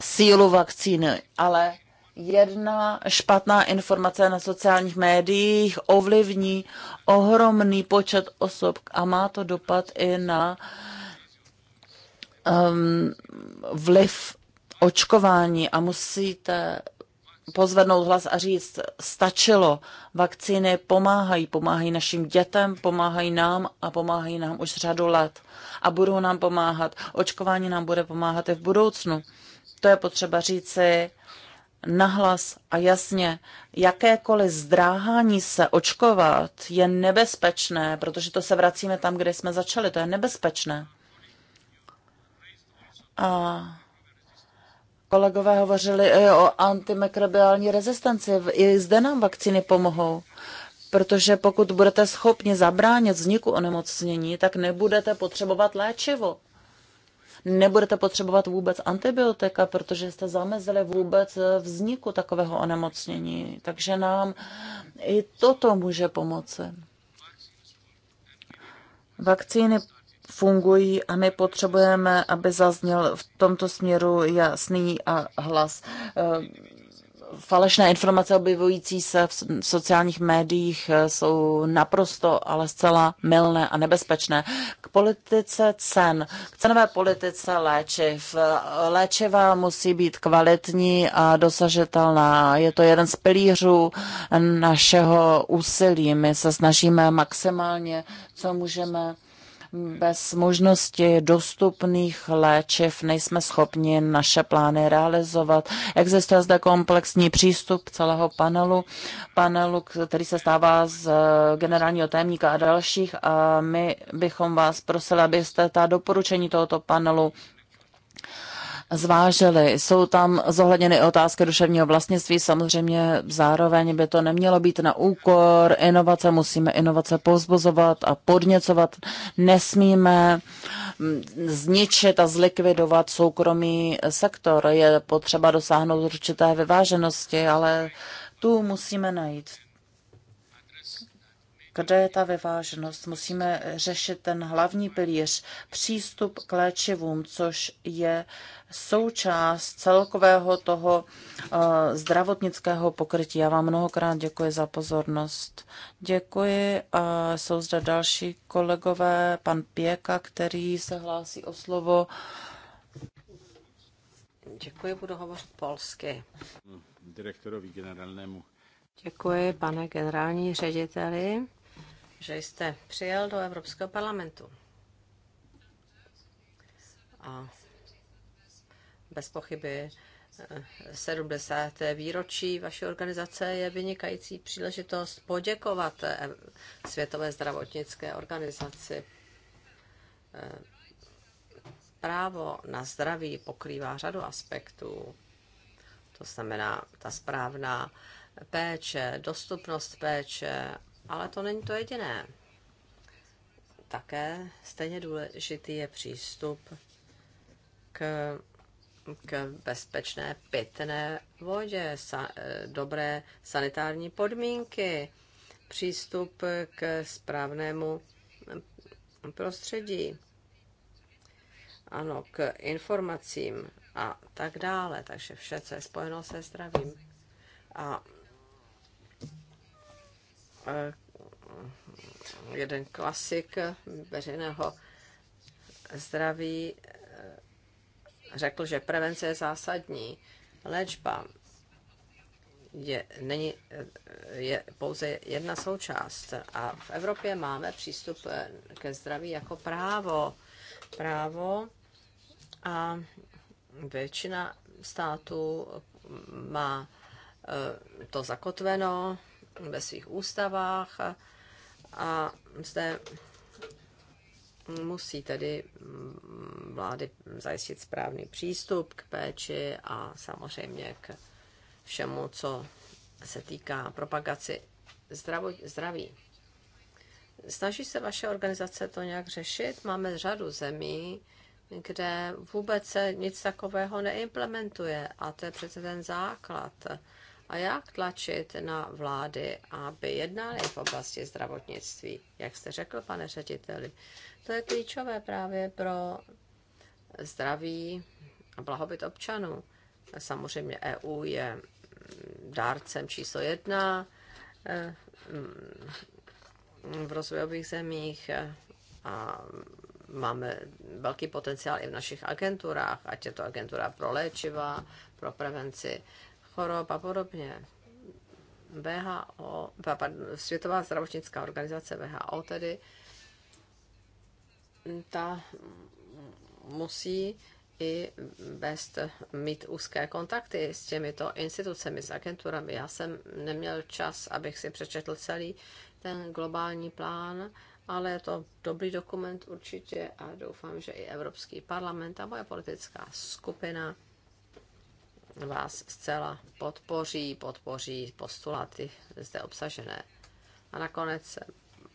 sílu vakcíny, ale jedna špatná informace na sociálních médiích ovlivní ohromný počet osob a má to dopad i na uh, um, vliv očkování a musíte pozvednout hlas a říct, stačilo, vakcíny pomáhají, pomáhají našim dětem, pomáhají nám a pomáhají nám už řadu let a budou nám pomáhat. Očkování nám bude pomáhat i v budoucnu. To je potřeba říci nahlas a jasně. Jakékoliv zdráhání se očkovat je nebezpečné, protože to se vracíme tam, kde jsme začali. To je nebezpečné. A kolegové hovořili o antimikrobiální rezistenci. I zde nám vakcíny pomohou protože pokud budete schopni zabránit vzniku onemocnění, tak nebudete potřebovat léčivo. Nebudete potřebovat vůbec antibiotika, protože jste zamezili vůbec vzniku takového onemocnění. Takže nám i toto může pomoci. Vakcíny fungují a my potřebujeme, aby zazněl v tomto směru jasný a hlas. Eh, falešné informace objevující se v sociálních médiích eh, jsou naprosto, ale zcela mylné a nebezpečné. K politice cen, k cenové politice léčiv. Eh, léčiva musí být kvalitní a dosažitelná. Je to jeden z pilířů našeho úsilí. My se snažíme maximálně, co můžeme bez možnosti dostupných léčiv nejsme schopni naše plány realizovat. Existuje zde komplexní přístup celého panelu, panelu, který se stává z generálního témníka a dalších a my bychom vás prosili, abyste ta doporučení tohoto panelu zvážili. Jsou tam zohledněny otázky duševního vlastnictví, samozřejmě zároveň by to nemělo být na úkor inovace, musíme inovace pozbuzovat a podněcovat. Nesmíme mm, zničit a zlikvidovat soukromý sektor. Je potřeba dosáhnout určité vyváženosti, ale tu musíme najít kde je ta vyváženost. Musíme řešit ten hlavní pilíř, přístup k léčivům, což je součást celkového toho eh, zdravotnického pokrytí. Já vám mnohokrát děkuji za pozornost. Děkuji. A jsou zde další kolegové, pan Pěka, který se hlásí o slovo. Děkuji, budu hovořit polsky. Direktorovi generálnému. Děkuji, pane generální řediteli že jste přijel do Evropského parlamentu. A bez pochyby 70. Eh, výročí vaší organizace je vynikající příležitost poděkovat eh, Světové zdravotnické organizaci. Eh, právo na zdraví pokrývá řadu aspektů. To znamená ta správná péče, dostupnost péče ale to není to jediné. Také stejně důležitý je přístup k, k bezpečné pitné vodě, sa, eh, dobré sanitární podmínky, přístup k správnému eh, prostředí, ano, k informacím a tak dále. Takže vše, co je spojeno se zdravím. A Eh, jeden klasik veřejného zdraví eh, řekl, že prevence je zásadní. Léčba je, není, eh, je pouze jedna součást. A v Evropě máme přístup ke zdraví jako právo. Právo a většina států má to zakotveno ve svých ústavách a, a zde musí tedy vlády zajistit správný přístup k péči a samozřejmě k všemu, co se týká propagaci zdraví. Snaží se vaše organizace to nějak řešit? Máme řadu zemí, kde vůbec se nic takového neimplementuje a to je přece ten základ a jak tlačit na vlády, aby jednali v oblasti zdravotnictví. Jak jste řekl, pane řediteli, to je klíčové právě pro zdraví a blahobyt občanů. Samozřejmě EU je mm, dárcem číslo jedna eh, mm, v rozvojových zemích eh, a máme velký potenciál i v našich agenturách, ať je to agentura pro léčiva, pro prevenci chorob a podobně. WHO, pardon, Světová zdravotnická organizace WHO tedy, ta musí i vést, mít úzké kontakty s těmito institucemi, s agenturami. Já jsem neměl čas, abych si přečetl celý ten globální plán, ale je to dobrý dokument určitě a doufám, že i Evropský parlament a moje politická skupina vás zcela podpoří, podpoří postuláty zde obsažené. A nakonec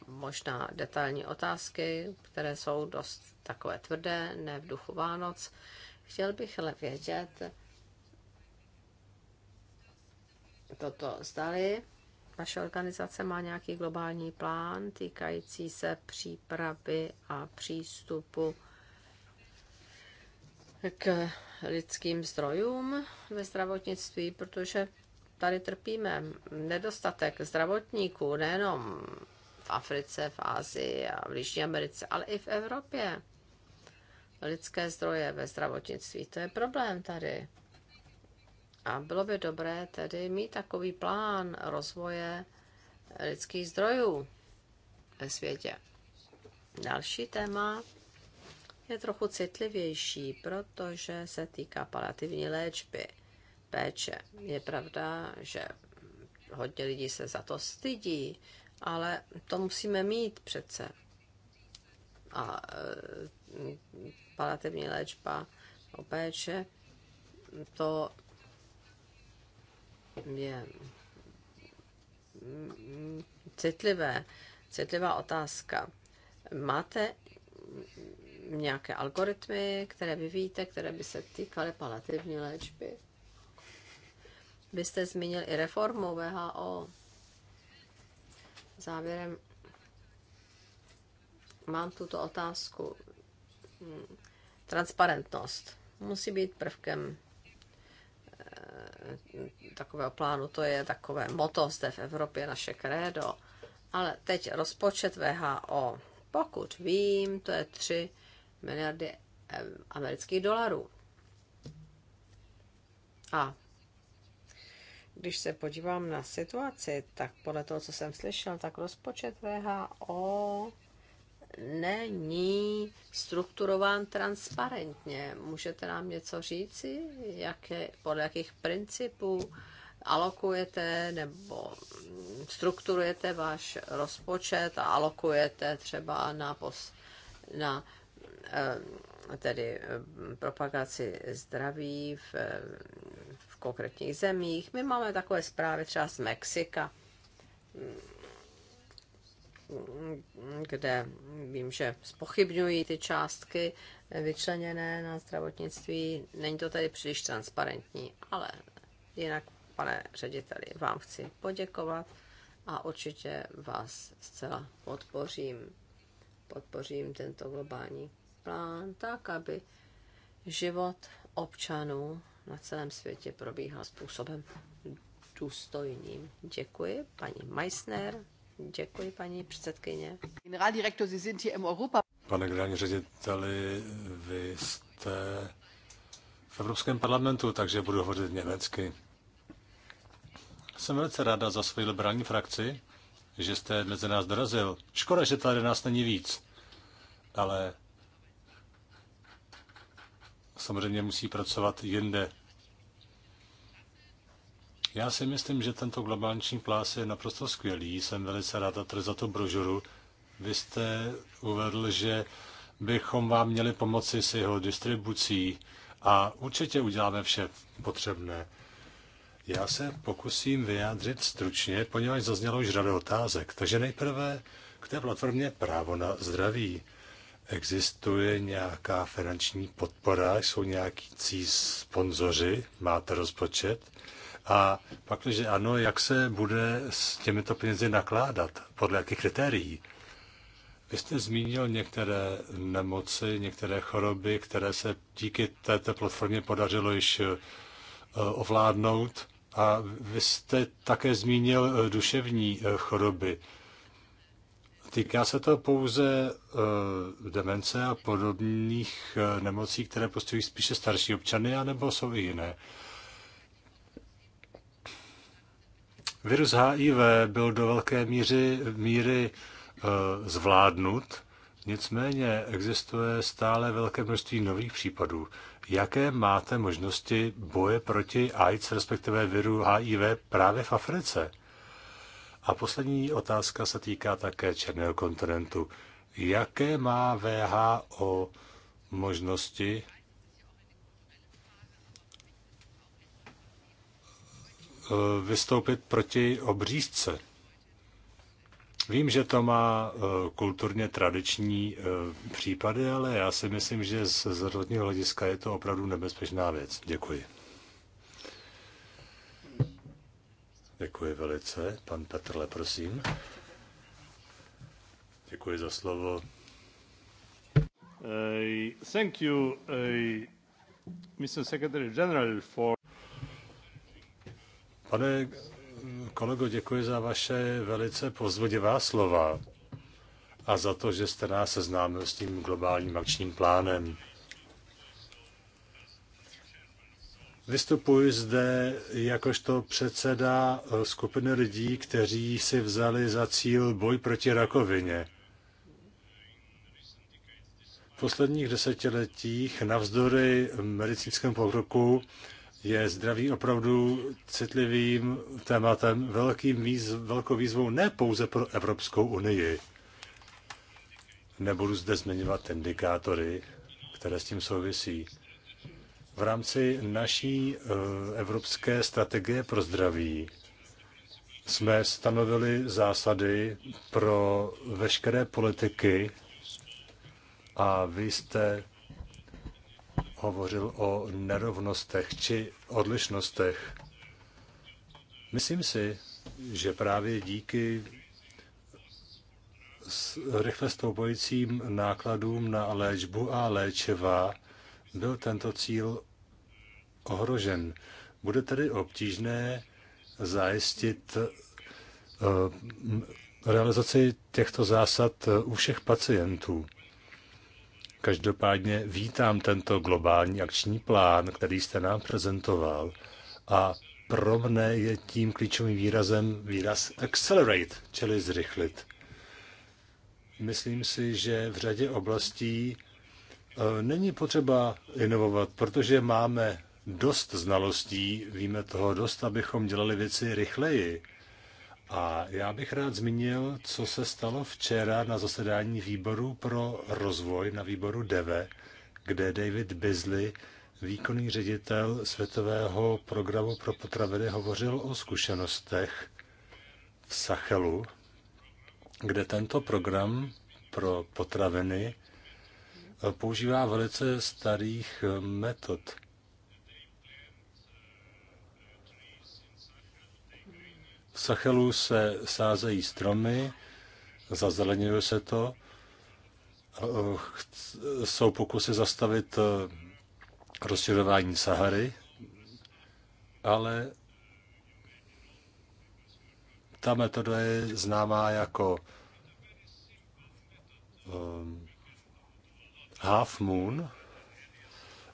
možná detailní otázky, které jsou dost takové tvrdé, ne v duchu Vánoc. Chtěl bych ale vědět toto. Zdali vaše organizace má nějaký globální plán týkající se přípravy a přístupu k lidským zdrojům ve zdravotnictví, protože tady trpíme nedostatek zdravotníků nejenom v Africe, v Ázii a v Jižní Americe, ale i v Evropě. Lidské zdroje ve zdravotnictví, to je problém tady. A bylo by dobré tedy mít takový plán rozvoje lidských zdrojů ve světě. Další téma je trochu citlivější, protože se týká palativní léčby, péče. Je pravda, že hodně lidí se za to stydí, ale to musíme mít přece. A e, palativní léčba o péče, to je citlivé, citlivá otázka. Máte nějaké algoritmy, které vyvíjíte, které by se týkaly palativní léčby. Vy jste zmínil i reformu VHO. Závěrem mám tuto otázku. Transparentnost musí být prvkem eh, takového plánu. To je takové moto zde v Evropě, naše krédo. Ale teď rozpočet VHO. Pokud vím, to je 3 miliardy eh, amerických dolarů. A když se podívám na situaci, tak podle toho, co jsem slyšel, tak rozpočet VHO není strukturován transparentně. Můžete nám něco říci, jak je, podle jakých principů alokujete nebo strukturujete váš rozpočet a alokujete třeba na, pos, na Eh, tedy eh, propagaci zdraví v, eh, v konkrétních zemích. My máme takové zprávy třeba z Mexika, kde vím, že spochybňují ty částky vyčleněné na zdravotnictví. Není to tady příliš transparentní, ale jinak, pane řediteli, vám chci poděkovat a určitě vás zcela podpořím. Podpořím tento globální plán tak, aby život občanů na celém světě probíhal způsobem důstojným. Děkuji, paní Meissner. Děkuji, paní předsedkyně. Generaldirektor, Sie sind hier im Europa. Pane generální řediteli, vy jste v Evropském parlamentu, takže budu hovořit německy. Jsem velice ráda za svoji liberální frakci, že jste mezi nás dorazil. Škoda, že tady nás není víc, ale samozřejmě musí pracovat jinde. Já si myslím, že tento globální plás je naprosto skvělý. Jsem velice rád tady za tu brožuru. Vy jste uvedl, že bychom vám měli pomoci s jeho distribucí a určitě uděláme vše potřebné. Já se pokusím vyjádřit stručně, poněvadž zaznělo už řada otázek. Takže nejprve k té platformě právo na zdraví. Existuje nějaká finanční podpora, jsou nějakí sponzoři, máte rozpočet? A pak, že ano, jak se bude s těmito penězi nakládat? Podle jakých kritérií? Vy jste zmínil některé nemoci, některé choroby, které se díky této platformě podařilo již eh, ovládnout. A vy jste také zmínil eh, duševní eh, choroby. Týká se to pouze uh, demence a podobných uh, nemocí, které postihují spíše starší občany, anebo jsou i jiné. Virus HIV byl do velké míry, míry uh, eh, zvládnut, nicméně existuje stále velké množství nových případů. Jaké máte možnosti boje proti AIDS, respektive viru HIV právě v Africe? A poslední otázka se týká také Černého kontinentu. Jaké má VHO možnosti eh, vystoupit proti obřízce? Vím, že to má eh, kulturně tradiční eh, případy, ale já si myslím, že z zrodního hlediska je to opravdu nebezpečná věc. Děkuji. Děkuji velice. Pan Petrle, prosím. Děkuji za slovo. Uh, thank you, uh, eh, Mr. Secretary General, for... Pane kolego, děkuji za vaše velice pozvodivá slova a za to, že jste nás seznámil s tím globálním akčním plánem. Vystupuji zde jakožto předseda eh, skupiny lidí, kteří si vzali za cíl boj proti rakovině. V posledních desetiletích navzdory medicínskému pokroku je zdraví opravdu citlivým tématem, velkým výz, velkou výzvou ne pouze pro Evropskou unii. Nebudu zde zmiňovat indikátory, které s tím souvisí v rámci naší eh, evropské strategie pro zdraví jsme stanovili zásady pro veškeré politiky a vy jste hovořil o nerovnostech či odlišnostech. Myslím si, že právě díky s rychle stoupajícím nákladům na léčbu a léčiva byl tento cíl ohrožen. Bude tedy obtížné zajistit eh, realizaci těchto zásad eh, u všech pacientů. Každopádně vítám tento globální akční plán, který jste nám prezentoval a pro mne je tím klíčovým výrazem výraz accelerate, čili zrychlit. Myslím si, že v řadě oblastí eh, není potřeba inovovat, protože máme dost znalostí, víme toho dost, abychom dělali věci rychleji. A já bych rád zmínil, co se stalo včera na zasedání výboru pro rozvoj na výboru DEVE, kde David Bisley, výkonný ředitel Světového programu pro potraviny, hovořil o zkušenostech v Sachelu, kde tento program pro potraviny používá velice starých metod. V Sachelu se sázejí stromy, zazeleňuje se to, jsou pokusy zastavit eh, rozširování Sahary, ale ta metoda je známá jako eh, half moon,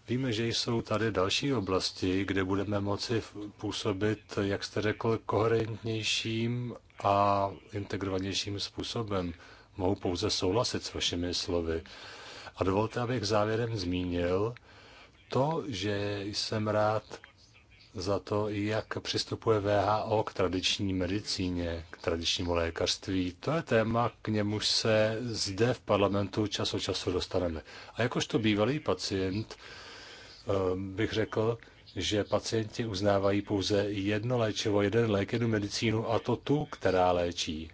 Víme, že jsou tady další oblasti, kde budeme moci působit, jak jste řekl, koherentnějším a integrovanějším způsobem. Mohu pouze souhlasit s vašimi slovy. A dovolte, abych závěrem zmínil to, že jsem rád za to, jak přistupuje VHO k tradiční medicíně, k tradičnímu lékařství. To je téma, k němuž se zde v parlamentu čas od času dostaneme. A jakožto bývalý pacient, Eh, bych řekl, že pacienti uznávají pouze jedno léčivo, jeden lék, jednu medicínu a to tu, která léčí.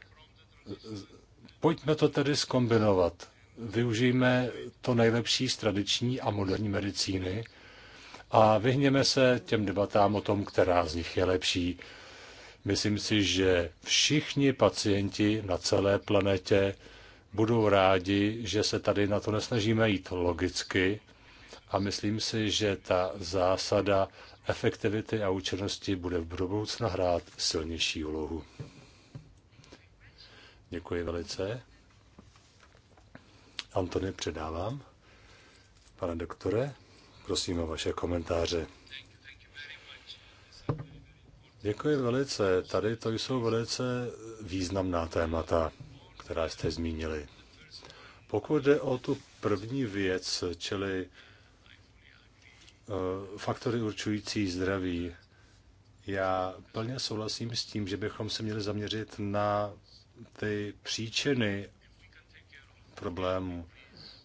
Pojďme to tedy skombinovat. Využijme to nejlepší z tradiční a moderní medicíny a vyhněme se těm debatám o tom, která z nich je lepší. Myslím si, že všichni pacienti na celé planetě budou rádi, že se tady na to nesnažíme jít logicky, a myslím si, že ta zásada efektivity a účinnosti bude v budoucnu hrát silnější úlohu. Děkuji velice. Antony, předávám. Pane doktore, prosím o vaše komentáře. Děkuji velice. Tady to jsou velice významná témata, která jste zmínili. Pokud jde o tu první věc, čili Eh, faktory určující zdraví. Já plně souhlasím s tím, že bychom se měli zaměřit na ty příčiny problému.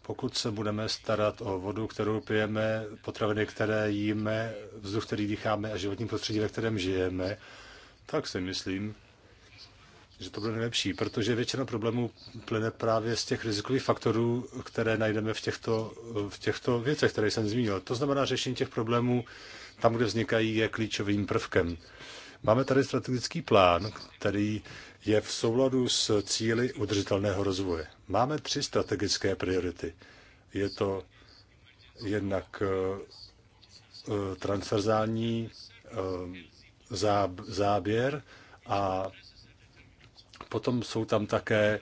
Pokud se budeme starat o vodu, kterou pijeme, potraviny, které jíme, vzduch, který dýcháme a životní prostředí, ve kterém žijeme, tak si myslím, že to bude nejlepší, protože většina problémů plyne právě z těch rizikových faktorů, které najdeme v těchto, v těchto věcech, které jsem zmínil. To znamená, řešení těch problémů tam, kde vznikají, je klíčovým prvkem. Máme tady strategický plán, který je v souladu s cíly udržitelného rozvoje. Máme tři strategické priority. Je to jednak eh, eh, transverzální eh, záběr a Potom jsou tam také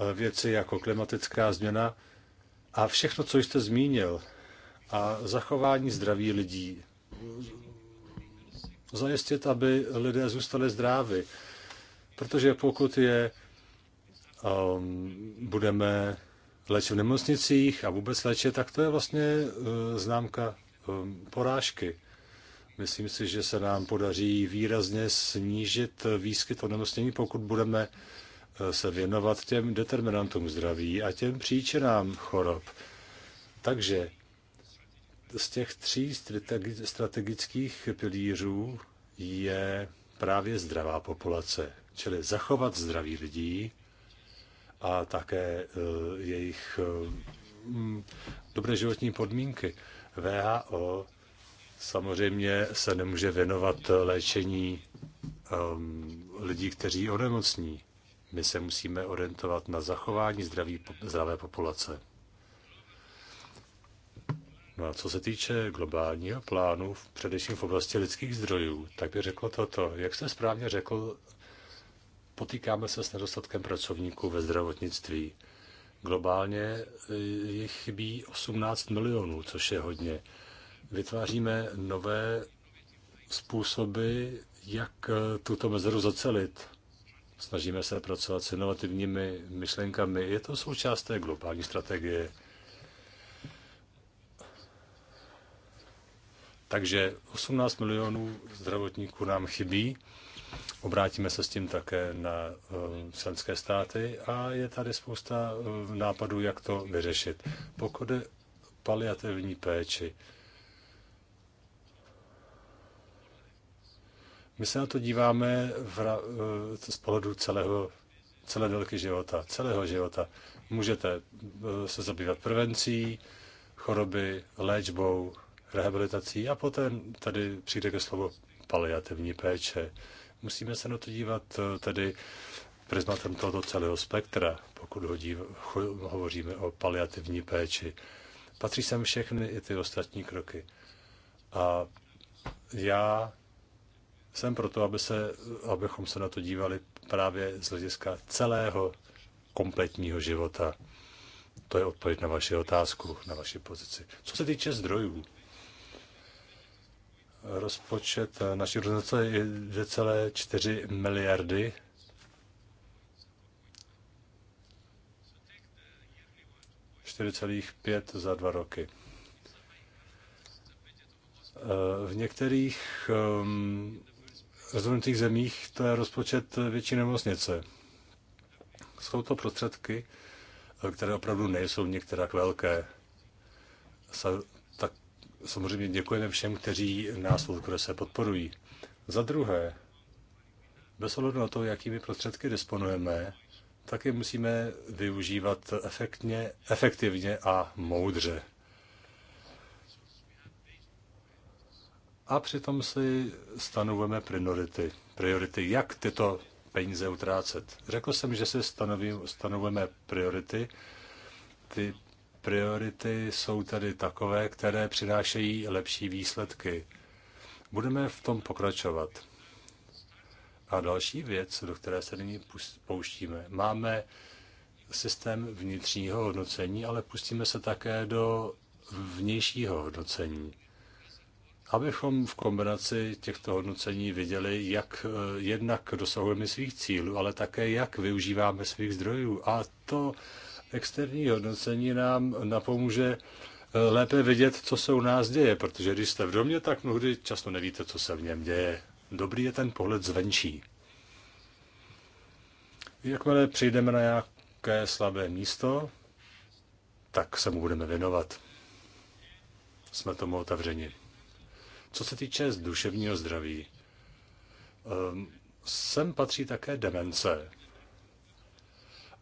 eh, věci jako klimatická změna a všechno, co jste zmínil, a zachování zdraví lidí. Zajistit, aby lidé zůstali zdraví. Protože pokud je um, budeme léčit v nemocnicích a vůbec léčit, tak to je vlastně uh, známka um, porážky. Myslím si, že se nám podaří výrazně snížit výskyt onemocnění, pokud budeme eh, se věnovat těm determinantům zdraví a těm příčinám chorob. Takže z těch tří strategických pilířů je právě zdravá populace, čili zachovat zdraví lidí a také eh, jejich eh, dobré životní podmínky. VHO samozřejmě se nemůže věnovat léčení um, lidí, kteří onemocní. My se musíme orientovat na zachování zdraví, zdravé populace. No a co se týče globálního plánu, především v oblasti lidských zdrojů, tak by řekl toto. Jak jste správně řekl, potýkáme se s nedostatkem pracovníků ve zdravotnictví. Globálně eh, jich chybí 18 milionů, což je hodně. Vytváříme nové způsoby, jak tuto mezeru zacelit. Snažíme se pracovat s inovativními myšlenkami. Je to součást té globální strategie. Takže 18 milionů zdravotníků nám chybí. Obrátíme se s tím také na eh, členské státy a je tady spousta eh, nápadů, jak to vyřešit. Pokud je paliativní péči, My se na to díváme v, eh, z pohledu celého, celé délky života, celého života. Můžete eh, se zabývat prevencí, choroby, léčbou, rehabilitací a poté tady přijde ke slovo paliativní péče. Musíme se na to dívat eh, tedy prismatem tohoto celého spektra, pokud ho dív, ho, hovoříme o paliativní péči. Patří sem všechny i ty ostatní kroky. A já jsem proto, aby se, abychom se na to dívali právě z hlediska celého kompletního života. To je odpověď na vaši otázku, na vaši pozici. Co se týče zdrojů, rozpočet naší organizace je 2,4 miliardy. pět za dva roky. Eh, v některých ehm, rozvinutých zemích to je rozpočet větší nemocnice. Jsou to prostředky, které opravdu nejsou některá velké. Tak samozřejmě děkujeme všem, kteří nás v se podporují. Za druhé, bez ohledu na to, jakými prostředky disponujeme, tak je musíme využívat efektně, efektivně a moudře. a přitom si stanovujeme priority. Priority, jak tyto peníze utrácet. Řekl jsem, že si stanoví, stanovujeme priority. Ty priority jsou tedy takové, které přinášejí lepší výsledky. Budeme v tom pokračovat. A další věc, do které se nyní pouštíme, máme systém vnitřního hodnocení, ale pustíme se také do vnějšího hodnocení abychom v kombinaci těchto hodnocení viděli, jak eh, jednak dosahujeme svých cílů, ale také jak využíváme svých zdrojů. A to externí hodnocení nám napomůže eh, lépe vidět, co se u nás děje, protože když jste v domě, tak mnohdy často nevíte, co se v něm děje. Dobrý je ten pohled zvenčí. Jakmile přijdeme na nějaké slabé místo, tak se mu budeme věnovat. Jsme tomu otevřeni. Co se týče duševního zdraví, ehm, sem patří také demence.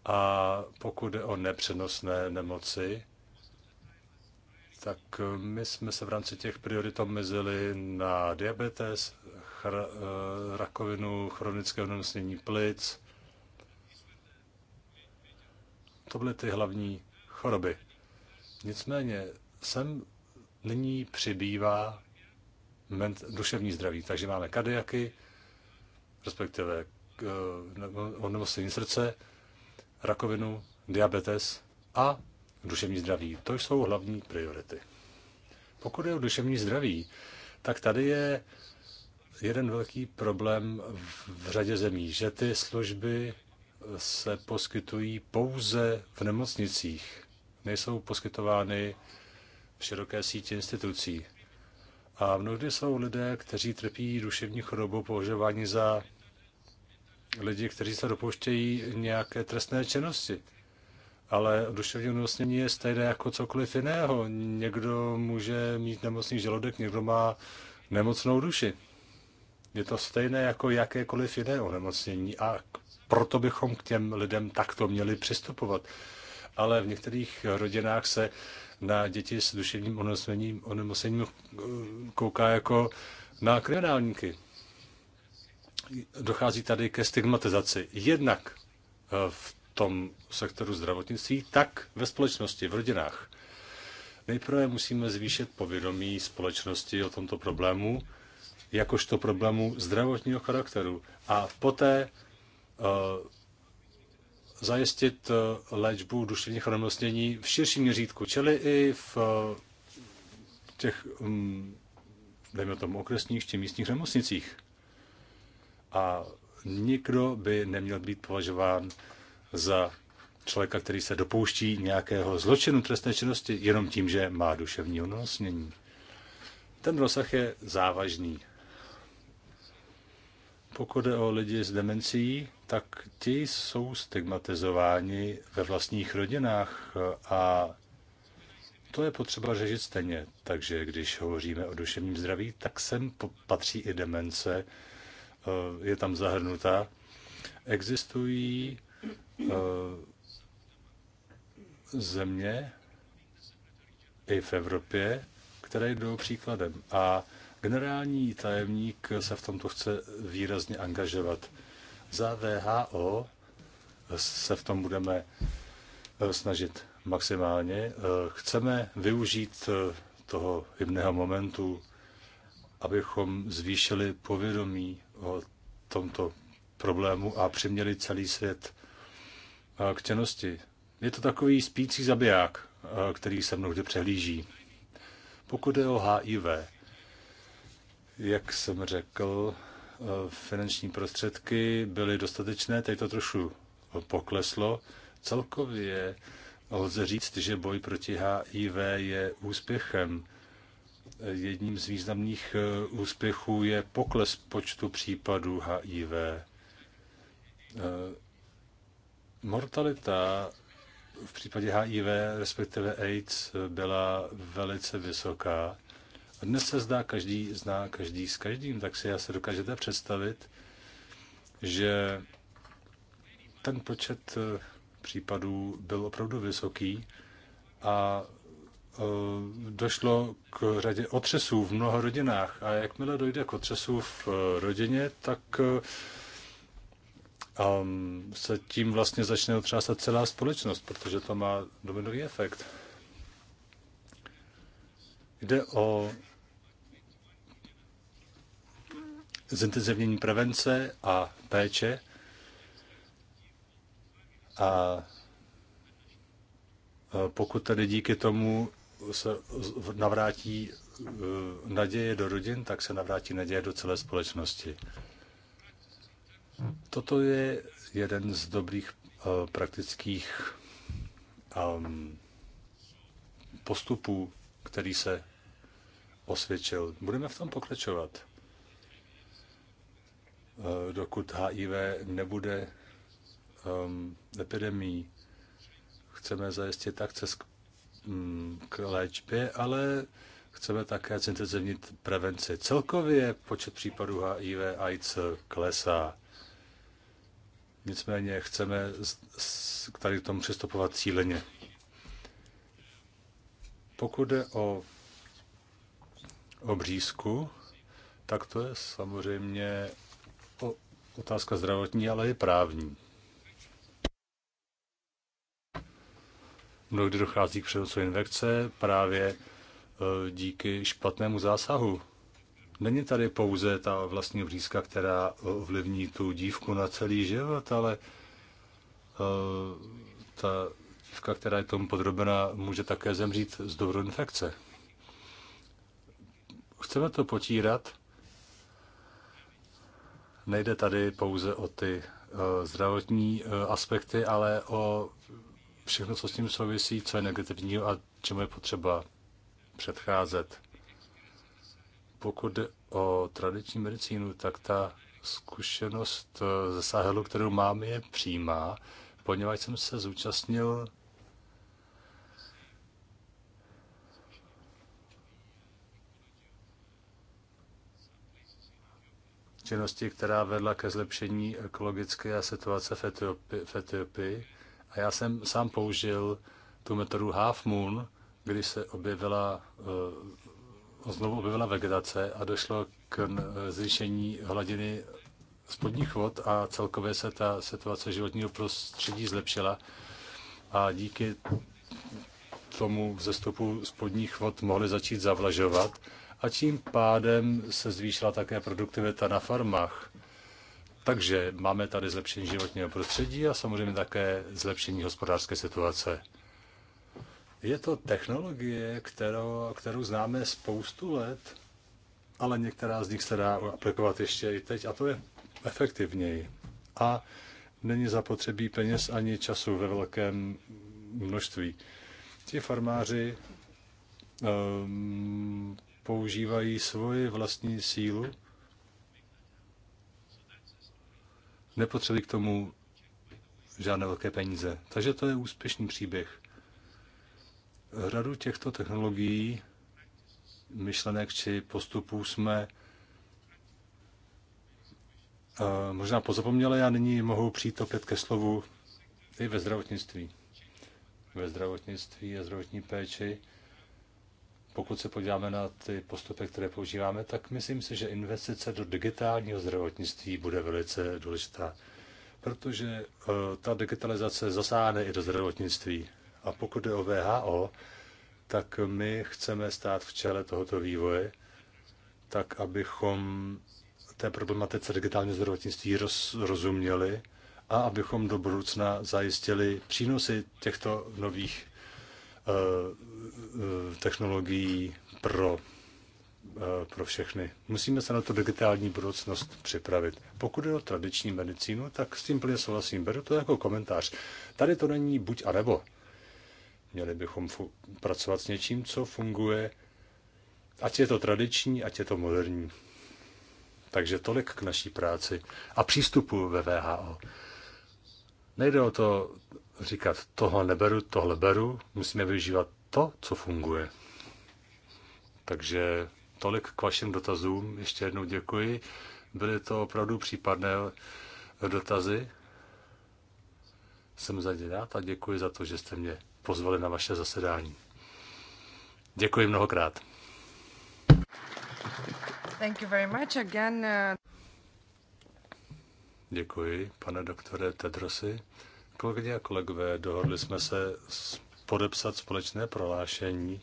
A pokud je o nepřenosné nemoci, tak ehm, my jsme se v rámci těch priorit omezili na diabetes, chr- eh, rakovinu, chronické onemocnění plic. To byly ty hlavní choroby. Nicméně sem nyní přibývá ment, duševní zdraví. Takže máme kardiaky, respektive onemocnění eh, srdce, rakovinu, diabetes a duševní zdraví. To jsou hlavní priority. Pokud je o duševní zdraví, tak tady je jeden velký problém v řadě zemí, že ty služby se poskytují pouze v nemocnicích. nejsou poskytovány v široké síti institucí. A mnohdy jsou lidé, kteří trpí duševní chorobou, považováni za lidi, kteří se dopouštějí nějaké trestné činnosti. Ale duševní onemocnění je stejné jako cokoliv jiného. Někdo může mít nemocný žaludek, někdo má nemocnou duši. Je to stejné jako jakékoliv jiné onemocnění a proto bychom k těm lidem takto měli přistupovat. Ale v některých rodinách se na děti s duševním onemocněním, onemocněním eh, kouká jako na kriminálníky. Dochází tady ke stigmatizaci. Jednak eh, v tom sektoru zdravotnictví, tak ve společnosti, v rodinách. Nejprve musíme zvýšit povědomí společnosti o tomto problému, jakožto problému zdravotního charakteru. A poté uh, zajistit eh, léčbu duševních onemocnění v širším měřítku, čili i v eh, těch, mm, dejme tomu, okresních či místních nemocnicích. A nikdo by neměl být považován za člověka, který se dopouští nějakého zločinu trestné činnosti jenom tím, že má duševní onemocnění. Ten rozsah je závažný. Pokud jde o lidi s demencií, tak ti jsou stigmatizováni ve vlastních rodinách a to je potřeba řešit stejně. Takže když hovoříme o duševním zdraví, tak sem patří i demence, eh, je tam zahrnutá. Existují eh, země i v Evropě, které jdou příkladem. A generální tajemník se v tomto chce výrazně angažovat. Za VHO se v tom budeme eh, snažit maximálně. Eh, chceme využít eh, toho hybného momentu, abychom zvýšili povědomí o tomto problému a přiměli celý svět k těnosti. Je to takový spící zabiják, který se mnohdy přehlíží. Pokud je o HIV, jak jsem řekl, Eh, finanční prostředky byly dostatečné, teď to trošku pokleslo. Celkově lze říct, že boj proti HIV je úspěchem. Jedním z významných eh, úspěchů je pokles počtu případů HIV. Eh, mortalita v případě HIV, respektive AIDS, byla velice vysoká. Dnes se zdá, každý zná každý s každým, tak si asi dokážete představit, že ten počet eh, případů byl opravdu vysoký a eh, došlo k řadě otřesů v mnoha rodinách. A jakmile dojde k otřesu v eh, rodině, tak se tím vlastně začne otřásat celá společnost, protože to má dominový efekt. Jde o zintenzivnění prevence a péče. A e, pokud tedy díky tomu se navrátí e, naděje do rodin, tak se navrátí naděje do celé společnosti. Toto je jeden z dobrých e, praktických postupů, který se osvědčil. Budeme v tom pokračovat. Eh, dokud HIV nebude um, ehm, epidemí. Chceme zajistit akces k, um, k léčbě, ale chceme také zintenzivnit prevenci. Celkově počet případů HIV AIDS klesá. Nicméně chceme k tady tomu přistupovat cíleně. Pokud jde o obřízku, tak to je samozřejmě otázka zdravotní, ale i právní. Mnohdy dochází k přenosu infekce právě e, díky špatnému zásahu. Není tady pouze ta vlastní vřízka, která e, ovlivní tu dívku na celý život, ale e, ta dívka, která je tomu podrobena, může také zemřít z dobro infekce. Chceme to potírat, Nejde tady pouze o ty eh, zdravotní eh, aspekty, ale o všechno, co s tím souvisí, co je negativní a čemu je potřeba předcházet. Pokud o tradiční medicínu, tak ta zkušenost eh, ze Sahelu, kterou mám, je přímá, poněvadž jsem se zúčastnil činnosti, která vedla ke zlepšení ekologické situace v Etiopii, v Etiopii. A já jsem sám použil tu metodu Half Moon, kdy se objevila, eh, znovu objevila vegetace a došlo k eh, zvýšení hladiny spodních vod a celkově se ta situace životního prostředí zlepšila. A díky tomu vzestupu spodních vod mohly začít zavlažovat a tím pádem se zvýšila také produktivita na farmách. Takže máme tady zlepšení životního prostředí a samozřejmě také zlepšení hospodářské situace. Je to technologie, kterou, kterou známe spoustu let, ale některá z nich se dá aplikovat ještě i teď a to je efektivněji. A není zapotřebí peněz ani času ve velkém množství. Ti farmáři um, používají svoji vlastní sílu, nepotřebují k tomu žádné velké peníze. Takže to je úspěšný příběh. Hradu těchto technologií, myšlenek či postupů jsme eh, možná pozapomněli a nyní mohu přijít opět ke slovu i ve zdravotnictví. Ve zdravotnictví a zdravotní péči pokud se podíváme na ty postupy, které používáme, tak myslím si, že investice do digitálního zdravotnictví bude velice důležitá, protože eh, ta digitalizace zasáhne i do zdravotnictví. A pokud je o VHO, tak my chceme stát v čele tohoto vývoje, tak abychom té problematice digitálního zdravotnictví roz, rozuměli a abychom do budoucna zajistili přínosy těchto nových Eh, technologií pro, eh, pro všechny. Musíme se na to digitální budoucnost připravit. Pokud je o tradiční medicínu, tak s tím plně souhlasím. Beru to jako komentář. Tady to není buď a nebo. Měli bychom pracovat s něčím, co funguje, ať je to tradiční, ať je to moderní. Takže tolik k naší práci a přístupu ve VHO. Nejde o to říkat tohle neberu, tohle beru, musíme využívat to, co funguje. Takže tolik k vašim dotazům. Ještě jednou děkuji. Byly to opravdu případné dotazy. Jsem za ně rád a děkuji za to, že jste mě pozvali na vaše zasedání. Děkuji mnohokrát. Thank you very much again. Uh, děkuji, pane doktore Tedrosi. Kolegyně a kolegové, dohodli jsme se podepsat společné prohlášení,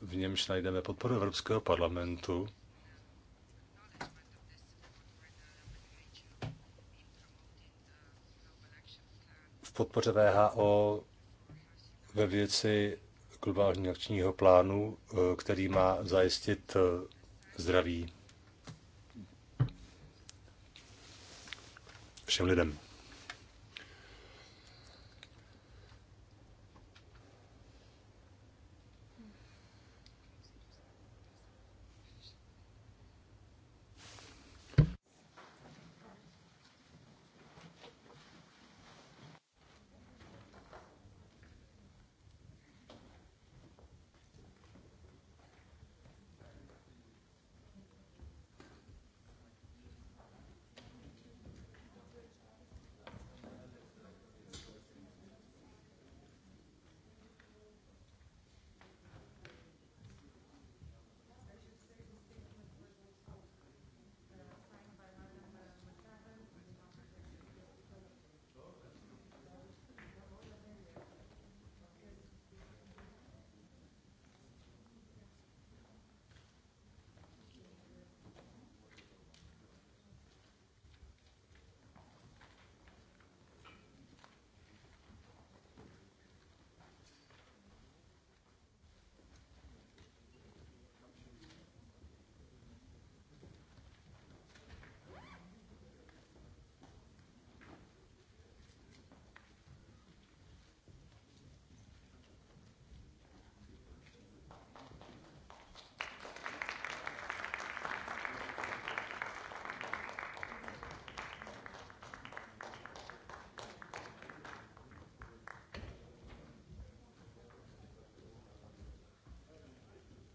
v němž najdeme podporu Evropského parlamentu v podpoře VHO ve věci globální akčního plánu, eh, který má zajistit eh, zdraví všem lidem.